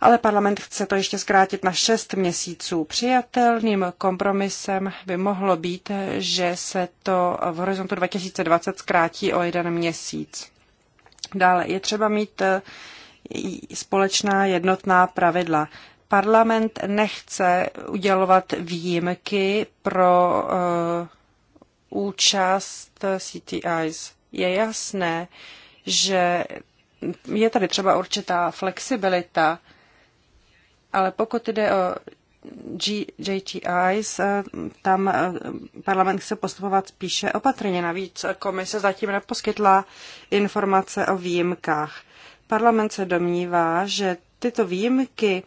ale parlament chce to ještě zkrátit na 6 měsíců. Přijatelným kompromisem by mohlo být, že se to v horizontu 2020 zkrátí o jeden měsíc. Dále je třeba mít eh, společná jednotná pravidla parlament nechce udělovat výjimky pro eh, účast CTIs. Je jasné, že je tady třeba určitá flexibilita, ale pokud jde o G, JTIs, eh, tam eh, parlament chce postupovat spíše opatrně. Navíc komise zatím neposkytla informace o výjimkách. Parlament se domnívá, že tyto výjimky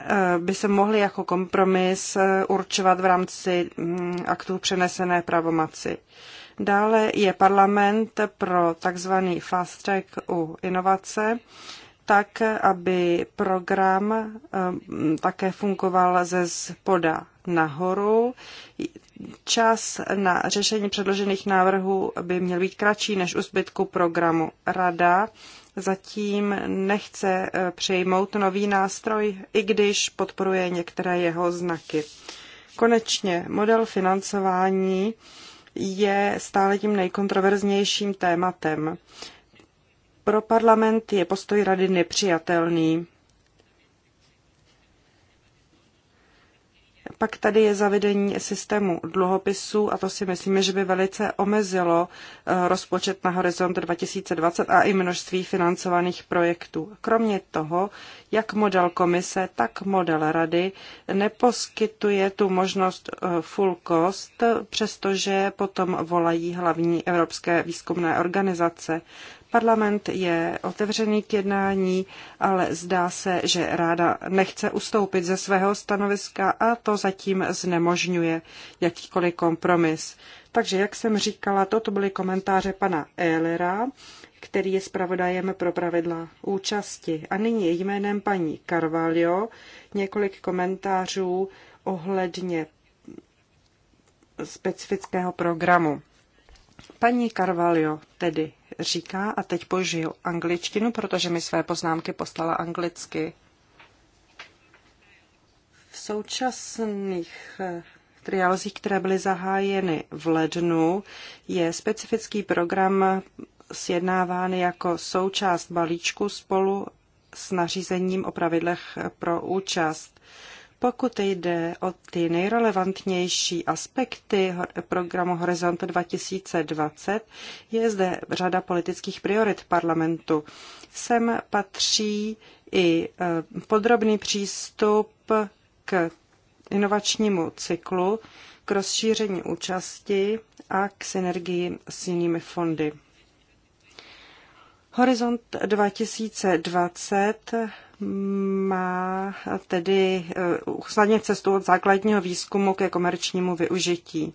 Eh, by se mohly jako kompromis eh, určovat v rámci mm, aktů přenesené pravomaci. Dále je parlament pro takzvaný fast track u inovace, tak, aby program eh, také fungoval ze spoda nahoru. Čas na řešení předložených návrhů by měl být kratší než u zbytku programu. Rada zatím nechce eh, přejmout nový nástroj, i když podporuje některé jeho znaky. Konečně model financování je stále tím nejkontroverznějším tématem. Pro parlament je postoj rady nepřijatelný. Pak tady je zavedení systému dluhopisů a to si myslíme, že by velice omezilo eh, rozpočet na horizont 2020 a i množství financovaných projektů. Kromě toho, jak model komise, tak model rady neposkytuje tu možnost eh, full cost, přestože potom volají hlavní evropské výzkumné organizace. Parlament je otevřený k jednání, ale zdá se, že ráda nechce ustoupit ze svého stanoviska a to zatím znemožňuje jakýkoliv kompromis. Takže, jak jsem říkala, toto byly komentáře pana Ehlera, který je zpravodajem pro pravidla účasti. A nyní jménem paní Carvalho několik komentářů ohledně specifického programu. Paní Carvalho tedy říká, a teď použiju angličtinu, protože mi své poznámky poslala anglicky. V současných eh, trialozích, které byly zahájeny v lednu, je specifický program sjednáván jako součást balíčku spolu s nařízením o pravidlech pro účast. Pokud jde o ty nejrelevantnější aspekty programu Horizont 2020, je zde řada politických priorit parlamentu. Sem patří i e, podrobný přístup k inovačnímu cyklu, k rozšíření účasti a k synergii s jinými fondy. Horizont 2020 má tedy eh, usnadně cestu od základního výzkumu ke komerčnímu využití.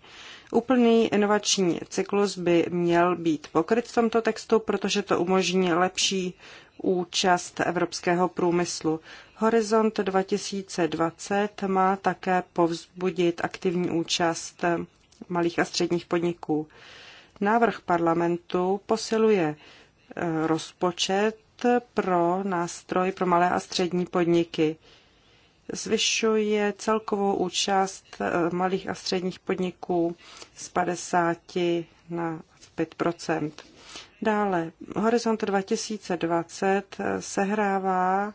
Úplný inovační cyklus by měl být pokryt v tomto textu, protože to umožní lepší účast evropského průmyslu. Horizont 2020 má také povzbudit aktivní účast malých a středních podniků. Návrh parlamentu posiluje rozpočet pro nástroj pro malé a střední podniky. Zvyšuje celkovou účast eh, malých a středních podniků z 50 na 5 Dále, Horizont 2020 eh, sehrává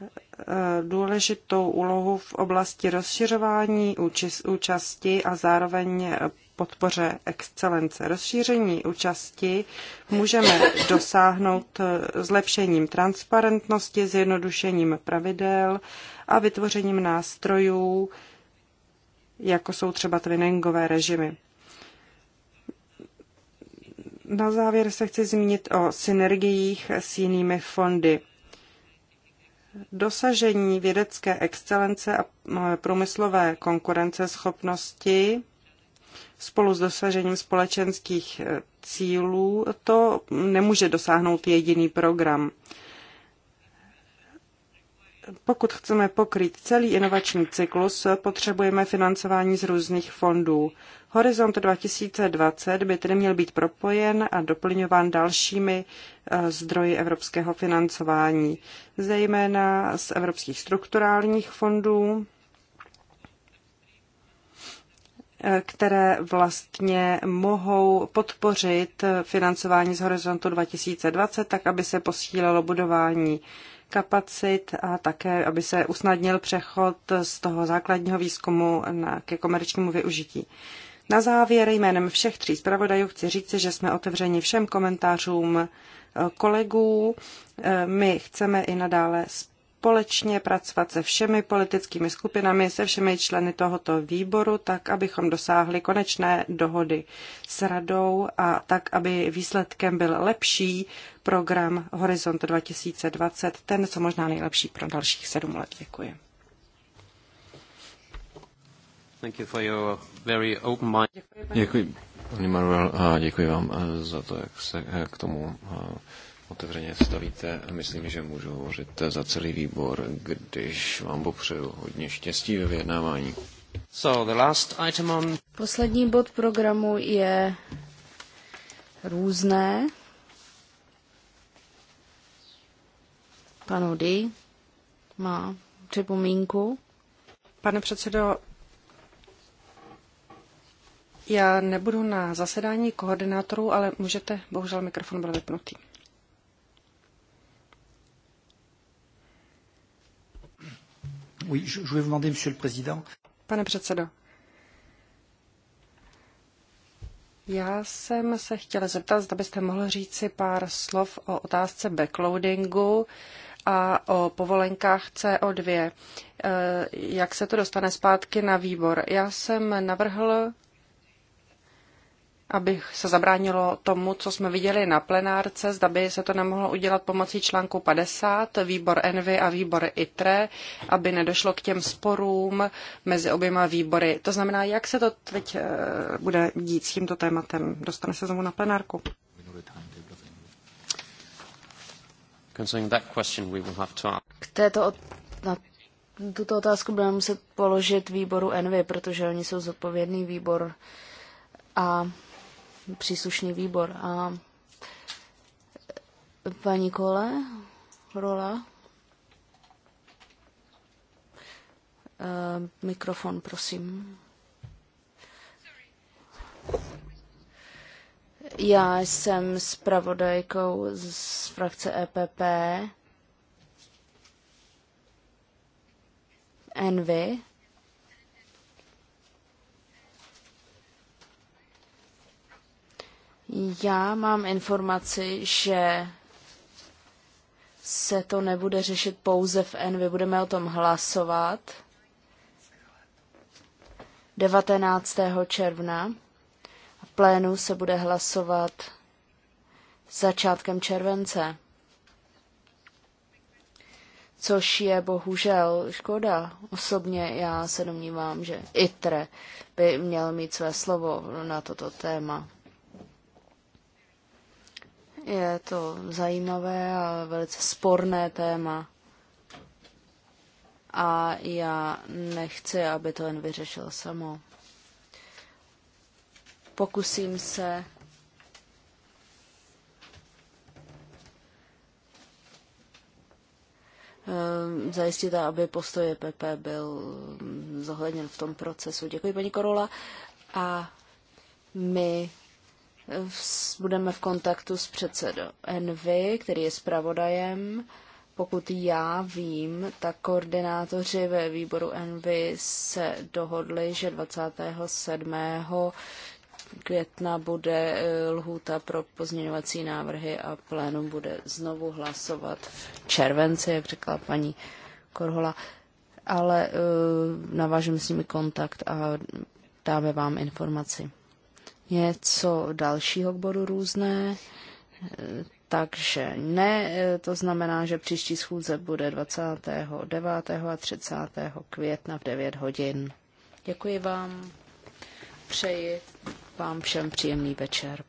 eh, důležitou úlohu v oblasti rozšiřování účasti a zároveň podpoře excelence. Rozšíření účasti můžeme dosáhnout zlepšením transparentnosti, zjednodušením pravidel a vytvořením nástrojů, jako jsou třeba twinningové režimy. Na závěr se chci zmínit o synergiích s jinými fondy. Dosažení vědecké excelence a průmyslové konkurenceschopnosti spolu s dosažením společenských eh, cílů to nemůže dosáhnout jediný program. Pokud chceme pokryt celý inovační cyklus, potřebujeme financování z různých fondů. Horizont 2020 by tedy měl být propojen a doplňován dalšími eh, zdroji evropského financování, zejména z evropských strukturálních fondů, které vlastně mohou podpořit financování z horizontu 2020, tak aby se posílilo budování kapacit a také, aby se usnadnil přechod z toho základního výzkumu na, ke komerčnímu využití. Na závěr jménem všech tří zpravodajů chci říct, že jsme otevřeni všem komentářům eh, kolegů. Eh, my chceme i nadále spolupracovat společně pracovat se všemi politickými skupinami, se všemi členy tohoto výboru, tak abychom dosáhli konečné dohody s radou a tak, aby výsledkem byl lepší program Horizont 2020, ten co možná nejlepší pro dalších sedm let. Děkuji. Děkuji, paní Manuel, a děkuji vám eh, za to, jak se eh, k tomu eh, otevřeně stavíte. Myslím, že můžu hovořit za celý výbor, když vám popřeju hodně štěstí ve vyjednávání. So the last item on... Poslední bod programu je různé. Pan Udy má připomínku. Pane předsedo, já nebudu na zasedání koordinátorů, ale můžete, bohužel mikrofon byl vypnutý. Oui, je, je vais vous demander, Monsieur le Président. Pane předsedo, já jsem se chtěla zeptat, zda byste mohl říci pár slov o otázce backloadingu a o povolenkách CO2. Eh, jak se to dostane zpátky na výbor? Já jsem navrhl aby se zabránilo tomu, co jsme viděli na plenárce, zda by se to nemohlo udělat pomocí článku 50, výbor Envy a výbor ITRE, aby nedošlo k těm sporům mezi oběma výbory. To znamená, jak se to teď eh, bude dít s tímto tématem? Dostane se znovu na plenárku? K této na tuto otázku budeme muset položit výboru Envy, protože oni jsou zodpovědný výbor a příslušný výbor. A paní Kole, rola. Eh, mikrofon, prosím. Já jsem zpravodajkou z frakce EPP. Envy. Já mám informaci, že se to nebude řešit pouze v Envy, budeme o tom hlasovat 19. června. V plénu se bude hlasovat začátkem července. Což je bohužel škoda. Osobně já se domnívám, že ITRE by měl mít své slovo na toto téma. Je to zajímavé a velice sporné téma. A já nechci, aby to jen vyřešil samo. Pokusím se eh, zajistit, aby postoj PP e byl zohledněn v tom procesu. Děkuji, paní Korola. A my budeme v kontaktu s předsedou Envy, který je zpravodajem. Pokud já vím, tak koordinátoři ve výboru Envy se dohodli, že 27. května bude e, lhůta pro pozměňovací návrhy a plénum bude znovu hlasovat v červenci, jak řekla paní Korhola. Ale uh, navážeme s nimi kontakt a dáme vám informaci něco dalšího k bodu různé. Takže ne, to znamená, že příští schůze bude 29. a 30. května v 9 hodin. Děkuji vám, přeji vám všem příjemný večer.